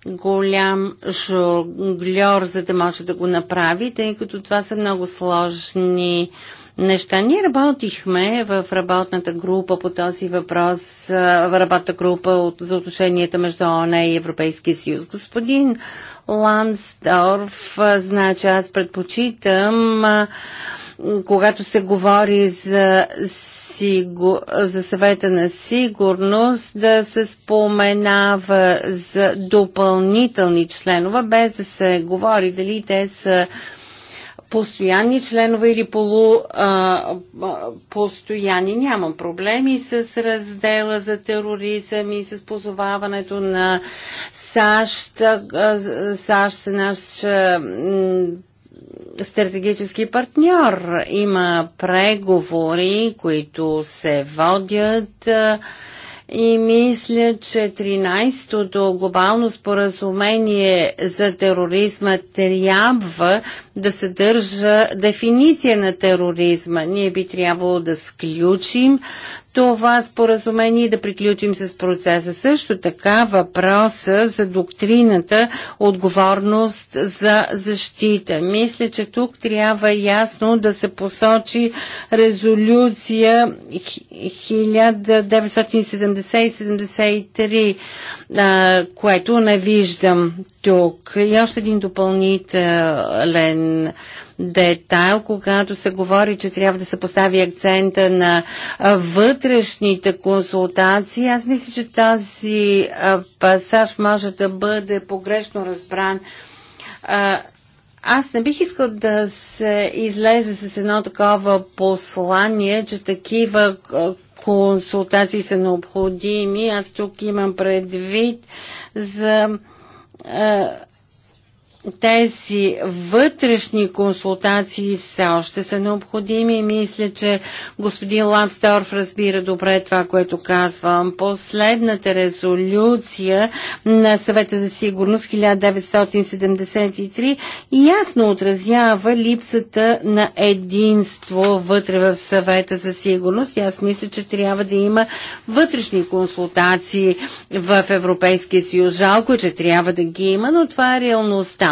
голям жонглер, за да може да го направи, тъй като това са много сложни а, неща. Ние работихме в работната група по този въпрос, в работната група за отношенията между ОНЕ и Европейския съюз. Господин Ламсдорф, значи аз предпочитам когато се говори за, сигур... за съвета на сигурност, да се споменава за допълнителни членове, без да се говори дали те са постоянни членове или полу, а, постоянни. Нямам проблеми с раздела за тероризъм и с позоваването на САЩ. САЩ е наш стратегически партньор. Има преговори, които се водят. А, и мисля, че 13-то глобално споразумение за тероризма трябва да съдържа дефиниция на тероризма. Ние би трябвало да сключим това споразумение и да приключим с процеса. Също така въпроса за доктрината отговорност за защита. Мисля, че тук трябва ясно да се посочи резолюция 1970-73, което не виждам тук. И още един допълнителен детайл, когато се говори, че трябва да се постави акцента на вътрешните консултации. Аз мисля, че тази пасаж може да бъде погрешно разбран аз не бих искал да се излезе с едно такова послание, че такива консултации са необходими. Аз тук имам предвид за тези вътрешни консултации все още са необходими и мисля, че господин Ландсторф разбира добре това, което казвам. Последната резолюция на съвета за сигурност 1973 ясно отразява липсата на единство вътре в съвета за сигурност. аз мисля, че трябва да има вътрешни консултации в Европейския съюз. Жалко, е, че трябва да ги има, но това е реалността.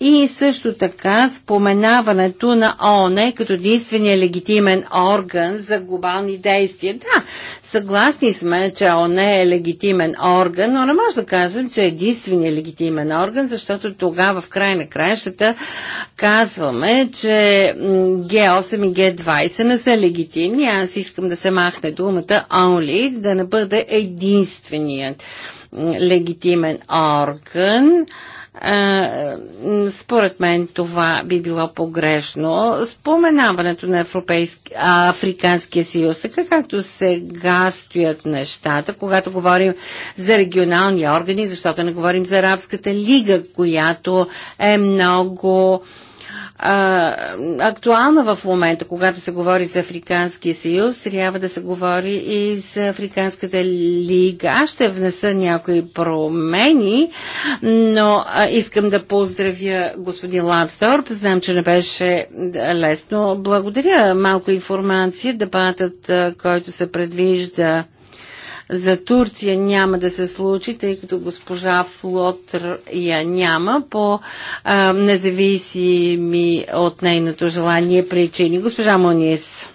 И също така споменаването на ООН като единствения легитимен орган за глобални действия. Да, съгласни сме, че ООН е легитимен орган, но не може да кажем, че е единствения легитимен орган, защото тогава в край на краищата казваме, че Г8 и Г20 не са легитимни. Аз искам да се махне думата only, да не бъде единственият легитимен орган според мен това би било погрешно. Споменаването на Европейски, Африканския съюз, така както сега стоят нещата, когато говорим за регионални органи, защото не говорим за Арабската лига, която е много а, актуална в момента, когато се говори за Африканския съюз, трябва да се говори и за Африканската лига. Аз ще внеса някои промени, но а, искам да поздравя господин Лавсторп. Знам, че не беше лесно. Благодаря. Малко информация. Дебатът, който се предвижда за Турция няма да се случи, тъй като госпожа Флотър я няма по а, независими от нейното желание причини. Госпожа Монис.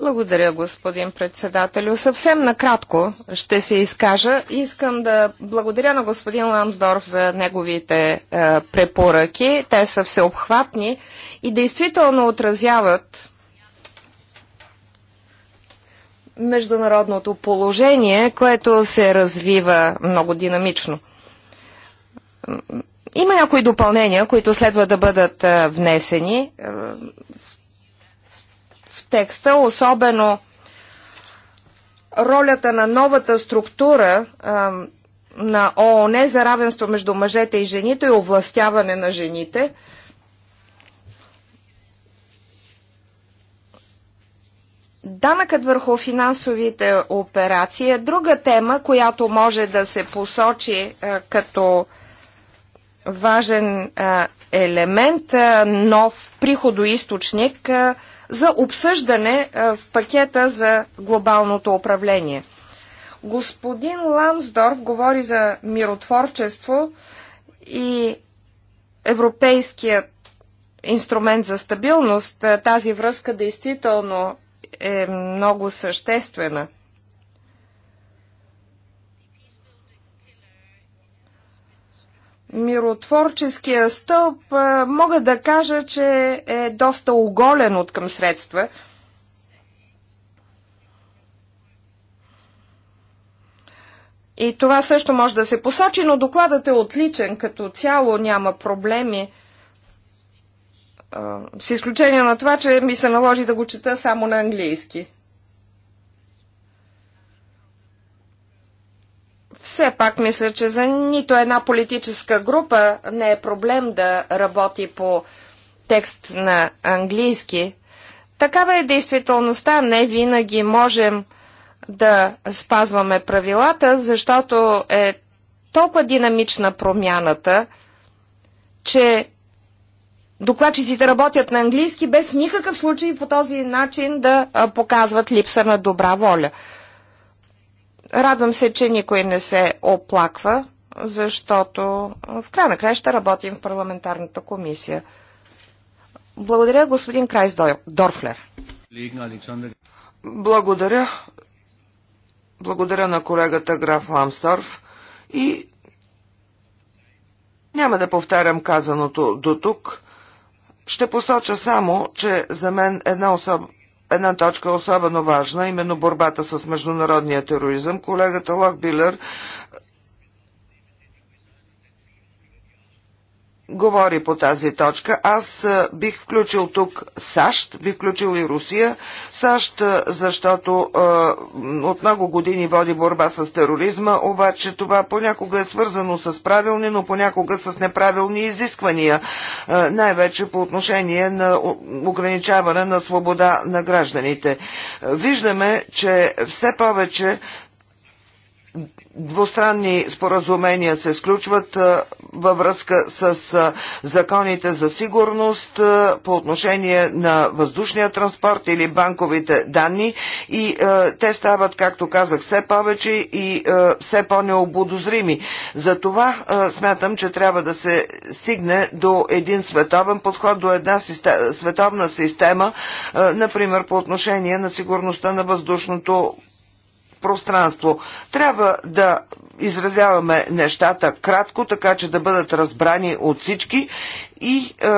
Благодаря, господин председателю. Съвсем накратко ще се изкажа. Искам да благодаря на господин Ламсдорф за неговите е, препоръки. Те са всеобхватни и действително отразяват международното положение, което се развива много динамично. Има някои допълнения, които следва да бъдат внесени в текста, особено ролята на новата структура на ООН за равенство между мъжете и жените и овластяване на жените – Данъкът върху финансовите операции е друга тема, която може да се посочи а, е, като важен а, е, елемент, а, е, нов приходоисточник а, за обсъждане а, в пакета за глобалното управление. Господин Лансдорф говори за миротворчество и Европейският инструмент за стабилност. Тази връзка действително е много съществена. Миротворческия стълб е, мога да кажа, че е доста оголен от към средства. И това също може да се посочи, но докладът е отличен. Като цяло няма проблеми с изключение на това, че ми се наложи да го чета само на английски. Все пак мисля, че за нито една политическа група не е проблем да работи по текст на английски. Такава е действителността. Не винаги можем да спазваме правилата, защото е толкова динамична промяната, че докладчиците работят на английски, без в никакъв случай по този начин да показват липса на добра воля. Радвам се, че никой не се оплаква, защото в края на края ще работим в парламентарната комисия. Благодаря, господин Крайс Дорфлер. Благодаря. Благодаря на колегата граф Ламсторф и няма да повтарям казаното до тук. Ще посоча само, че за мен една, особ... една точка е особено важна, именно борбата с международния тероризъм. Колегата Лох Билер говори по тази точка. Аз бих включил тук САЩ, бих включил и Русия. САЩ, защото е, от много години води борба с тероризма, обаче това понякога е свързано с правилни, но понякога с неправилни изисквания, е, най-вече по отношение на ограничаване на свобода на гражданите. Виждаме, че все повече двустранни споразумения се сключват във връзка с законите за сигурност по отношение на въздушния транспорт или банковите данни и е, те стават, както казах, все повече и е, все по необудозрими За това е, смятам, че трябва да се стигне до един световен подход, до една система, световна система, например по отношение на сигурността на въздушното пространство. Трябва да изразяваме нещата кратко, така че да бъдат разбрани от всички и е,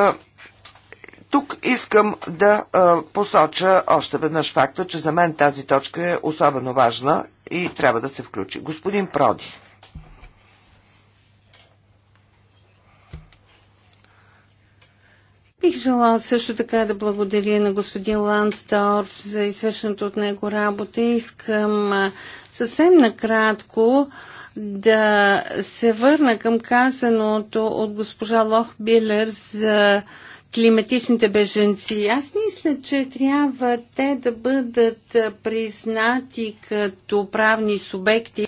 тук искам да е, посоча още веднъж факта, че за мен тази точка е особено важна и трябва да се включи. Господин Проди. Бих желал също така да благодаря на господин Ландсторф за извършеното от него работа. Искам съвсем накратко да се върна към казаното от госпожа Лох Билер за климатичните беженци. Аз мисля, че трябва те да бъдат признати като правни субекти.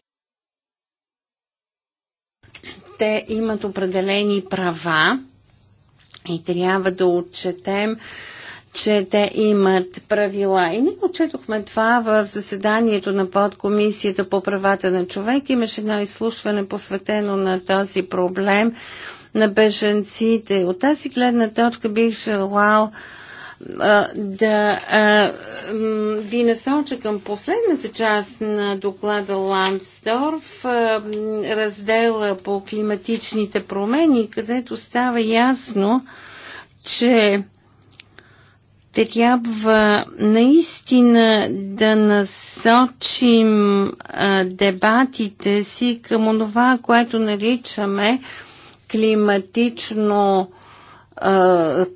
Те имат определени права и трябва да отчетем че те имат правила. И ние отчетохме това в заседанието на подкомисията по правата на човек. Имаше едно изслушване посветено на този проблем на беженците. От тази гледна точка бих желал да ви насоча към последната част на доклада Ламсдорф, раздела по климатичните промени, където става ясно, че трябва наистина да насочим а, дебатите си към онова, което наричаме климатично а,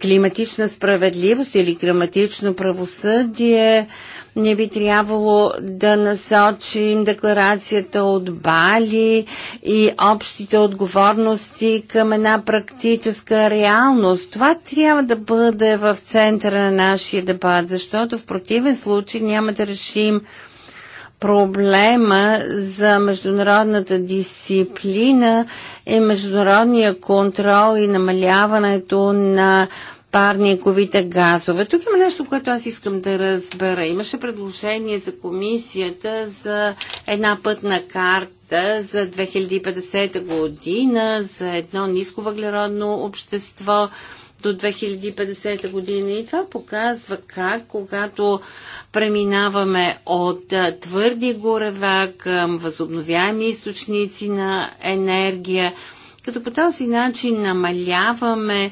климатична справедливост или климатично правосъдие, не би трябвало да насочим декларацията от Бали и общите отговорности към една практическа реалност. Това трябва да бъде в центъра на нашия дебат, защото в противен случай няма да решим проблема за международната дисциплина е международния контрол и намаляването на парниковите газове. Тук има нещо, което аз искам да разбера. Имаше предложение за комисията за една пътна карта за 2050 година, за едно нисковъглеродно общество. общество до 2050 година. И това показва как, когато преминаваме от твърди горева към възобновяеми източници на енергия, като по този начин намаляваме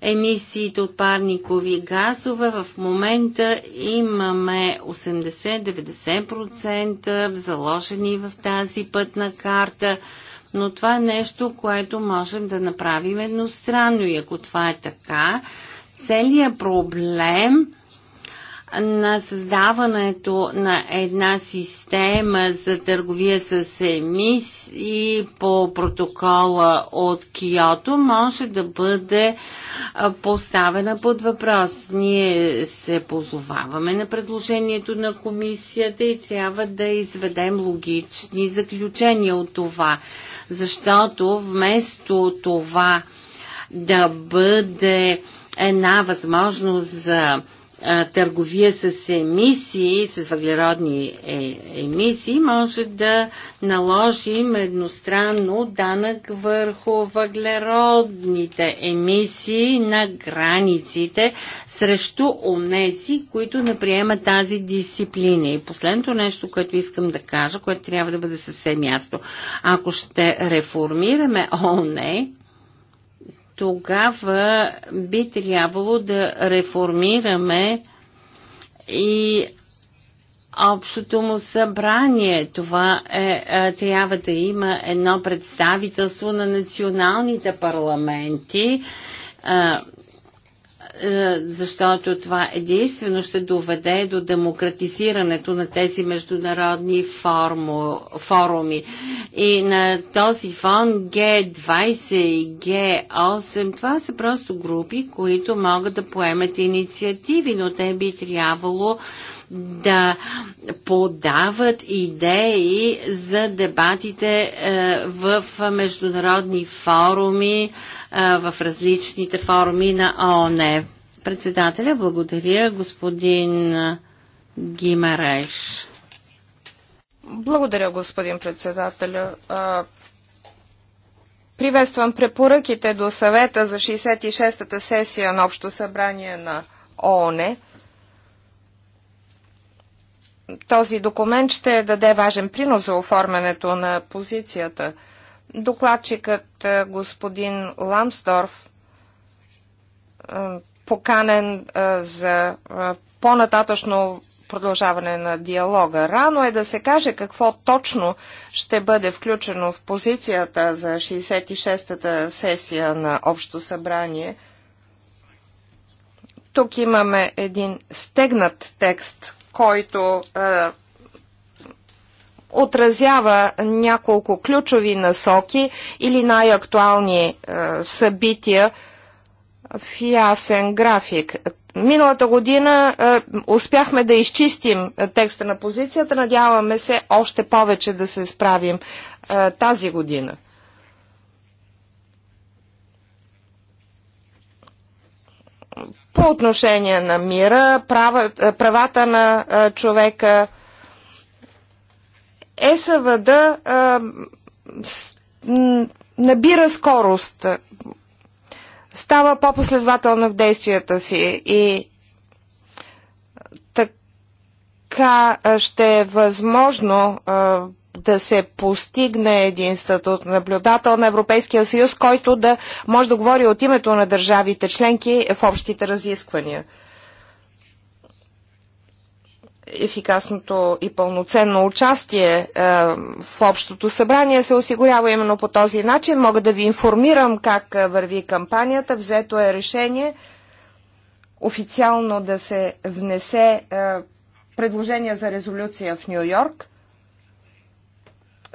емисиите от парникови газове. В момента имаме 80-90% заложени в тази пътна карта но това е нещо, което можем да направим едностранно. И ако това е така, целият проблем на създаването на една система за търговия с емисии по протокола от Киото може да бъде поставена под въпрос. Ние се позоваваме на предложението на комисията и трябва да изведем логични заключения от това защото вместо това да бъде една възможност за търговия с емисии, с въглеродни е, емисии, може да наложим едностранно данък върху въглеродните емисии на границите срещу онези, които не приемат тази дисциплина. И последното нещо, което искам да кажа, което трябва да бъде съвсем ясно. Ако ще реформираме ОНЕ, тогава би трябвало да реформираме и общото му събрание. Това е, е трябва да има едно представителство на националните парламенти. Е, защото това единствено ще доведе до демократизирането на тези международни форму, форуми. И на този фон G20 и G8, това са просто групи, които могат да поемат инициативи, но те би трябвало да подават идеи за дебатите е, в международни форуми, в различните форми на ООН. Председателя, благодаря господин Гимареш. Благодаря, господин председател, Приветствам препоръките до съвета за 66-та сесия на Общо събрание на ООН. Този документ ще даде важен принос за оформянето на позицията – Докладчикът е, господин Ламсдорф, е, поканен е, за по-нататъчно продължаване на диалога. Рано е да се каже какво точно ще бъде включено в позицията за 66-та сесия на Общо събрание. Тук имаме един стегнат текст, който отразява няколко ключови насоки или най-актуални е, събития в ясен график. Миналата година е, успяхме да изчистим е, текста на позицията. Надяваме се още повече да се справим е, тази година. По отношение на мира, права, е, правата на човека, ЕСВД а, с, набира скорост, става по-последователна в действията си и така ще е възможно а, да се постигне един статут наблюдател на Европейския съюз, който да може да говори от името на държавите членки в общите разисквания ефикасното и пълноценно участие е, в общото събрание се осигурява именно по този начин. Мога да ви информирам как е, върви кампанията. Взето е решение официално да се внесе е, предложение за резолюция в Нью Йорк.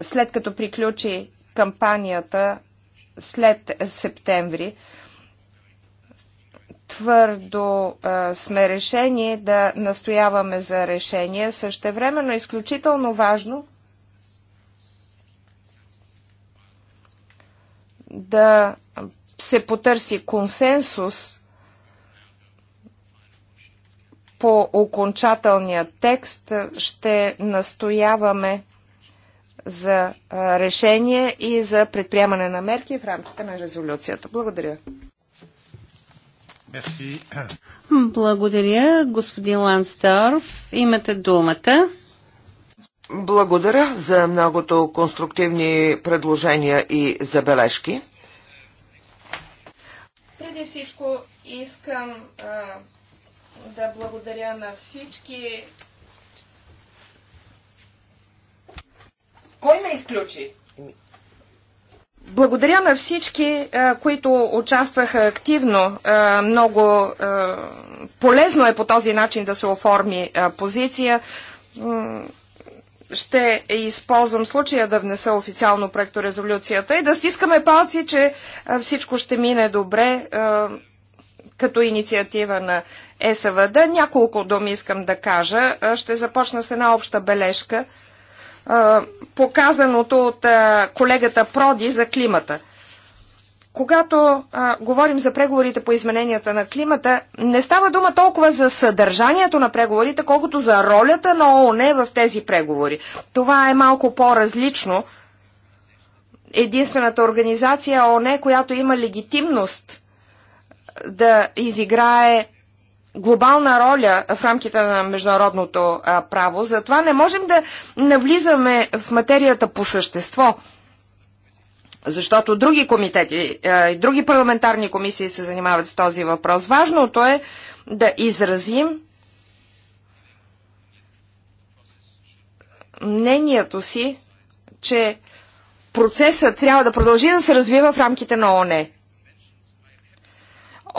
След като приключи кампанията след септември, твърдо а, сме решени да настояваме за решение. Същевременно е изключително важно да се потърси консенсус по окончателния текст. Ще настояваме за решение и за предприемане на мерки в рамките на резолюцията. Благодаря. Merci. Благодаря, господин Лансторф. Имате думата. Благодаря за многото конструктивни предложения и забележки. Преди всичко искам а, да благодаря на всички. Кой ме изключи? Благодаря на всички, е, които участваха активно. Е, много е, полезно е по този начин да се оформи позиция. Ще използвам случая да внеса официално резолюцията и да стискаме палци, че всичко ще мине добре като инициатива на ЕСВД. Няколко думи искам да кажа. Ще започна с една обща бележка – показаното от колегата Проди за климата. Когато а, говорим за преговорите по измененията на климата, не става дума толкова за съдържанието на преговорите, колкото за ролята на ООН в тези преговори. Това е малко по-различно. Единствената организация ООН, която има легитимност да изиграе глобална роля в рамките на международното право, затова не можем да навлизаме в материята по същество, защото други комитети и други парламентарни комисии се занимават с този въпрос. Важното е да изразим мнението си, че процесът трябва да продължи да се развива в рамките на ОНЕ.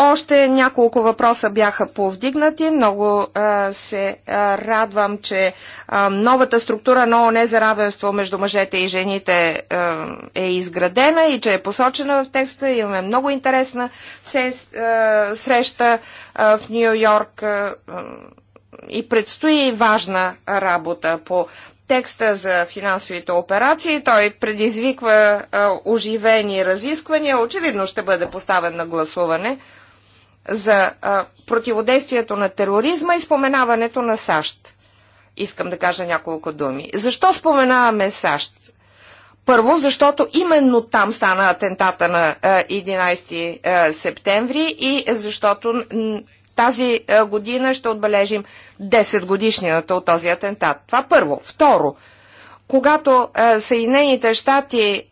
Още няколко въпроса бяха повдигнати. Много а, се а, радвам, че а, новата структура на ОНЕ за равенство между мъжете и жените а, е изградена и че е посочена в текста. Имаме много интересна се, а, среща а, в Нью Йорк а, и предстои важна работа по текста за финансовите операции. Той предизвиква а, оживени разисквания. Очевидно ще бъде поставен на гласуване за а, противодействието на тероризма и споменаването на САЩ. Искам да кажа няколко думи. Защо споменаваме САЩ? Първо, защото именно там стана атентата на 11 септември и защото тази година ще отбележим 10 годишнината от този атентат. Това първо. Второ, когато е, Съединените щати е,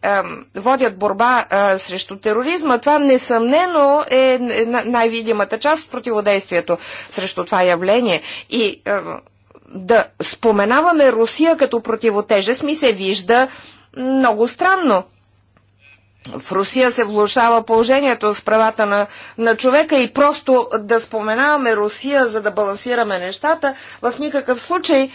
водят борба е, срещу тероризма, това несъмнено е най-видимата част от противодействието срещу това явление. И да споменаваме Русия като противотежест ми се вижда много странно. В Русия се влушава положението с правата на, на човека и просто да споменаваме Русия, за да балансираме нещата, в никакъв случай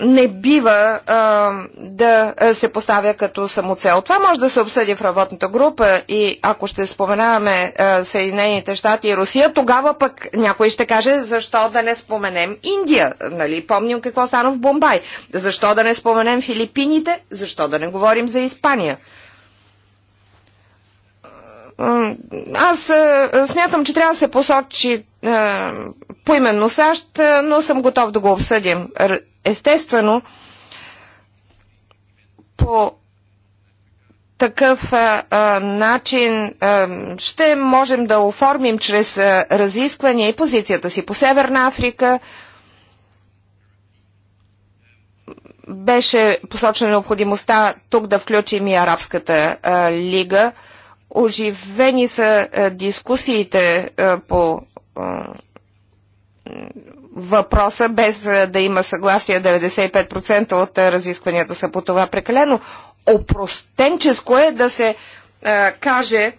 не бива а, да се поставя като самоцел. Това може да се обсъди в работната група и ако ще споменаваме а, Съединените щати и Русия, тогава пък някой ще каже защо да не споменем Индия. Нали? Помним какво стана в Бомбай. Защо да не споменем Филипините? Защо да не говорим за Испания? Аз смятам, че трябва да се посочи поименно САЩ, но съм готов да го обсъдим. Естествено, по такъв а, а, начин а, ще можем да оформим чрез а, разисквания и позицията си по Северна Африка. Беше посочена необходимостта тук да включим и Арабската а, лига. Оживени са е, дискусиите е, по е, въпроса, без да има съгласие 95% от разискванията са по това прекалено. Опростенческо е да се каже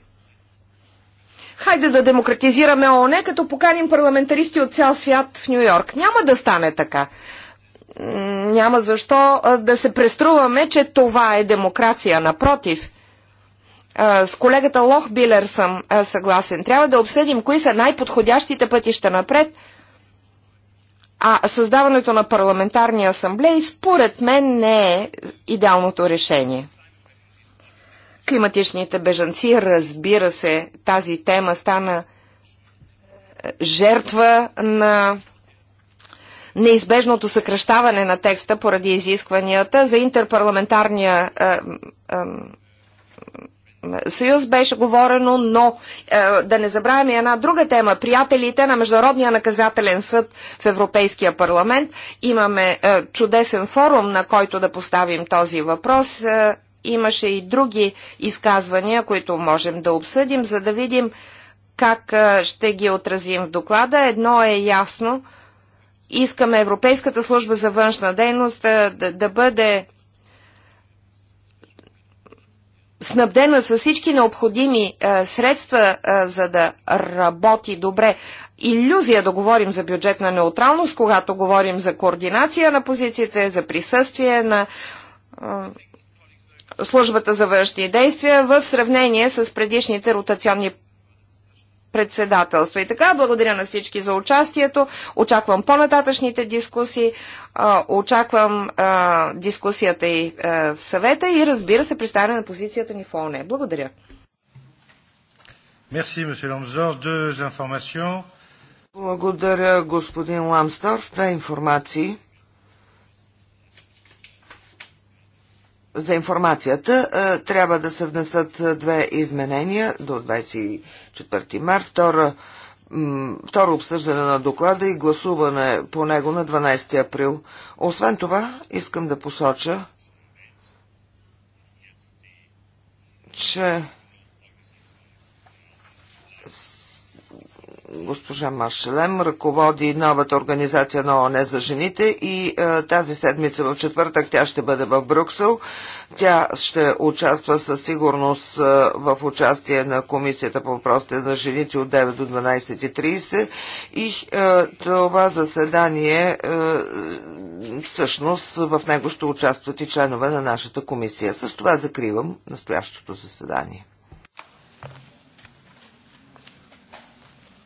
хайде да демократизираме ООН, като поканим парламентаристи от цял свят в Нью Йорк. Няма да стане така. Няма защо да се преструваме, че това е демокрация. Напротив – с колегата Лох Билер съм съгласен. Трябва да обсъдим кои са най-подходящите пътища напред, а създаването на парламентарни асамблеи според мен не е идеалното решение. Климатичните бежанци, разбира се, тази тема стана е, жертва на неизбежното съкръщаване на текста поради изискванията за интерпарламентарния а, е, а, е, съюз беше говорено, но е, да не забравяме една друга тема. Приятелите на Международния наказателен съд в Европейския парламент. Имаме е, чудесен форум, на който да поставим този въпрос. Е, имаше и други изказвания, които можем да обсъдим, за да видим как е, ще ги отразим в доклада. Едно е ясно. Искаме Европейската служба за външна дейност е, да, да бъде снабдена с всички необходими а, е, средства, а, е, за да работи добре. Иллюзия да говорим за бюджетна неутралност, когато говорим за координация на позициите, за присъствие на а, е, службата за външни действия в сравнение с предишните ротационни председателства. И така, благодаря на всички за участието. Очаквам по-нататъчните дискусии, очаквам дискусията и в съвета и разбира се, представяне на позицията ни в ОНЕ. Благодаря. Merci, Благодаря, господин Ламстор. Две информации. за информацията е, трябва да се внесат е, две изменения до 24 март. Втора, второ обсъждане на доклада и гласуване по него на 12 април. Освен това, искам да посоча, че госпожа Машелем ръководи новата организация на ОНЕ за жените и е, тази седмица в четвъртък тя ще бъде в Брюксел. Тя ще участва със сигурност е, в участие на Комисията по въпросите на жените от 9 до 12.30 и е, това заседание е, всъщност в него ще участват и членове на нашата комисия. С това закривам настоящото заседание.